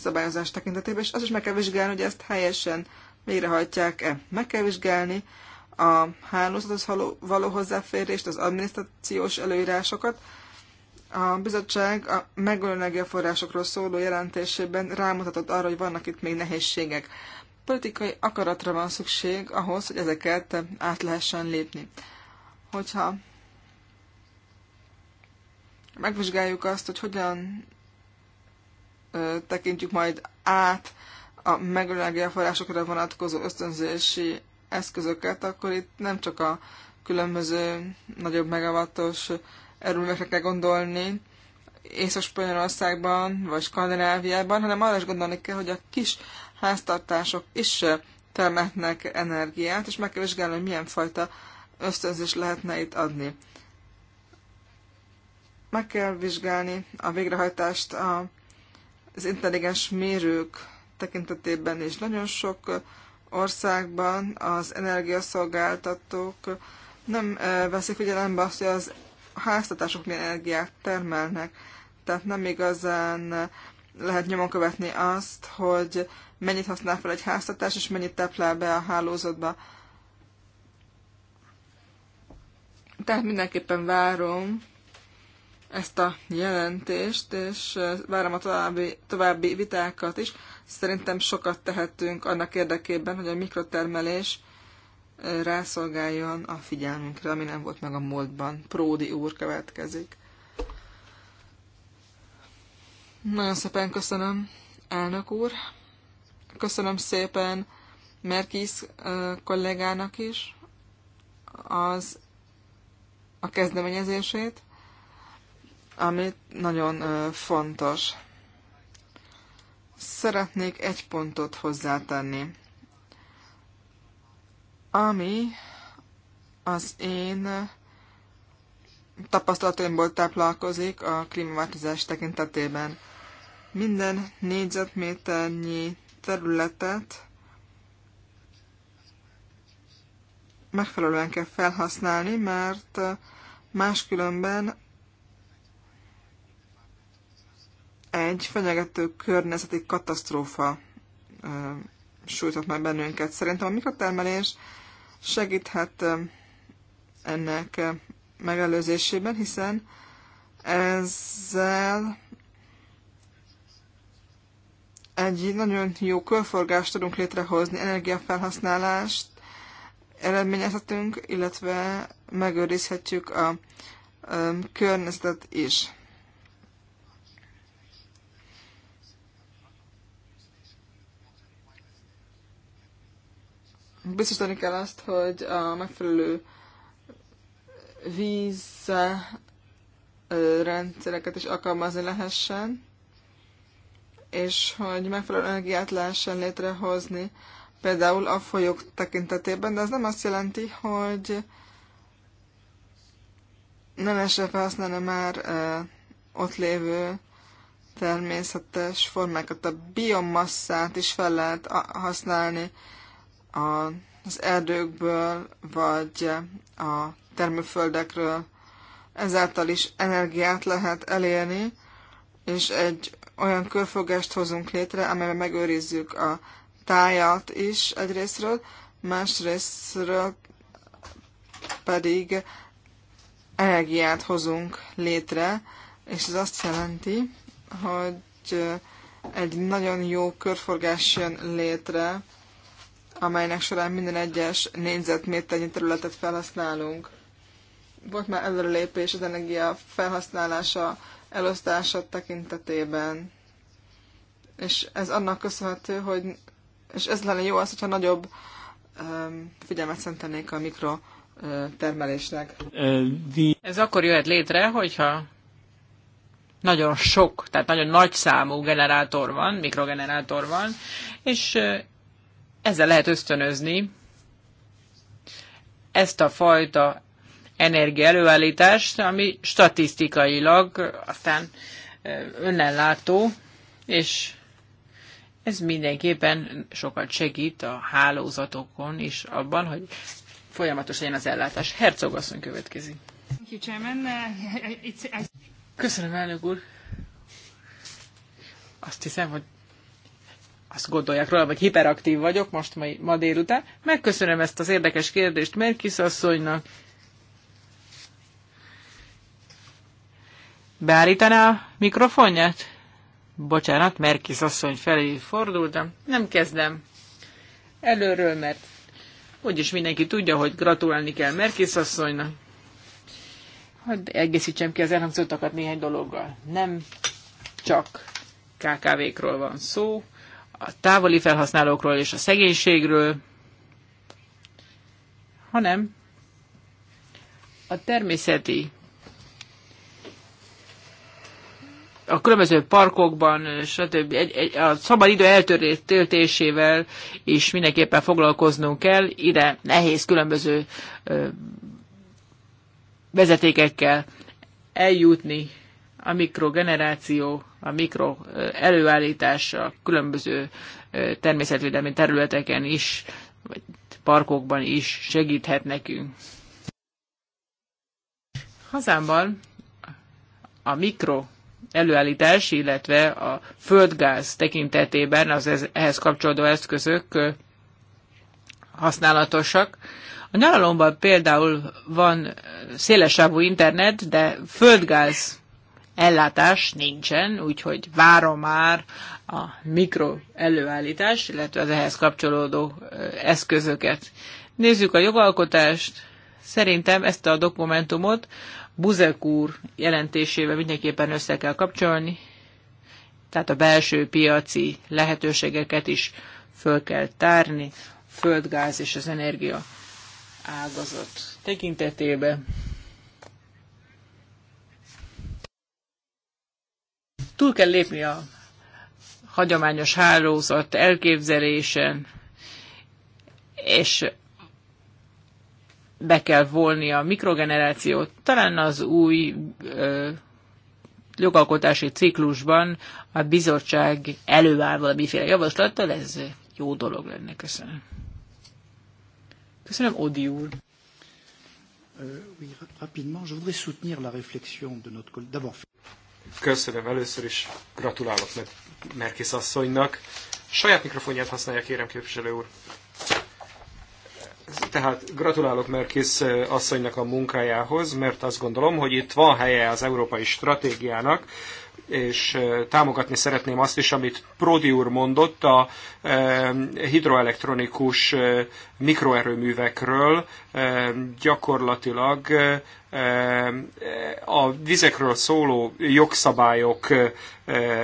S2: szabályozás tekintetében, és azt is meg kell vizsgálni, hogy ezt helyesen végrehajtják-e. Meg kell vizsgálni a hálózathoz való hozzáférést, az adminisztrációs előírásokat. A bizottság a megújuló energiaforrásokról szóló jelentésében rámutatott arra, hogy vannak itt még nehézségek politikai akaratra van szükség ahhoz, hogy ezeket át lehessen lépni. Hogyha megvizsgáljuk azt, hogy hogyan tekintjük majd át a megújuló forrásokra vonatkozó ösztönzési eszközöket, akkor itt nem csak a különböző nagyobb megavatos erőművekre kell gondolni, Észak-Spanyolországban vagy Skandináviában, hanem arra is gondolni kell, hogy a kis háztartások is termetnek energiát, és meg kell vizsgálni, hogy milyen fajta ösztönzés lehetne itt adni. Meg kell vizsgálni a végrehajtást az intelligens mérők tekintetében is. Nagyon sok országban az energiaszolgáltatók nem veszik figyelembe azt, hogy az háztatások milyen energiát termelnek. Tehát nem igazán lehet nyomon követni azt, hogy mennyit használ fel egy háztartás, és mennyit teplál be a hálózatba. Tehát mindenképpen várom ezt a jelentést, és várom a további, további vitákat is. Szerintem sokat tehetünk annak érdekében, hogy a mikrotermelés rászolgáljon a figyelmünkre, ami nem volt meg a múltban. Pródi úr következik. Nagyon szépen köszönöm, elnök úr. Köszönöm szépen Merkis kollégának is az a kezdeményezését, ami nagyon fontos. Szeretnék egy pontot hozzátenni, ami az én tapasztalataimból táplálkozik a klímaváltozás tekintetében. Minden négyzetméternyi területet megfelelően kell felhasználni, mert máskülönben egy fenyegető környezeti katasztrófa sújtott meg bennünket. Szerintem a mikrotermelés segíthet ennek megelőzésében, hiszen ezzel egy nagyon jó körforgást tudunk létrehozni, energiafelhasználást eredményezhetünk, illetve megőrizhetjük a um, környezetet is. Biztosítani kell azt, hogy a megfelelő víz rendszereket is alkalmazni lehessen, és hogy megfelelő energiát lehessen létrehozni, például a folyók tekintetében, de ez nem azt jelenti, hogy nem lehessen felhasználni már ott lévő természetes formákat. A biomasszát is fel lehet használni az erdőkből, vagy a termőföldekről. Ezáltal is energiát lehet elérni, és egy olyan körfogást hozunk létre, amelyben megőrizzük a tájat is egyrésztről, másrésztről pedig energiát hozunk létre, és ez azt jelenti, hogy egy nagyon jó körforgás jön létre, amelynek során minden egyes négyzetméternyi területet felhasználunk volt már előrelépés az energia felhasználása, elosztása tekintetében. És ez annak köszönhető, hogy és ez lenne jó az, hogyha nagyobb figyelmet szentelnék a mikro termelésnek. Ez akkor
S3: jöhet létre, hogyha nagyon sok, tehát nagyon nagy számú generátor van, mikrogenerátor van, és ezzel lehet ösztönözni ezt a fajta energiaelőállítást, ami statisztikailag aztán önellátó, és ez mindenképpen sokat segít a hálózatokon is abban, hogy folyamatos legyen az ellátás. Herzog asszony következik.
S2: Uh,
S3: Köszönöm, elnök úr. Azt hiszem, hogy azt gondolják róla, hogy hiperaktív vagyok most ma, ma délután. Megköszönöm ezt az érdekes kérdést Merkis asszonynak, Beállítaná a mikrofonját? Bocsánat, Merkis asszony felé fordultam. Nem kezdem előről, mert úgyis mindenki tudja, hogy gratulálni kell Merkis asszonynak. Hadd egészítsem ki az elhangzottakat néhány dologgal. Nem csak KKV-król van szó, a távoli felhasználókról és a szegénységről, hanem a természeti a különböző parkokban, stb. Egy, egy, a idő eltöltésével is mindenképpen foglalkoznunk kell. Ide nehéz különböző ö, vezetékekkel eljutni a mikrogeneráció, a mikro előállítás a különböző természetvédelmi területeken is, vagy parkokban is segíthet nekünk. Hazámban a mikro előállítás, illetve a földgáz tekintetében az ehhez kapcsolódó eszközök használatosak. A nyaralomban például van szélesávú internet, de földgáz ellátás nincsen, úgyhogy várom már a mikro előállítás, illetve az ehhez kapcsolódó eszközöket. Nézzük a jogalkotást. Szerintem ezt a dokumentumot Buzek úr jelentésével mindenképpen össze kell kapcsolni, tehát a belső piaci lehetőségeket is föl kell tárni, földgáz és az energia ágazat tekintetében. Túl kell lépni a hagyományos hálózat elképzelésen, és be kell volni a mikrogenerációt. Talán az új ö, jogalkotási ciklusban a bizottság előáll valamiféle javaslattal, ez jó dolog lenne. Köszönöm.
S1: Köszönöm, Odi úr. Köszönöm először is, gratulálok Merkis asszonynak. Saját mikrofonját használja, kérem képviselő úr. Tehát gratulálok Merkis eh, asszonynak a munkájához, mert azt gondolom, hogy itt van helye az európai stratégiának, és támogatni szeretném azt is, amit Prodi úr mondott a hidroelektronikus mikroerőművekről. Gyakorlatilag a vizekről szóló jogszabályok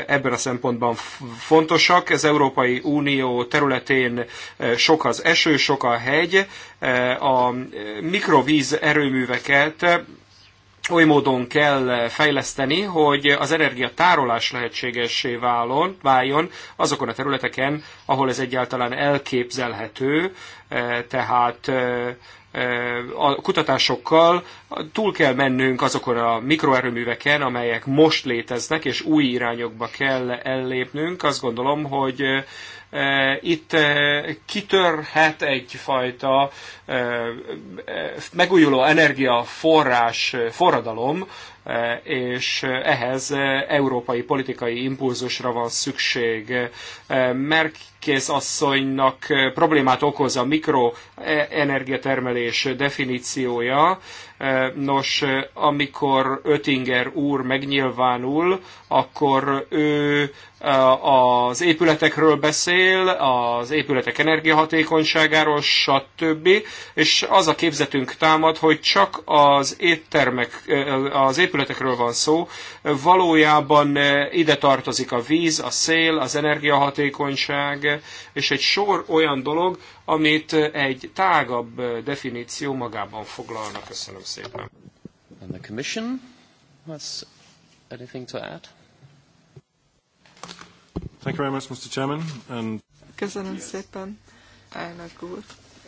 S1: ebben a szempontban fontosak. Az Európai Unió területén sok az eső, sok a hegy. A mikrovíz erőműveket oly módon kell fejleszteni, hogy az energiatárolás lehetségessé válon, váljon azokon a területeken, ahol ez egyáltalán elképzelhető, e, tehát e, e, a kutatásokkal túl kell mennünk azokon a mikroerőműveken, amelyek most léteznek, és új irányokba kell ellépnünk. Azt gondolom, hogy Eh, itt eh, kitörhet egyfajta eh, megújuló energiaforrás forradalom, és ehhez európai politikai impulzusra van szükség. Merkész asszonynak problémát okoz a mikroenergiatermelés definíciója. Nos, amikor Ötinger úr megnyilvánul, akkor ő az épületekről beszél, az épületek energiahatékonyságáról, stb. És az a képzetünk támad, hogy csak az éttermek, az épületek épületekről van szó, valójában eh, ide tartozik a víz, a szél, az energiahatékonyság, és egy sor olyan dolog, amit eh, egy tágabb eh, definíció magában foglalna. Köszönöm szépen. And the commission has anything to add?
S3: Thank you very much, Mr. Chairman. And... Köszönöm
S2: szépen, elnök úr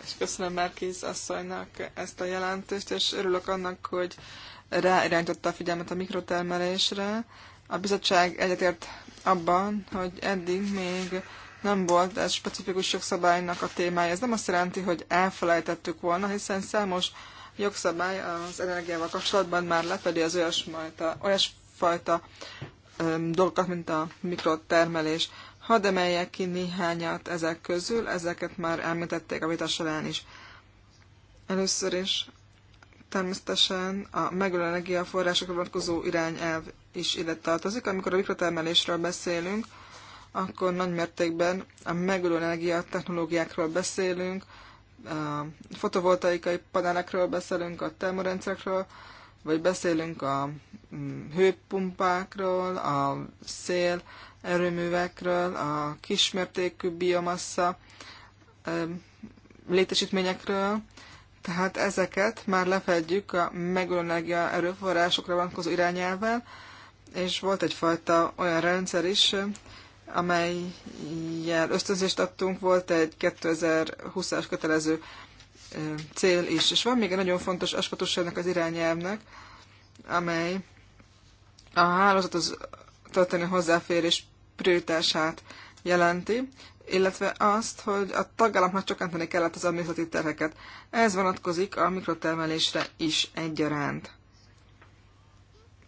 S2: és köszönöm Márkész asszonynak ezt a jelentést, és örülök annak, hogy ráirányította a figyelmet a mikrotermelésre. A bizottság egyetért abban, hogy eddig még nem volt ez specifikus jogszabálynak a témája. Ez nem azt jelenti, hogy elfelejtettük volna, hiszen számos jogszabály az energiával kapcsolatban már lefedi az olyasfajta, olyasfajta öm, dolgokat, mint a mikrotermelés. Hadd emeljek ki néhányat ezek közül, ezeket már említették a vita során is. Először is természetesen a megújuló energiaforrásokra vonatkozó irányelv is ide tartozik. Amikor a mikrotermelésről beszélünk, akkor nagy mértékben a megújuló energia technológiákról beszélünk, a fotovoltaikai panelekről beszélünk, a termorendszerekről, vagy beszélünk a mm, hőpumpákról, a szél erőművekről, a kismértékű biomassa létesítményekről, tehát ezeket már lefedjük a megőlenergia erőforrásokra vonatkozó irányelvvel, és volt egyfajta olyan rendszer is, amelyel ösztönzést adtunk, volt egy 2020-as kötelező cél is. És van még egy nagyon fontos aspektus ennek az irányelvnek, amely a hálózathoz történő hozzáférés prioritását jelenti illetve azt, hogy a tagállamnak csökkenteni kellett az administratív terheket. Ez vonatkozik a mikrotermelésre is egyaránt.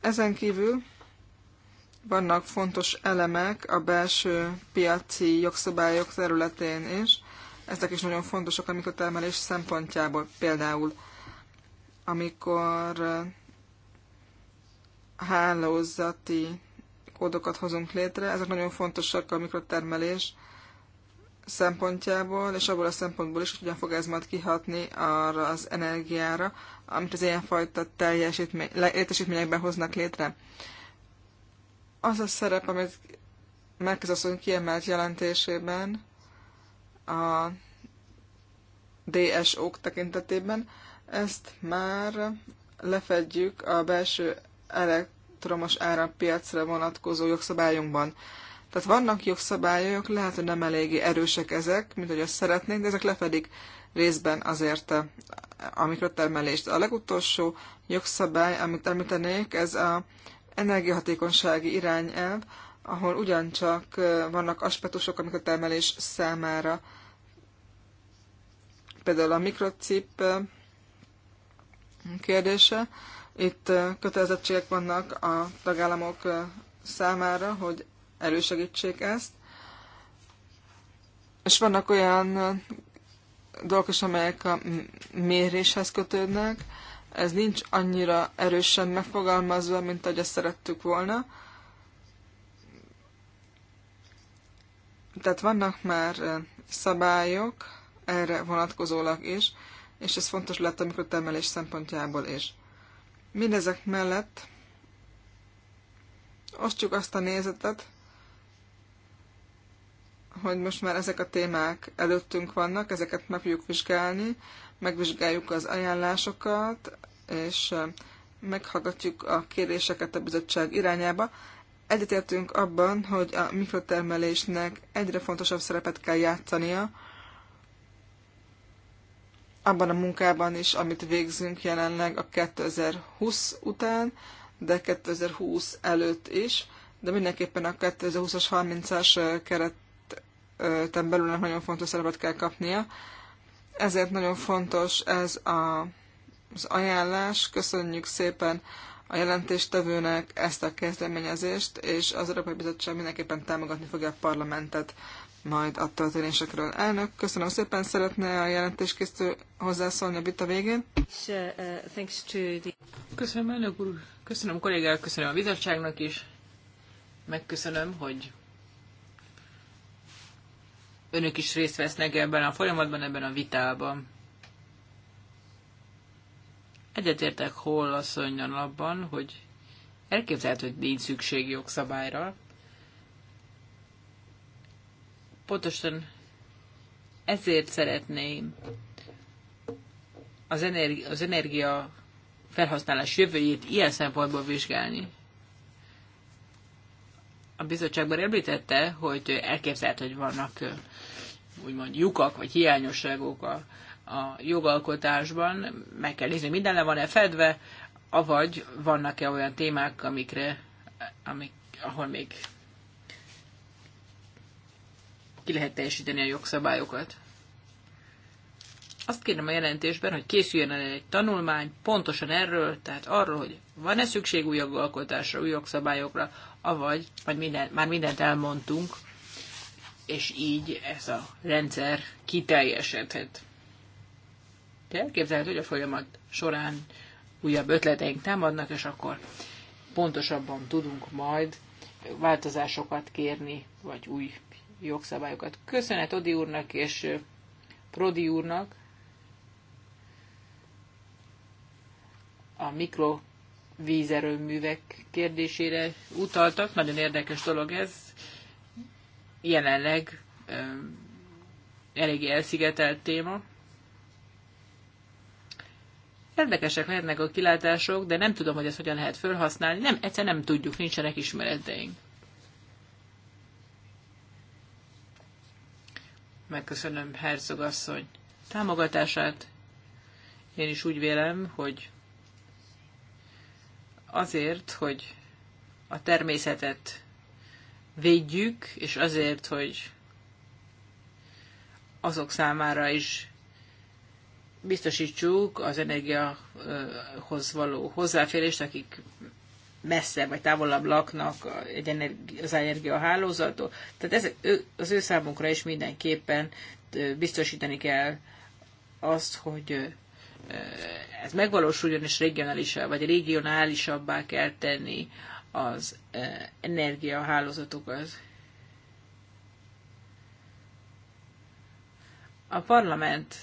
S2: Ezen kívül vannak fontos elemek a belső piaci jogszabályok területén is. Ezek is nagyon fontosak a mikrotermelés szempontjából. Például, amikor hálózati kódokat hozunk létre, ezek nagyon fontosak a mikrotermelés szempontjából, és abból a szempontból is, hogy hogyan fog ez majd kihatni arra az energiára, amit az ilyenfajta teljesítmény, létesítményekben hoznak létre. Az a szerep, amit Merkez asszony kiemelt jelentésében a DSO-k tekintetében, ezt már lefedjük a belső elektromos árampiacra vonatkozó jogszabályunkban. Tehát vannak jogszabályok, lehet, hogy nem eléggé erősek ezek, mint hogy azt szeretnénk, de ezek lefedik részben azért eh, a mikrotermelést. A legutolsó jogszabály, amit említenék, ez a energiahatékonysági irányelv, ahol ugyancsak eh, vannak aspektusok a mikrotermelés számára. Például a mikrocip eh, kérdése. Itt kötelezettségek vannak a tagállamok számára, hogy elősegítsék ezt. És vannak olyan dolgok is, amelyek a méréshez kötődnek. Ez nincs annyira erősen megfogalmazva, mint ahogy ezt szerettük volna. Tehát vannak már szabályok erre vonatkozólag is, és ez fontos lett a mikrotermelés szempontjából is. Mindezek mellett osztjuk azt a nézetet, hogy most már ezek a témák előttünk vannak, ezeket meg fogjuk vizsgálni, megvizsgáljuk az ajánlásokat, és meghallgatjuk a kéréseket a bizottság irányába. Egyetértünk abban, hogy a mikrotermelésnek egyre fontosabb szerepet kell játszania, abban a munkában is, amit végzünk jelenleg a 2020 után, de 2020 előtt is, de mindenképpen a 2020-as 30-as keret belül nagyon fontos szerepet kell kapnia. Ezért nagyon fontos ez a, az ajánlás. Köszönjük szépen a jelentéstevőnek ezt a kezdeményezést, és az Európai Bizottság mindenképpen támogatni fogja a parlamentet majd a történésekről. Elnök, köszönöm szépen, szeretne a jelentéskészítő hozzászólni a vita végén.
S3: Köszönöm, elnök úr, köszönöm kollégák, köszönöm a bizottságnak is, megköszönöm, hogy önök is részt vesznek ebben a folyamatban, ebben a vitában. Egyetértek hol asszonyon abban, hogy elképzelhető, hogy nincs szükség jogszabályra. Pontosan ezért szeretném az, energi- az energia felhasználás jövőjét ilyen szempontból vizsgálni. A bizottságban említette, hogy elképzelhető, hogy vannak úgymond lyukak vagy hiányosságok a, a jogalkotásban, meg kell nézni, minden le van-e fedve, avagy vannak-e olyan témák, amikre, amik, ahol még ki lehet teljesíteni a jogszabályokat. Azt kérem a jelentésben, hogy készüljön el egy tanulmány pontosan erről, tehát arról, hogy van-e szükség új jogalkotásra, új jogszabályokra, avagy vagy minden, már mindent elmondtunk és így ez a rendszer kiteljesedhet. De elképzelhető, hogy a folyamat során újabb ötleteink támadnak, és akkor pontosabban tudunk majd változásokat kérni, vagy új jogszabályokat. Köszönet Odi úrnak és Prodi úrnak a mikrovízerőművek kérdésére utaltak. Nagyon érdekes dolog ez jelenleg eléggé elszigetelt téma. Érdekesek lehetnek a kilátások, de nem tudom, hogy ezt hogyan lehet felhasználni. Nem, egyszer nem tudjuk, nincsenek ismereteink. Megköszönöm Herzog asszony támogatását. Én is úgy vélem, hogy azért, hogy a természetet védjük, és azért, hogy azok számára is biztosítsuk az energiahoz való hozzáférést, akik messze vagy távolabb laknak egy energi- az energiahálózattól. Tehát ez, az ő számunkra is mindenképpen biztosítani kell azt, hogy ez megvalósuljon, és regionálisabb, vagy regionálisabbá kell tenni az eh, energiahálózatokat. A parlament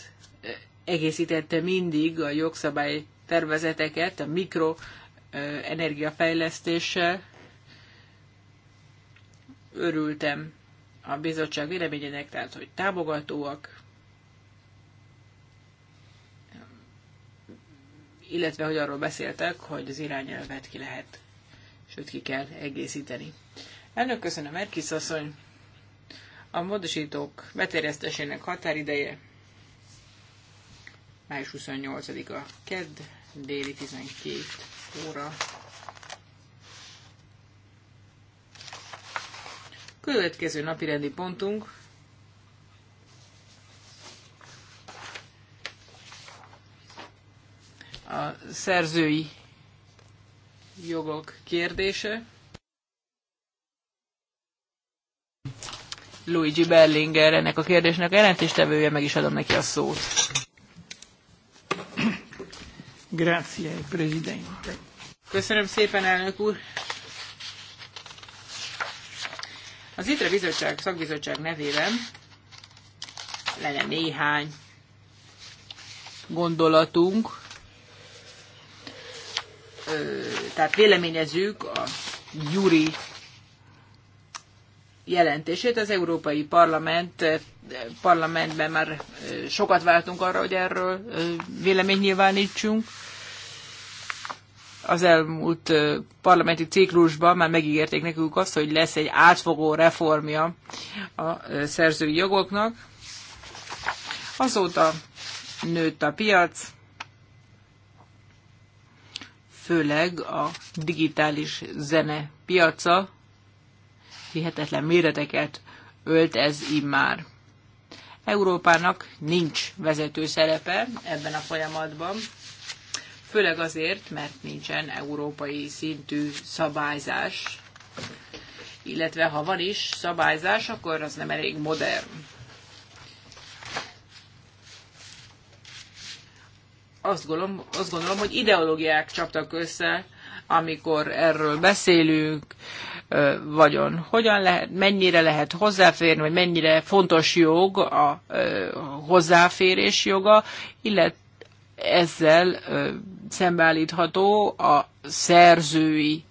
S3: eh, egészítette mindig a jogszabály tervezeteket a mikro eh, energiafejlesztéssel. Örültem a bizottság véleményének, tehát hogy támogatóak, illetve hogy arról beszéltek, hogy az irányelvet ki lehet sőt ki kell egészíteni. Elnök, köszönöm, Merkis asszony. A módosítók beterjesztésének határideje május 28-a, kedd, déli 12 óra. Következő napi rendi pontunk a szerzői jogok kérdése. Luigi Berlinger ennek a kérdésnek jelentéstevője, meg is adom neki a szót. Grazie, Presidente. Köszönöm szépen, elnök úr. Az ITRE bizottság, szakbizottság nevében lenne néhány gondolatunk tehát véleményezzük a Juri jelentését. Az Európai Parlament, parlamentben már sokat váltunk arra, hogy erről vélemény nyilvánítsunk. Az elmúlt parlamenti ciklusban már megígérték nekünk azt, hogy lesz egy átfogó reformja a szerzői jogoknak. Azóta nőtt a piac, főleg a digitális zene piaca hihetetlen méreteket ölt ez immár. Európának nincs vezető szerepe ebben a folyamatban, főleg azért, mert nincsen európai szintű szabályzás, illetve ha van is szabályzás, akkor az nem elég modern. azt gondolom, azt gondolom, hogy ideológiák csaptak össze, amikor erről beszélünk, vagyon. Hogyan lehet, mennyire lehet hozzáférni, vagy mennyire fontos jog a hozzáférés joga, illetve ezzel szembeállítható a szerzői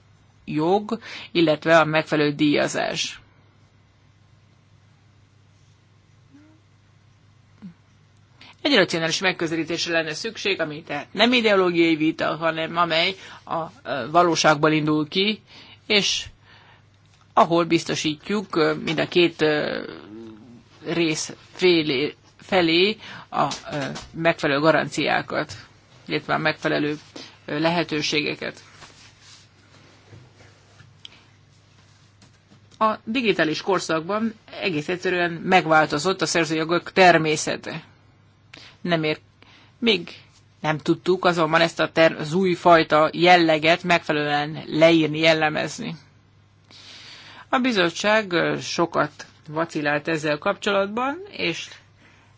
S3: jog, illetve a megfelelő díjazás. Egy racionális megközelítésre lenne szükség, ami tehát nem ideológiai vita, hanem amely a valóságból indul ki, és ahol biztosítjuk mind a két rész félé, felé a megfelelő garanciákat, illetve a megfelelő lehetőségeket. A digitális korszakban egész egyszerűen megváltozott a szerzőjogok természete nem ér. Még nem tudtuk azonban ezt a ter- az újfajta jelleget megfelelően leírni, jellemezni. A bizottság sokat vacilált ezzel kapcsolatban, és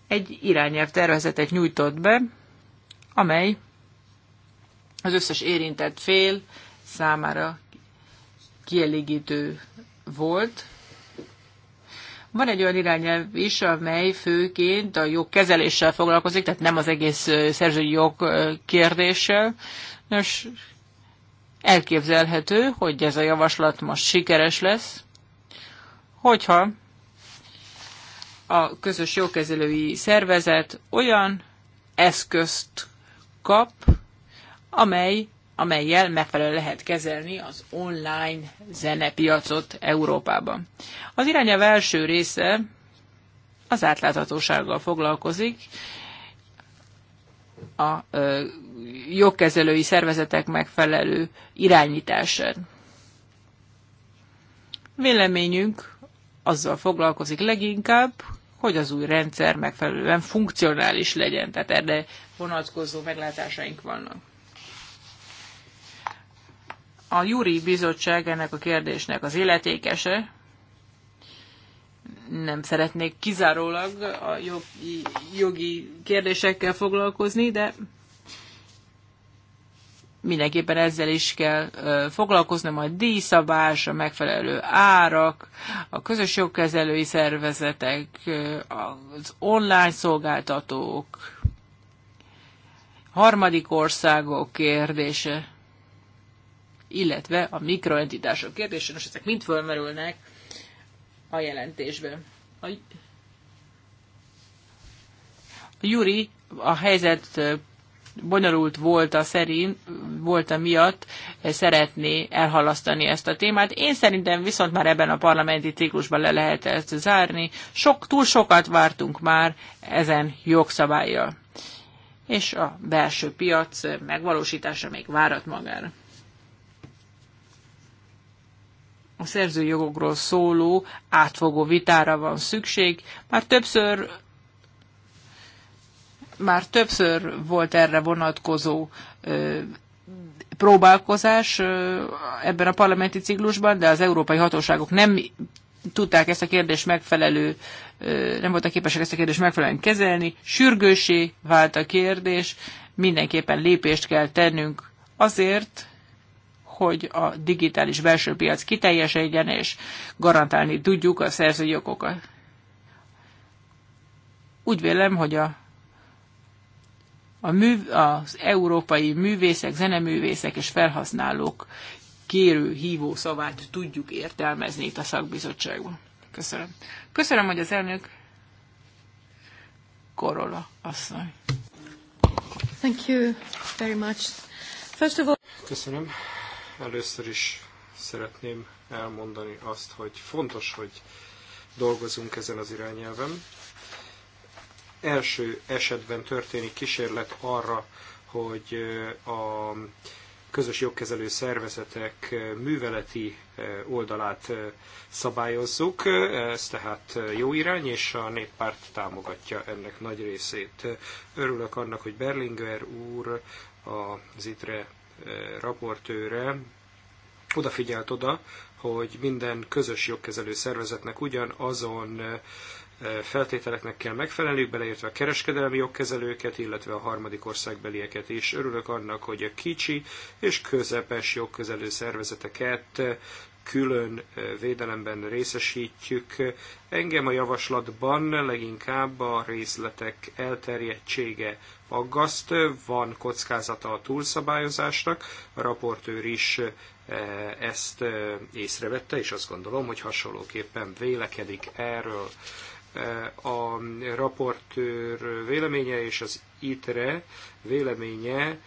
S3: egy irányelv tervezetet nyújtott be, amely az összes érintett fél számára kielégítő volt, van egy olyan irányelv is, amely főként a jogkezeléssel foglalkozik, tehát nem az egész szerzői jog kérdéssel. Nos, elképzelhető, hogy ez a javaslat most sikeres lesz, hogyha a közös jogkezelői szervezet olyan eszközt kap, amely amelyel megfelelően lehet kezelni az online zenepiacot Európában. Az irányelv első része az átláthatósággal foglalkozik, a jogkezelői szervezetek megfelelő irányításán. Véleményünk azzal foglalkozik leginkább, hogy az új rendszer megfelelően funkcionális legyen, tehát erre vonatkozó meglátásaink vannak a Júri Bizottság ennek a kérdésnek az életékese. Nem szeretnék kizárólag a jogi, jogi kérdésekkel foglalkozni, de mindenképpen ezzel is kell foglalkozni, majd díjszabás, a megfelelő árak, a közös jogkezelői szervezetek, az online szolgáltatók, harmadik országok kérdése illetve a mikroentitások kérdése. Most ezek mind fölmerülnek a jelentésben. A Juri a helyzet bonyolult volt a szerint, volt a miatt szeretné elhalasztani ezt a témát. Én szerintem viszont már ebben a parlamenti ciklusban le lehet ezt zárni. Sok, túl sokat vártunk már ezen jogszabályjal. És a belső piac megvalósítása még várat magára. a szerzőjogokról szóló átfogó vitára van szükség. Már többször már többször volt erre vonatkozó ö, próbálkozás ö, ebben a parlamenti ciklusban, de az európai hatóságok nem tudták ezt a kérdést megfelelő, ö, nem voltak képesek ezt a kérdést megfelelően kezelni. Sürgősé vált a kérdés, mindenképpen lépést kell tennünk azért, hogy a digitális belső piac kiteljesedjen, és garantálni tudjuk a szerzői jogokat. Úgy vélem, hogy a, a mű, az európai művészek, zeneművészek és felhasználók kérő hívó szavát tudjuk értelmezni itt a szakbizottságban. Köszönöm. Köszönöm, hogy az elnök Korola asszony. Thank you very much. First of all...
S1: Köszönöm. Először is szeretném elmondani azt, hogy fontos, hogy dolgozunk ezen az irányelven. Első esetben történik kísérlet arra, hogy a közös jogkezelő szervezetek műveleti oldalát szabályozzuk, ez tehát jó irány, és a néppárt támogatja ennek nagy részét. Örülök annak, hogy Berlinger úr az ITRE raportőre odafigyelt oda, hogy minden közös jogkezelő szervezetnek ugyanazon feltételeknek kell megfelelniük, beleértve a kereskedelmi jogkezelőket, illetve a harmadik országbelieket is. Örülök annak, hogy a kicsi és közepes jogkezelő szervezeteket külön védelemben részesítjük. Engem a javaslatban leginkább a részletek elterjedtsége aggaszt, van kockázata a túlszabályozásnak, a raportőr is ezt észrevette, és azt gondolom, hogy hasonlóképpen vélekedik erről a raportőr véleménye és az ITRE véleménye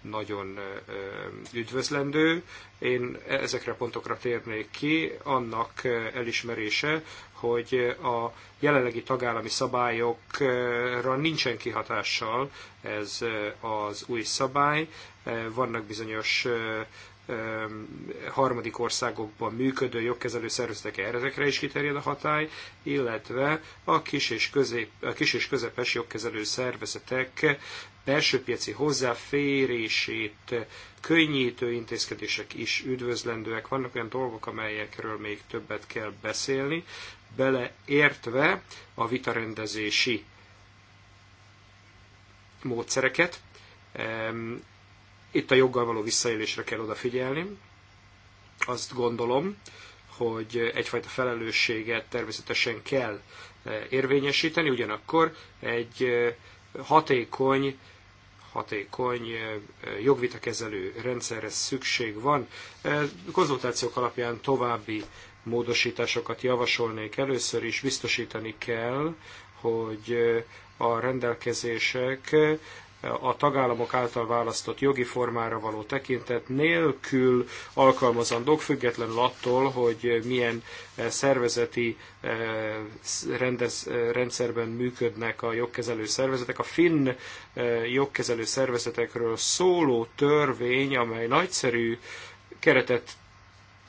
S1: nagyon üdvözlendő. Én ezekre a pontokra térnék ki, annak elismerése, hogy a jelenlegi tagállami szabályokra nincsen kihatással ez az új szabály. Vannak bizonyos harmadik országokban működő jogkezelő szervezetek ezekre is kiterjed a hatály, illetve a kis és, közép, a kis és közepes jogkezelő szervezetek belső piaci hozzáférését könnyítő intézkedések is üdvözlendőek. Vannak olyan dolgok, amelyekről még többet kell beszélni, beleértve a vitarendezési módszereket, itt a joggal való visszaélésre kell odafigyelni. Azt gondolom, hogy egyfajta felelősséget természetesen kell e, érvényesíteni, ugyanakkor egy e, hatékony, hatékony e, jogvitakezelő rendszerre szükség van. Konzultációk alapján további módosításokat javasolnék. Először is biztosítani kell, hogy a rendelkezések a tagállamok által választott jogi formára való tekintet nélkül alkalmazandók, függetlenül attól, hogy milyen eh, szervezeti eh, rendez, rendszerben működnek a jogkezelő szervezetek. A finn eh, jogkezelő szervezetekről szóló törvény, amely nagyszerű keretet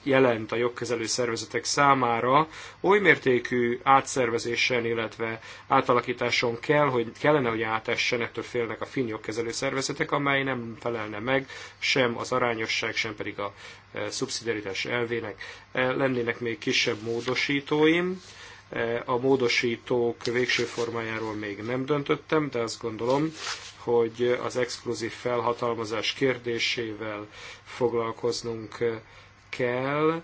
S1: jelent a jogkezelő szervezetek számára, oly mértékű átszervezésen, illetve átalakításon kell, hogy kellene, hogy átessen, ettől félnek a finn jogkezelő szervezetek, amely nem felelne meg sem az arányosság, sem pedig a e, szubszidiaritás elvének. E, lennének még kisebb módosítóim, e, a módosítók végső formájáról még nem döntöttem, de azt gondolom, hogy az exkluzív felhatalmazás kérdésével foglalkoznunk kell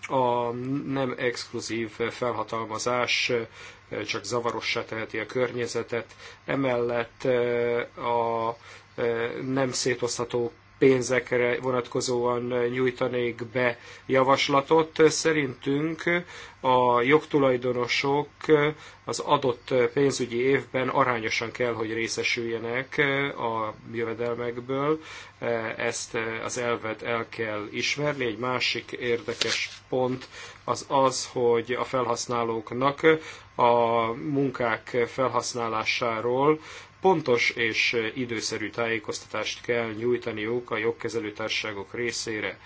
S1: a nem exkluzív felhatalmazás eh, csak zavarossá teheti a környezetet, emellett eh, a eh, nem szétosztható pénzekre vonatkozóan nyújtanék be javaslatot. Szerintünk a jogtulajdonosok az adott pénzügyi évben arányosan kell, hogy részesüljenek a jövedelmekből. Ezt az elvet el kell ismerni. Egy másik érdekes pont az az, hogy a felhasználóknak a munkák felhasználásáról pontos és időszerű tájékoztatást kell nyújtaniuk a jogkezelő társaságok részére.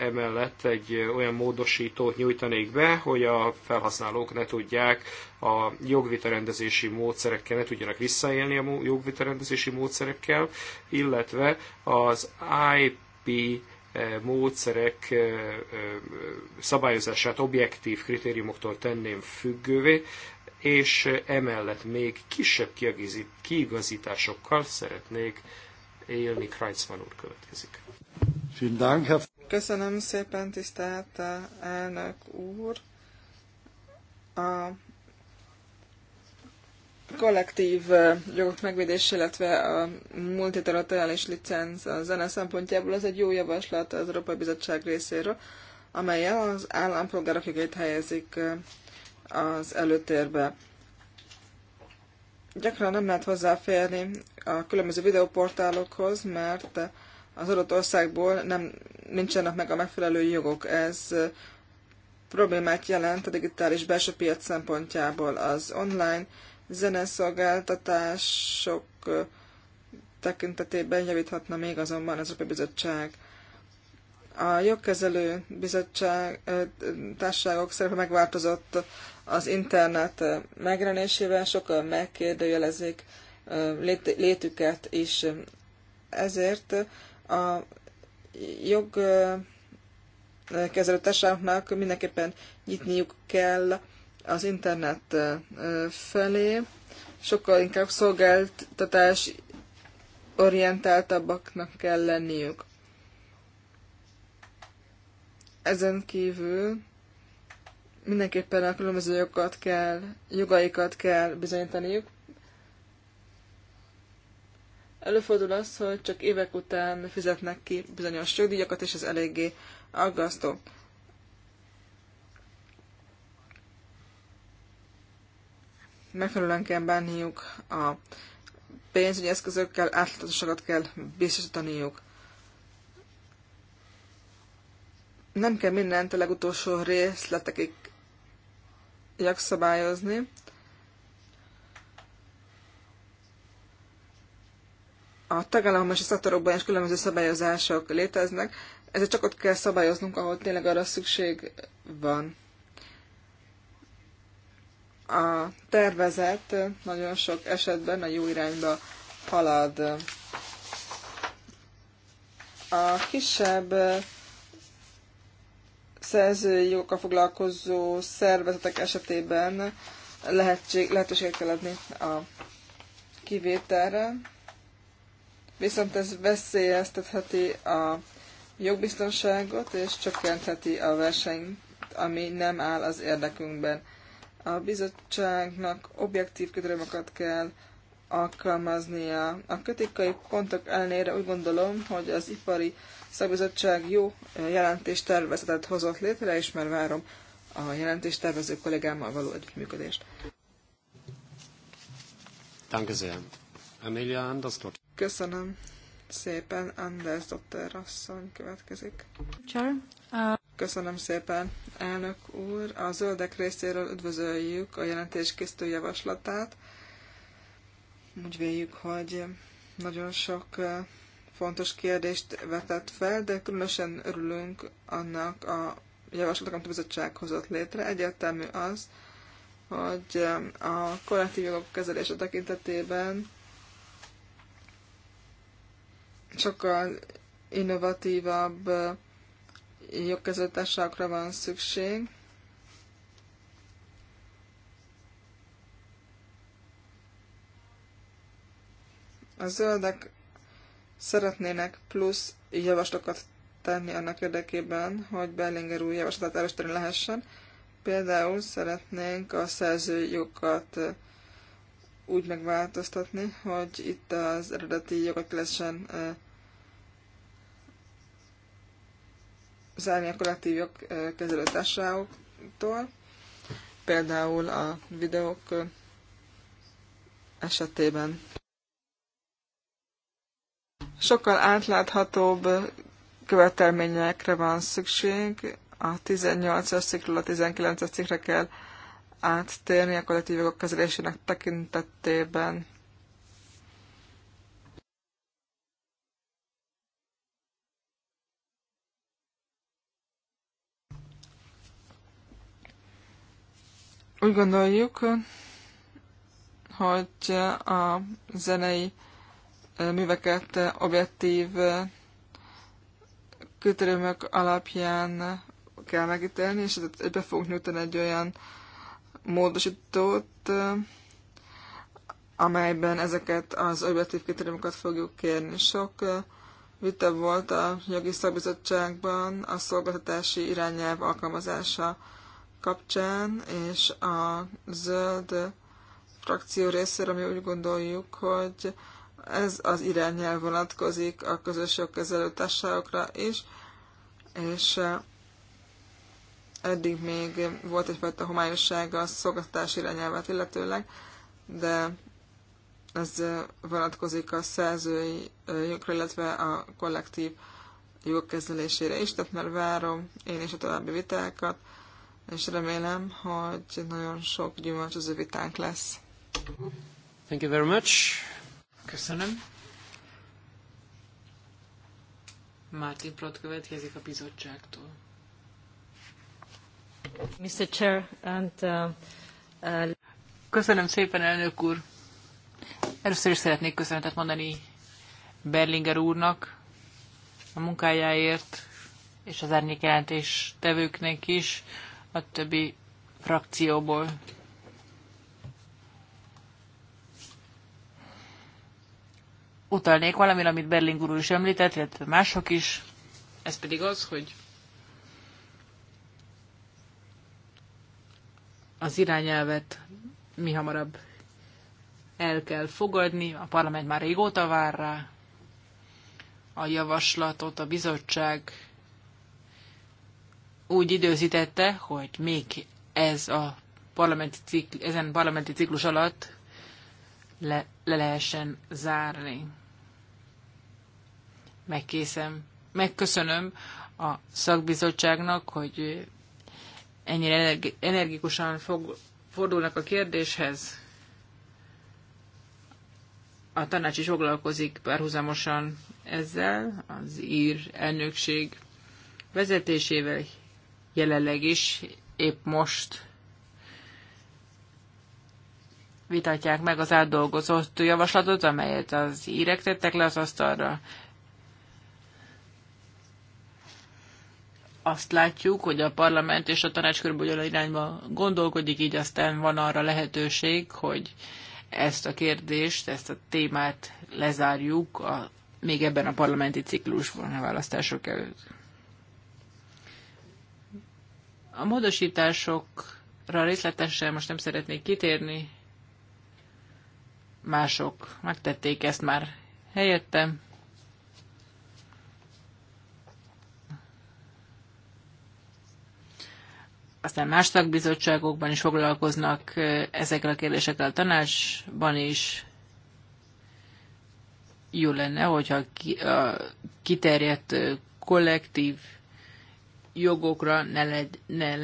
S1: Emellett egy olyan módosítót nyújtanék be, hogy a felhasználók ne tudják a jogvitarendezési módszerekkel, ne tudjanak visszaélni a jogvitarendezési módszerekkel, illetve az IP módszerek szabályozását objektív kritériumoktól tenném függővé, és emellett még kisebb kiigazításokkal szeretnék élni. Kreitzmann úr következik.
S2: Köszönöm szépen, tisztelt eh, elnök úr! A kollektív eh, jogok megvédés, illetve a multiterritoriális licenc a zene szempontjából az egy jó javaslat az Európai Bizottság részéről, amelyel az állampolgárok jogait helyezik eh, az előtérbe. Gyakran nem lehet hozzáférni a különböző videóportálokhoz, mert az adott országból nem, nincsenek meg a megfelelő jogok. Ez problémát jelent a digitális belső piac szempontjából. Az online zeneszolgáltatások tekintetében javíthatna még azonban az Európai Bizottság. A jogkezelő bizottság, társaságok szerepe megváltozott az internet megrenésével sokan megkérdőjelezik létüket is. Ezért a jogkezelőtársáknak mindenképpen nyitniuk kell az internet felé, sokkal inkább szolgáltatás orientáltabbaknak kell lenniük. Ezen kívül mindenképpen a különböző jogokat kell, jogaikat kell bizonyítaniuk. Előfordul az, hogy csak évek után fizetnek ki bizonyos jogdíjakat, és ez eléggé aggasztó. Megfelelően kell bánniuk a pénzügyi eszközökkel, átláthatóságot kell biztosítaniuk. nem kell mindent a legutolsó részletekig jogszabályozni. A tagállamosi szektorokban is különböző szabályozások léteznek, ezért csak ott kell szabályoznunk, ahol tényleg arra szükség van. A tervezet nagyon sok esetben a jó irányba halad. A kisebb szerzői jogokkal foglalkozó szervezetek esetében lehetség, lehetőséget kell adni a kivételre. Viszont ez veszélyeztetheti a jogbiztonságot, és csökkentheti a versenyt, ami nem áll az érdekünkben. A bizottságnak objektív kötelemeket kell alkalmaznia. A kritikai pontok ellenére úgy gondolom, hogy az ipari szakbizottság jó jelentés tervezetet hozott létre, és már várom a jelentés kollégámmal való együttműködést.
S1: Amelia Andersdott.
S2: Köszönöm szépen. Anders Dotter asszony következik. Uh, Köszönöm szépen, elnök úr. A zöldek részéről üdvözöljük a jelentés készítő javaslatát úgy véljük, hogy nagyon sok fontos kérdést vetett fel, de különösen örülünk annak a javaslatok, amit a bizottság hozott létre. Egyértelmű az, hogy a kollektív jogok kezelése tekintetében sokkal innovatívabb jogkezelőtársakra van szükség, A zöldek szeretnének plusz javaslatokat tenni annak érdekében, hogy Bellinger új javaslatát erősíteni lehessen. Például szeretnénk a szerzőjogokat úgy megváltoztatni, hogy itt az eredeti jogok lesen zárni a kollektív jogkezelőtársaságoktól, például a videók esetében. Sokkal átláthatóbb követelményekre van szükség. A 18-as cikről a 19-as cikkre kell áttérni a kollektív jogok kezelésének tekintetében. Úgy gondoljuk, hogy a zenei műveket objektív kritériumok alapján kell megítélni, és ezért be fogunk nyújtani egy olyan módosítót, amelyben ezeket az objektív kritériumokat fogjuk kérni. Sok vita volt a jogi szakbizottságban a szolgáltatási irányelv alkalmazása kapcsán, és a zöld frakció részéről mi úgy gondoljuk, hogy ez az irányel vonatkozik a közös jogkezelő társaságokra is, és eddig még volt egyfajta homályosság a szolgáltatás irányelvet illetőleg, de ez vonatkozik a szerzői jogra, illetve a kollektív jogkezelésére. is, tehát már várom én is a további vitákat, és remélem, hogy nagyon sok gyümölcsöző vitánk lesz.
S1: Thank you very much.
S2: Köszönöm. Martin
S3: Plot következik a bizottságtól. Mr. Chair, and, uh, uh... Köszönöm szépen, elnök úr. Először is szeretnék köszönetet mondani Berlinger úrnak a munkájáért, és az jelentés tevőknek is, a többi frakcióból utalnék valamire, amit Berling úr is említett, illetve mások is. Ez pedig az, hogy az irányelvet mi hamarabb el kell fogadni, a parlament már régóta vár rá, a javaslatot a bizottság úgy időzítette, hogy még ez a parlamenti cikl, ezen parlamenti ciklus alatt le, le lehessen zárni megkészem, megköszönöm a szakbizottságnak, hogy ennyire energikusan fog, fordulnak a kérdéshez. A tanács is foglalkozik párhuzamosan ezzel, az ír elnökség vezetésével jelenleg is épp most vitatják meg az átdolgozott javaslatot, amelyet az írek tettek le az asztalra. azt látjuk, hogy a parlament és a tanács körülbelül olyan irányba gondolkodik, így aztán van arra lehetőség, hogy ezt a kérdést, ezt a témát lezárjuk a, még ebben a parlamenti ciklusban a választások előtt. A módosításokra részletesen most nem szeretnék kitérni, mások megtették ezt már helyettem. aztán más szakbizottságokban is foglalkoznak ezekkel a kérdésekkel, a tanácsban is. Jó lenne, hogyha ki, a kiterjedt kollektív jogokra ne, legy, ne,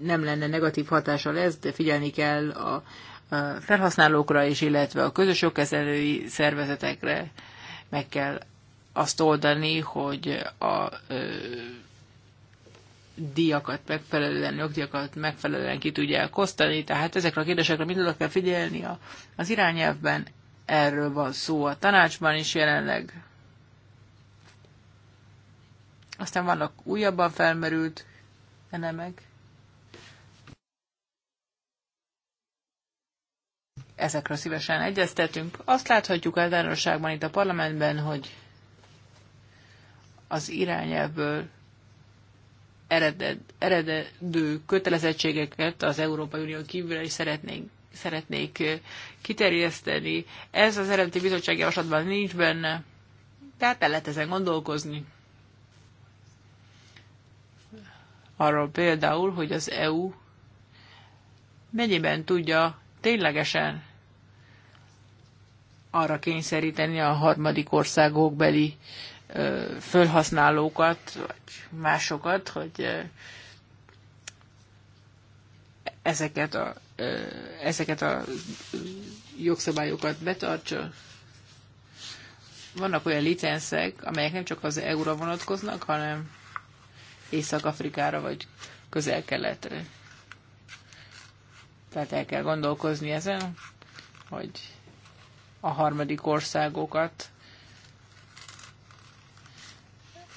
S3: nem lenne negatív hatása lesz, de figyelni kell a, a felhasználókra is, illetve a közös jogkezelői szervezetekre. Meg kell azt oldani, hogy a díjakat megfelelően, nyugdíjakat megfelelően ki tudják osztani. Tehát ezekre a kérdésekre mind oda kell figyelni a, az irányelvben. Erről van szó a tanácsban is jelenleg. Aztán vannak újabban felmerült elemek. Ezekről szívesen egyeztetünk. Azt láthatjuk általánosságban itt a parlamentben, hogy az irányelvből eredet, erededő kötelezettségeket az Európai Unió kívülre is szeretnénk, szeretnék kiterjeszteni. Ez az eredeti bizottsági javaslatban nincs benne, tehát el lehet ezen gondolkozni. Arról például, hogy az EU mennyiben tudja ténylegesen arra kényszeríteni a harmadik országok beli fölhasználókat, vagy másokat, hogy ezeket a, ezeket a jogszabályokat betartsa. Vannak olyan licenszek, amelyek nem csak az EU-ra vonatkoznak, hanem Észak-Afrikára vagy Közel-Keletre. Tehát el kell gondolkozni ezen, hogy a harmadik országokat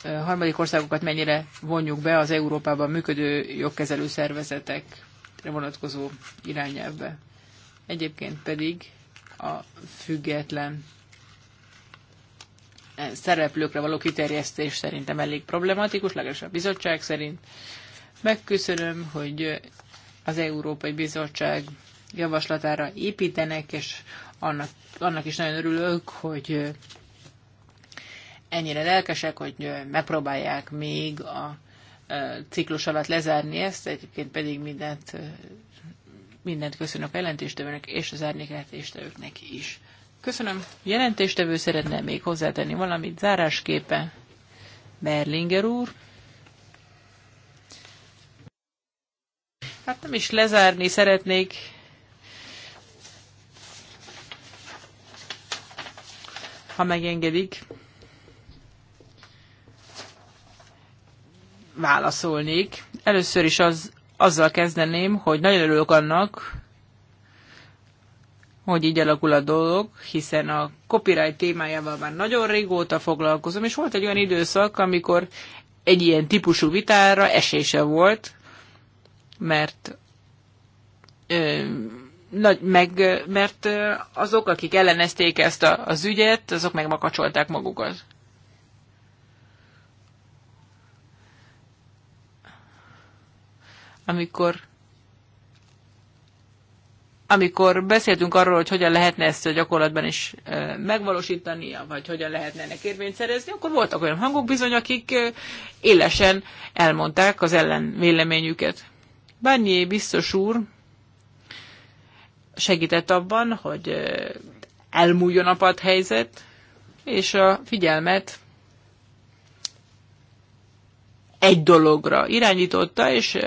S3: harmadik országokat mennyire vonjuk be az Európában működő jogkezelő szervezetekre vonatkozó irányelvbe. Egyébként pedig a független eh, szereplőkre való kiterjesztés szerintem elég problematikus, legalábbis a bizottság szerint. Megköszönöm, hogy az Európai Bizottság javaslatára építenek, és annak, annak is nagyon örülök, hogy ennyire lelkesek, hogy megpróbálják még a ciklus alatt lezárni ezt, egyébként pedig mindent, mindent köszönök a jelentéstevőnek és az árnyékjelentéstevőknek is. Köszönöm. Jelentéstevő szeretne még hozzátenni valamit zárásképe. Berlinger úr. Hát nem is lezárni szeretnék. Ha megengedik. válaszolnék. Először is az, azzal kezdeném, hogy nagyon örülök annak, hogy így alakul a dolog, hiszen a copyright témájával már nagyon régóta foglalkozom, és volt egy olyan időszak, amikor egy ilyen típusú vitára esése volt, mert ö, nagy, meg, mert azok, akik ellenezték ezt a, az ügyet, azok megmakacsolták magukat. amikor amikor beszéltünk arról, hogy hogyan lehetne ezt a gyakorlatban is megvalósítania, vagy hogyan lehetne ennek érvényt szerezni, akkor voltak olyan hangok bizony, akik élesen elmondták az ellen véleményüket. Bányé biztos úr segített abban, hogy elmúljon a helyzet, és a figyelmet egy dologra irányította, és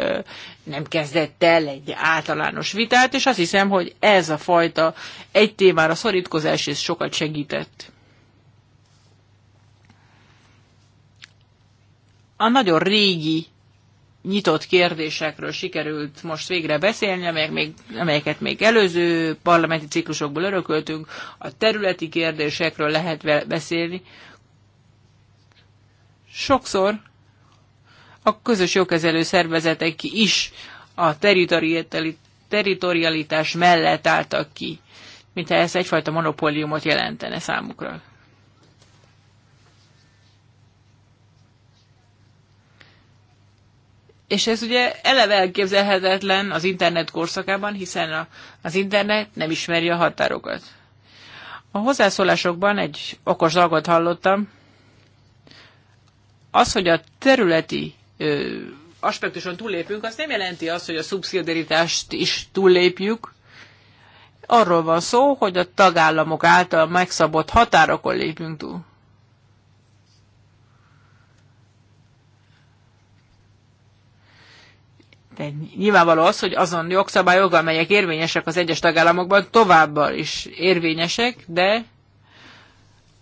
S3: nem kezdett el egy általános vitát, és azt hiszem, hogy ez a fajta egy témára szorítkozás, és sokat segített. A nagyon régi nyitott kérdésekről sikerült most végre beszélni, amelyek még, amelyeket még előző parlamenti ciklusokból örököltünk, a területi kérdésekről lehet beszélni. Sokszor a közös jogkezelő szervezetek is a territorialitás mellett álltak ki, mintha ez egyfajta monopóliumot jelentene számukra. És ez ugye eleve elképzelhetetlen az internet korszakában, hiszen a, az internet nem ismeri a határokat. A hozzászólásokban egy okos dolgot hallottam. Az, hogy a területi aspektuson túllépünk, az nem jelenti azt, hogy a szubszidiaritást is túllépjük. Arról van szó, hogy a tagállamok által megszabott határokon lépünk túl. De nyilvánvaló az, hogy azon jogszabályok, amelyek érvényesek az egyes tagállamokban, továbbá is érvényesek, de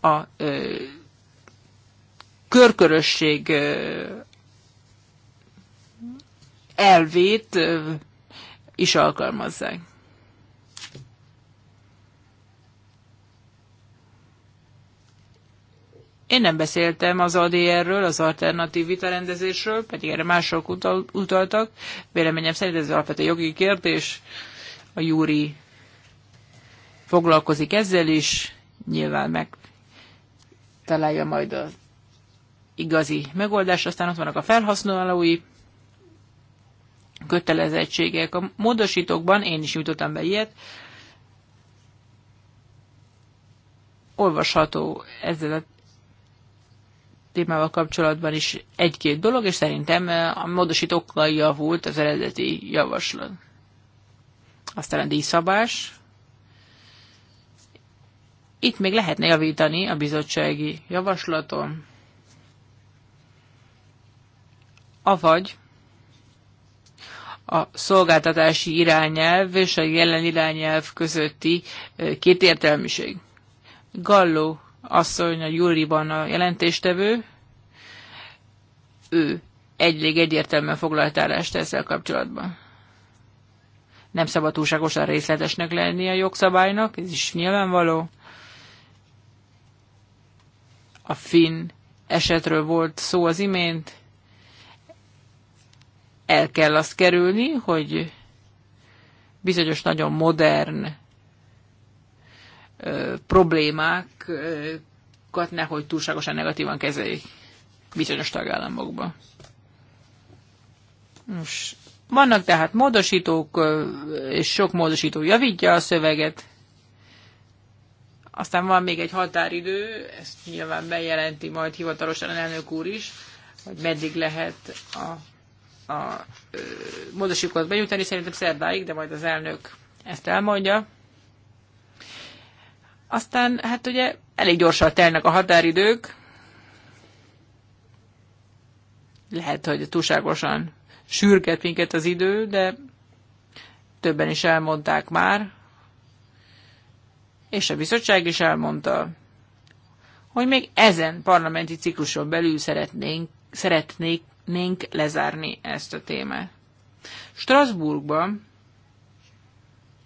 S3: a ö, körkörösség ö, elvét is alkalmazzák. Én nem beszéltem az ADR-ről, az alternatív vitarendezésről, pedig erre mások utaltak. Véleményem szerint ez alapvető jogi kérdés. A júri foglalkozik ezzel is, nyilván meg találja majd az igazi megoldást. Aztán ott vannak a felhasználói kötelezettségek. A módosítókban én is jutottam be ilyet, olvasható ezzel a témával kapcsolatban is egy-két dolog, és szerintem a módosítókkal javult az eredeti javaslat. Aztán a díjszabás. Itt még lehetne javítani a bizottsági javaslaton. Avagy a szolgáltatási irányelv és a jelen irányelv közötti eh, két értelmiség. Galló asszony a Júriban a jelentéstevő, ő egyleg egyértelműen foglalt állást ezzel kapcsolatban. Nem szabad túlságosan részletesnek lenni a jogszabálynak, ez is nyilvánvaló. A finn esetről volt szó az imént, el kell azt kerülni, hogy bizonyos nagyon modern ö, problémákat nehogy túlságosan negatívan kezeljék bizonyos tagállamokban. Most vannak tehát módosítók, és sok módosító javítja a szöveget. Aztán van még egy határidő, ezt nyilván bejelenti majd hivatalosan elnök úr is, hogy meddig lehet a a módosítókat benyújtani, szerintem szerdáig, de majd az elnök ezt elmondja. Aztán, hát ugye elég gyorsan telnek a határidők. Lehet, hogy túlságosan sürget minket az idő, de többen is elmondták már, és a bizottság is elmondta, hogy még ezen parlamenti cikluson belül szeretnénk, szeretnék szeretnénk lezárni ezt a témát. Strasbourgban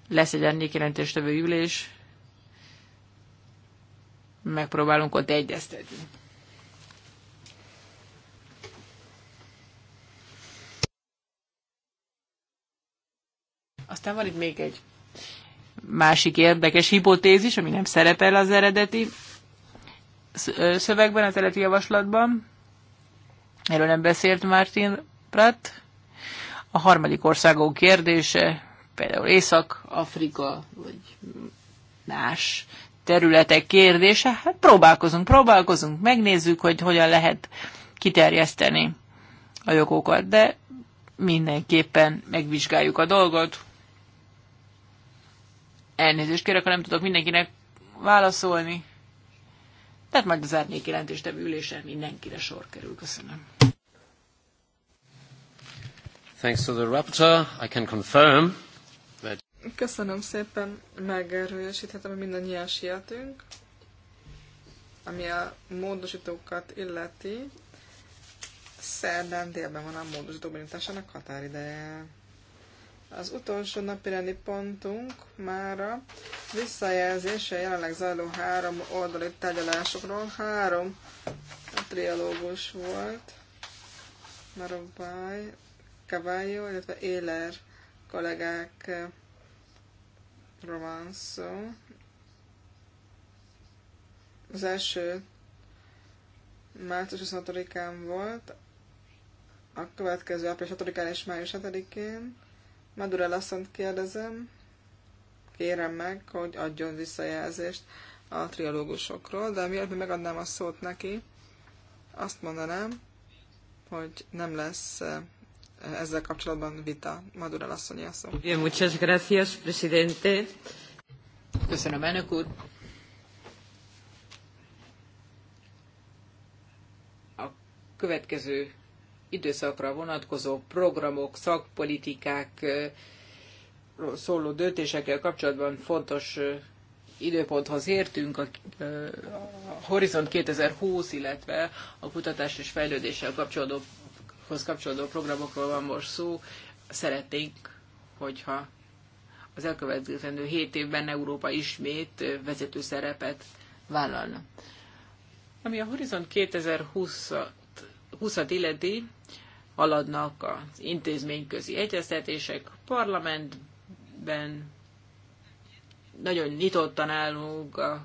S3: lesz egy árnyékjelentéstevő ülés, megpróbálunk ott egyeztetni. Aztán van itt még egy másik érdekes hipotézis, ami nem szerepel az eredeti szövegben, az eredeti javaslatban. Erről nem beszélt Martin Pratt. A harmadik országok kérdése, például Észak-Afrika, vagy más területek kérdése, hát próbálkozunk, próbálkozunk, megnézzük, hogy hogyan lehet kiterjeszteni a jogokat, de mindenképpen megvizsgáljuk a dolgot. Elnézést kérek, ha nem tudok mindenkinek válaszolni. Tehát majd az árnyék jelentéstevő ülésen mindenkire sor kerül. Köszönöm.
S1: Thanks to the rapporteur, I can confirm that...
S2: Köszönöm szépen, megerősíthetem, hogy mindannyian sietünk. Ami a módosítókat illeti, szerdán délben van a módosító benyújtásának határideje. Az utolsó napirendi pontunk mára visszajelzése jelenleg zajló három oldali tárgyalásokról. Három a trialógus volt, Marovály, Cavallo, illetve Éler kollégák van szó. Az első március 26-án volt, a következő április 6-án és május 7-én, Madurell asszonyt kérdezem, kérem meg, hogy adjon visszajelzést a trialógusokról, de mielőtt megadnám a szót neki, azt mondanám, hogy nem lesz eh, ezzel kapcsolatban vita. Madurell asszony a szó.
S3: Muchas gracias, presidente. Köszönöm, elnök úr. A következő időszakra vonatkozó programok, szakpolitikák szóló döntésekkel kapcsolatban fontos időponthoz értünk, a, Horizont 2020, illetve a kutatás és fejlődéssel kapcsolódóhoz kapcsolódó programokról van most szó. Szeretnénk, hogyha az elkövetkezendő 7 évben Európa ismét vezető szerepet vállalna. Ami a Horizont 2020 20 illeti, haladnak az intézményközi egyeztetések parlamentben. Nagyon nyitottan állunk a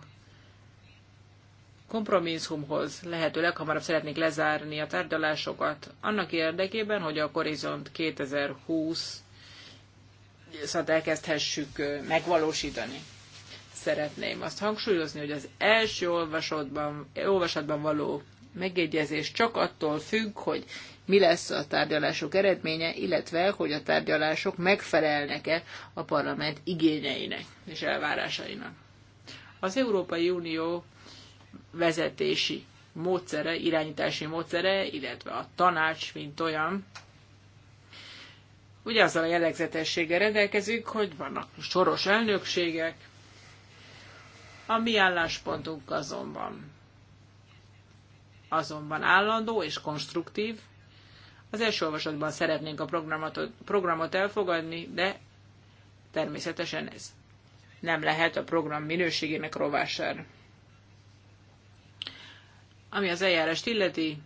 S3: kompromisszumhoz, lehetőleg hamarabb szeretnék lezárni a tárgyalásokat annak érdekében, hogy a Horizont 2020 szat elkezdhessük megvalósítani. Szeretném azt hangsúlyozni, hogy az első olvasatban, olvasatban való megegyezés csak attól függ, hogy mi lesz a tárgyalások eredménye, illetve hogy a tárgyalások megfelelnek-e a parlament igényeinek és elvárásainak. Az Európai Unió vezetési módszere, irányítási módszere, illetve a tanács, mint olyan, ugye azzal a jellegzetességgel rendelkezik, hogy vannak soros elnökségek, a mi álláspontunk azonban azonban állandó és konstruktív. Az első olvasatban szeretnénk a programot, programot elfogadni, de természetesen ez nem lehet a program minőségének rovására. Ami az eljárást illeti,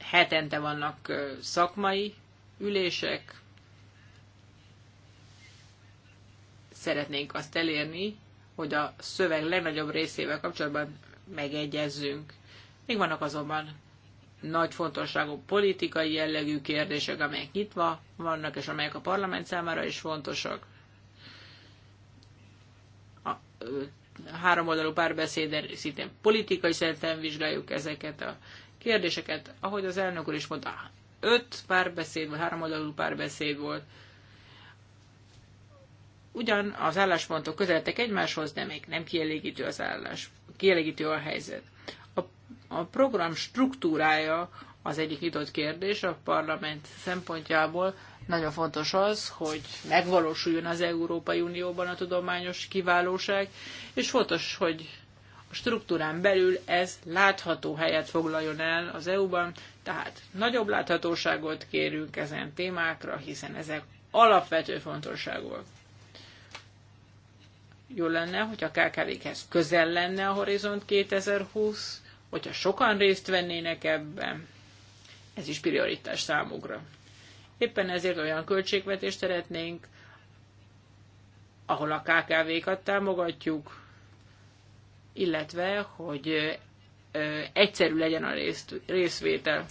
S3: hetente vannak szakmai ülések. Szeretnénk azt elérni, hogy a szöveg legnagyobb részével kapcsolatban megegyezzünk. Még vannak azonban nagy fontosságú politikai jellegű kérdések, amelyek nyitva vannak, és amelyek a parlament számára is fontosak. A háromoldalú párbeszéden szintén politikai szinten vizsgáljuk ezeket a kérdéseket. Ahogy az elnök úr is mondta, öt párbeszéd, vagy háromoldalú párbeszéd volt. Ugyan az álláspontok közeltek egymáshoz, de még nem kielégítő az állás kielégítő a helyzet. A, a program struktúrája az egyik nyitott kérdés a parlament szempontjából. Nagyon fontos az, hogy megvalósuljon az Európai Unióban a tudományos kiválóság, és fontos, hogy a struktúrán belül ez látható helyet foglaljon el az EU-ban, tehát nagyobb láthatóságot kérünk ezen témákra, hiszen ezek alapvető fontosságúak jó lenne, hogy a kkv hez közel lenne a Horizont 2020, hogyha sokan részt vennének ebben. Ez is prioritás számukra. Éppen ezért olyan költségvetést szeretnénk, ahol a KKV-kat támogatjuk, illetve, hogy egyszerű legyen a részt, részvétel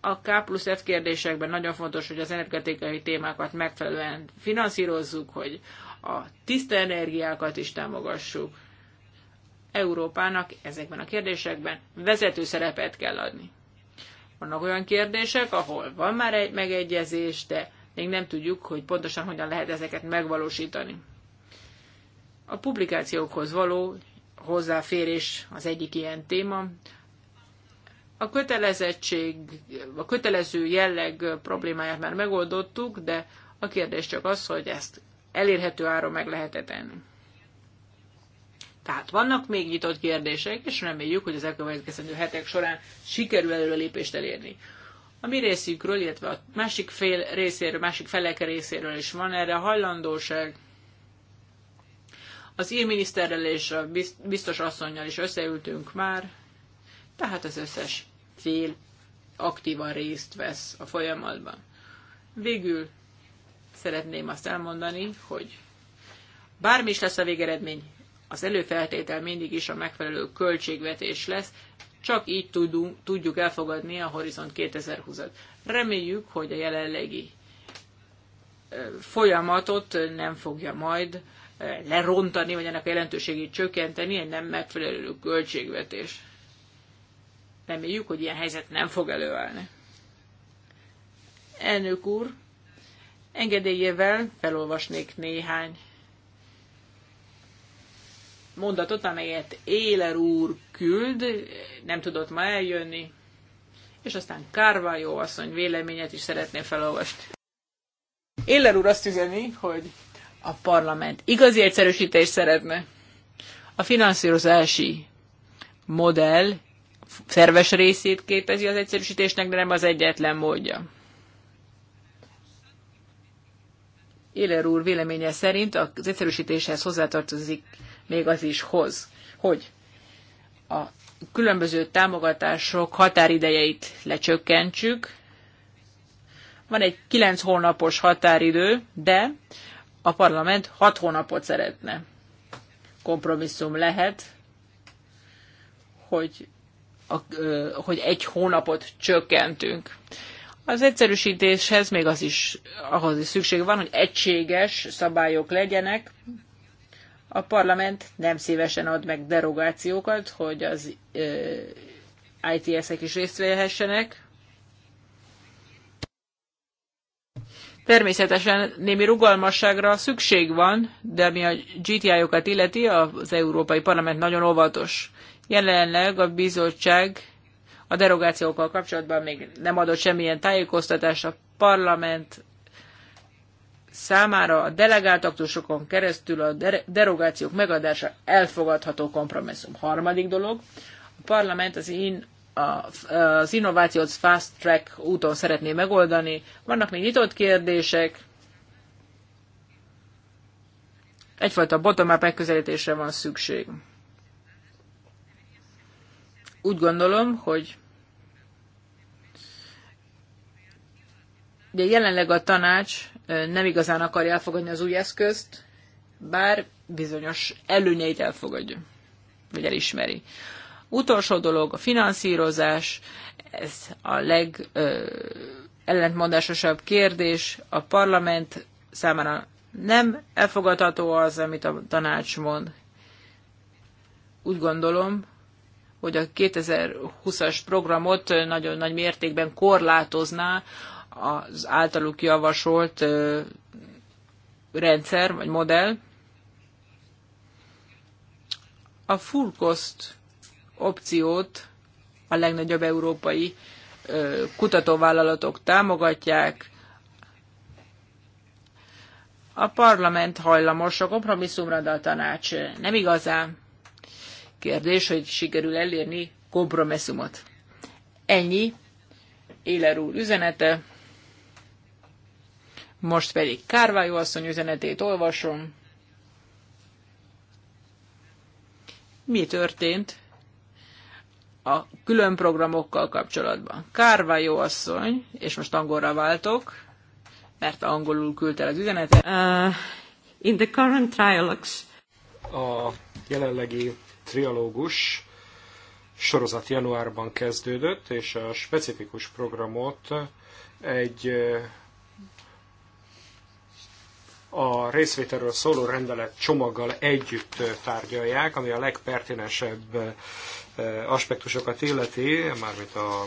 S3: a K plusz F kérdésekben nagyon fontos, hogy az energetikai témákat megfelelően finanszírozzuk, hogy a tiszta energiákat is támogassuk. Európának ezekben a kérdésekben vezető szerepet kell adni. Vannak olyan kérdések, ahol van már egy megegyezés, de még nem tudjuk, hogy pontosan hogyan lehet ezeket megvalósítani. A publikációkhoz való hozzáférés az egyik ilyen téma. A kötelezettség, a kötelező jelleg problémáját már megoldottuk, de a kérdés csak az, hogy ezt elérhető áron meg lehet -e tenni. Tehát vannak még nyitott kérdések, és reméljük, hogy az elkövetkezendő hetek során sikerül előrelépést elérni. A mi részükről, illetve a másik fél részéről, másik felek részéről is van erre hajlandóság. Az írminiszterrel és a biztos asszonynal is összeültünk már, tehát az összes fél aktívan részt vesz a folyamatban. Végül szeretném azt elmondani, hogy bármi is lesz a végeredmény, az előfeltétel mindig is a megfelelő költségvetés lesz, csak így tudunk, tudjuk elfogadni a Horizont 2020-at. Reméljük, hogy a jelenlegi folyamatot nem fogja majd lerontani, vagy ennek a jelentőségét csökkenteni egy nem megfelelő költségvetés. Reméljük, hogy ilyen helyzet nem fog előállni. Elnök úr, engedélyével felolvasnék néhány mondatot, amelyet Éler úr küld, nem tudott ma eljönni, és aztán Kárvájó asszony véleményet is szeretné felolvasni. Éler úr azt üzeni, hogy a parlament igazi egyszerűsítést szeretne. A finanszírozási modell szerves részét képezi az egyszerűsítésnek, de nem az egyetlen módja. Éler úr véleménye szerint az egyszerűsítéshez hozzátartozik még az is hoz, hogy a különböző támogatások határidejeit lecsökkentsük. Van egy 9 hónapos határidő, de a parlament 6 hónapot szeretne. Kompromisszum lehet, hogy hogy egy hónapot csökkentünk. Az egyszerűsítéshez még az is, ahhoz is szükség van, hogy egységes szabályok legyenek. A parlament nem szívesen ad meg derogációkat, hogy az ITS-ek is részt vehessenek. Természetesen némi rugalmasságra szükség van, de ami a GTI-okat illeti, az Európai Parlament nagyon óvatos. Jelenleg a bizottság a derogációkkal kapcsolatban még nem adott semmilyen tájékoztatást a parlament számára a delegált aktusokon keresztül a derogációk megadása elfogadható kompromisszum. Harmadik dolog, a parlament az, in, a, az innovációt fast track úton szeretné megoldani. Vannak még nyitott kérdések, egyfajta bottom-up megközelítésre van szükség. Úgy gondolom, hogy ugye jelenleg a tanács nem igazán akarja elfogadni az új eszközt, bár bizonyos előnyeit elfogadja, vagy elismeri. Utolsó dolog a finanszírozás, ez a leg ellentmondásosabb kérdés. A parlament számára nem elfogadható az, amit a tanács mond. Úgy gondolom, hogy a 2020-as programot nagyon nagy mértékben korlátozná az általuk javasolt rendszer vagy modell. A full cost opciót a legnagyobb európai kutatóvállalatok támogatják. A parlament hajlamos a kompromisszumra, de a tanács nem igazán. Kérdés, hogy sikerül elérni kompromisszumot. Ennyi Éler úr üzenete. Most pedig Kárvályó asszony üzenetét olvasom. Mi történt a külön programokkal kapcsolatban? Kárvályó asszony, és most angolra váltok, mert angolul küldte az üzenetet. Uh, in the current
S2: trialogues.
S1: A jelenlegi trialógus sorozat januárban kezdődött, és a specifikus programot egy a részvételről szóló rendelet csomaggal együtt tárgyalják, ami a legpertinesebb aspektusokat illeti, mármint a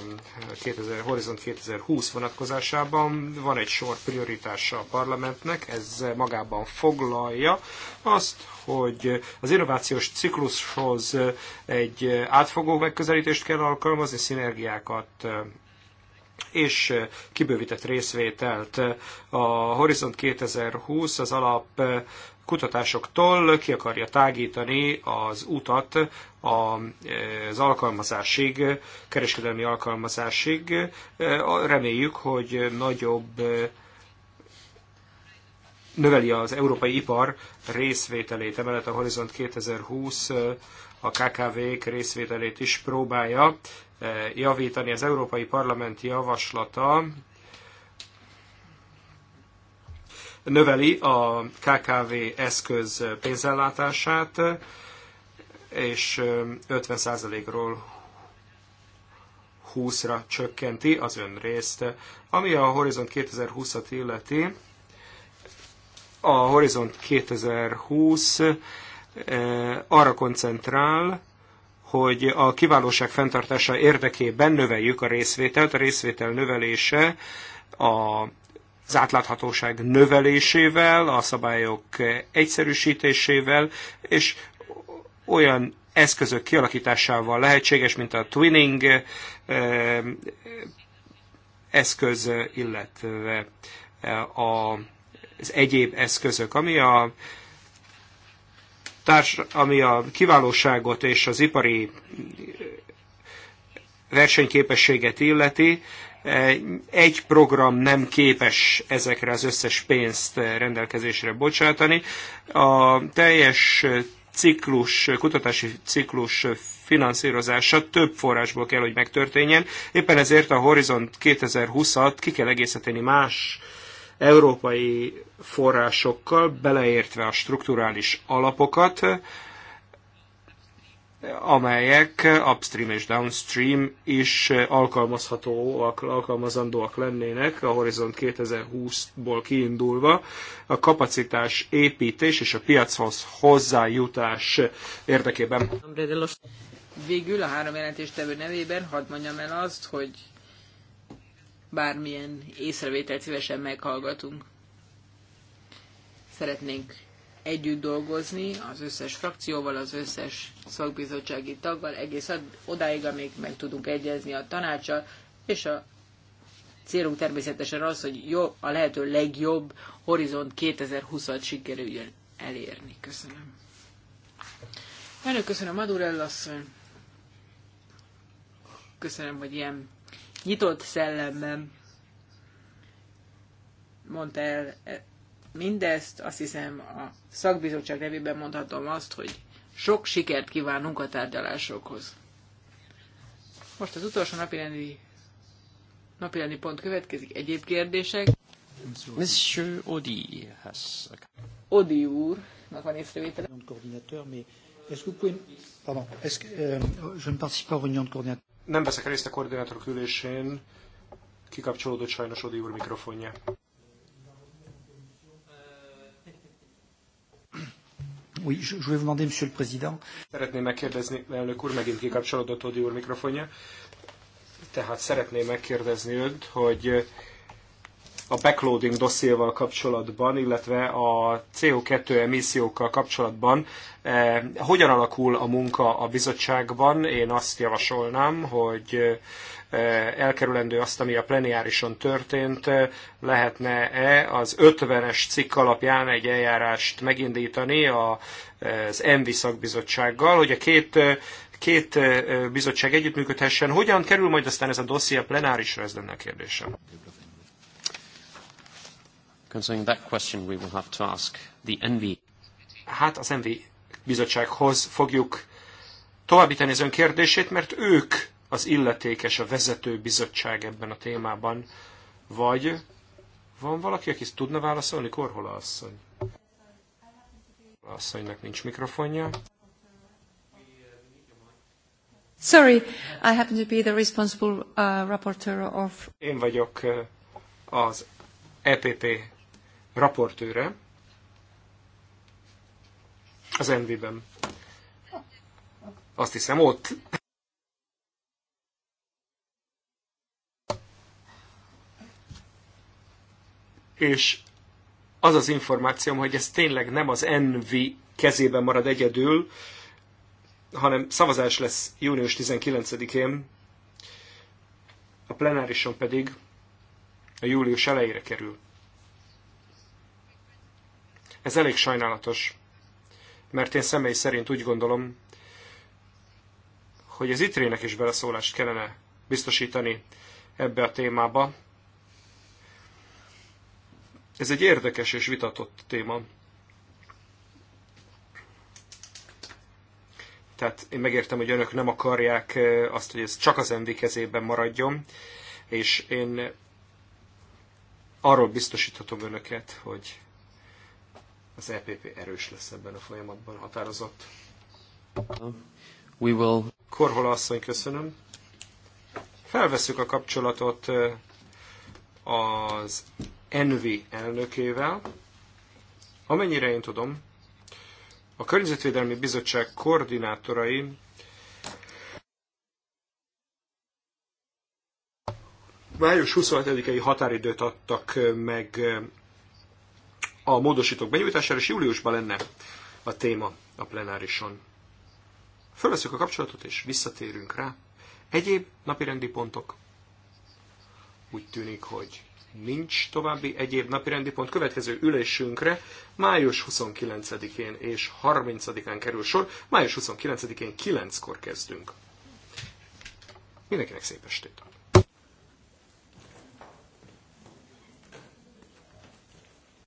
S1: 2000, Horizont 2020 vonatkozásában van egy sor prioritása a parlamentnek, ez magában foglalja azt, hogy az innovációs ciklushoz egy átfogó megközelítést kell alkalmazni, szinergiákat és kibővített részvételt. A Horizont 2020 az alap kutatásoktól ki akarja tágítani az utat az alkalmazásig, kereskedelmi alkalmazásig. E, reméljük, hogy nagyobb e, növeli az európai ipar részvételét, emellett a Horizont 2020 e, a KKV-k részvételét is próbálja javítani. Az Európai Parlament javaslata növeli a KKV eszköz pénzellátását, és 50%-ról 20-ra csökkenti az ön részt. Ami a Horizont 2020-at illeti, a Horizont 2020 arra koncentrál, hogy a kiválóság fenntartása érdekében növeljük a részvételt. A részvétel növelése a az átláthatóság növelésével, a szabályok egyszerűsítésével, és olyan eszközök kialakításával lehetséges, mint a twinning eh, eszköz, illetve eh, az egyéb eszközök, ami a társ, ami a kiválóságot és az ipari eh, versenyképességet illeti, egy program nem képes ezekre az összes pénzt rendelkezésre bocsátani. A teljes ciklus, kutatási ciklus finanszírozása több forrásból kell, hogy megtörténjen. Éppen ezért a Horizont 2020-at ki kell egészíteni más európai forrásokkal, beleértve a strukturális alapokat, amelyek upstream és downstream is alkalmazhatóak, alkalmazandóak lennének a Horizont 2020-ból kiindulva. A kapacitás építés és a piachoz hozzájutás érdekében.
S3: Végül a három jelentéstevő nevében hadd mondjam el azt, hogy bármilyen észrevételt szívesen meghallgatunk. Szeretnénk együtt dolgozni az összes frakcióval, az összes szakbizottsági taggal, egész odáig, amíg meg tudunk egyezni a tanácsal, és a célunk természetesen az, hogy jó a lehető legjobb Horizont 2020-at sikerüljön elérni. Köszönöm. Elnök, köszönöm Madurell asszony. Köszönöm, hogy ilyen nyitott szellemben mondta el mindezt, azt hiszem a szakbizottság nevében mondhatom azt, hogy sok sikert kívánunk a tárgyalásokhoz. Most az utolsó napirendi, napirendi pont következik. Egyéb kérdések?
S1: Monsieur Odi has...
S3: Odi úrnak
S1: van észrevétele. Euh, Nem veszek részt a koordinátorok ülésén, kikapcsolódott sajnos Odi úr mikrofonja. Oui, je, je vais vous demander, Monsieur le Président. Szeretném megkérdezni, elnök úr, megint kikapcsolódott Odi úr mikrofonja. Tehát szeretném megkérdezni önt, hogy a backloading dossziéval kapcsolatban, illetve a CO2 emissziókkal kapcsolatban. Eh, hogyan alakul a munka a bizottságban? Én azt javasolnám, hogy elkerülendő azt, ami a plenárison történt, lehetne-e az 50-es cikk alapján egy eljárást megindítani az ENVI szakbizottsággal, hogy a két két bizottság együttműködhessen. Hogyan kerül majd aztán ez a dosszia plenárisra, ez lenne a kérdésem. Concerning that question, we will have to ask the NV. Hát az NV bizottsághoz fogjuk továbbítani az ön kérdését, mert ők az illetékes, a vezető bizottság ebben a témában, vagy van valaki, aki tudna válaszolni? Korhola asszony. Asszonynak nincs mikrofonja.
S2: Sorry,
S3: I happen to be the responsible uh, rapporteur of...
S1: Én vagyok uh, az EPP raportőre az Envi-ben. Azt hiszem ott és az az információm, hogy ez tényleg nem az NV kezében marad egyedül, hanem szavazás lesz június 19-én, a plenárison pedig a július elejére kerül. Ez elég sajnálatos, mert én személy szerint úgy gondolom, hogy az ITRÉ-nek is beleszólást kellene biztosítani ebbe a témába, ez egy érdekes és vitatott téma. Tehát én megértem, hogy önök nem akarják eh, azt, hogy ez csak az MV kezében maradjon, és én arról biztosíthatom önöket, hogy az EPP erős lesz ebben a folyamatban, határozott. We will... Korhola asszony, köszönöm. Felveszük a kapcsolatot eh, az Envi elnökével. Amennyire én tudom, a Környezetvédelmi Bizottság koordinátorai május 27-i határidőt adtak meg a módosítók benyújtására, és júliusban lenne a téma a plenárison. Fölveszünk a kapcsolatot, és visszatérünk rá. Egyéb napirendi pontok. Úgy tűnik, hogy nincs további egyéb napirendi pont. Következő ülésünkre május 29-én és 30-án kerül sor. Május 29-én 9-kor kezdünk. Mindenkinek szép estét!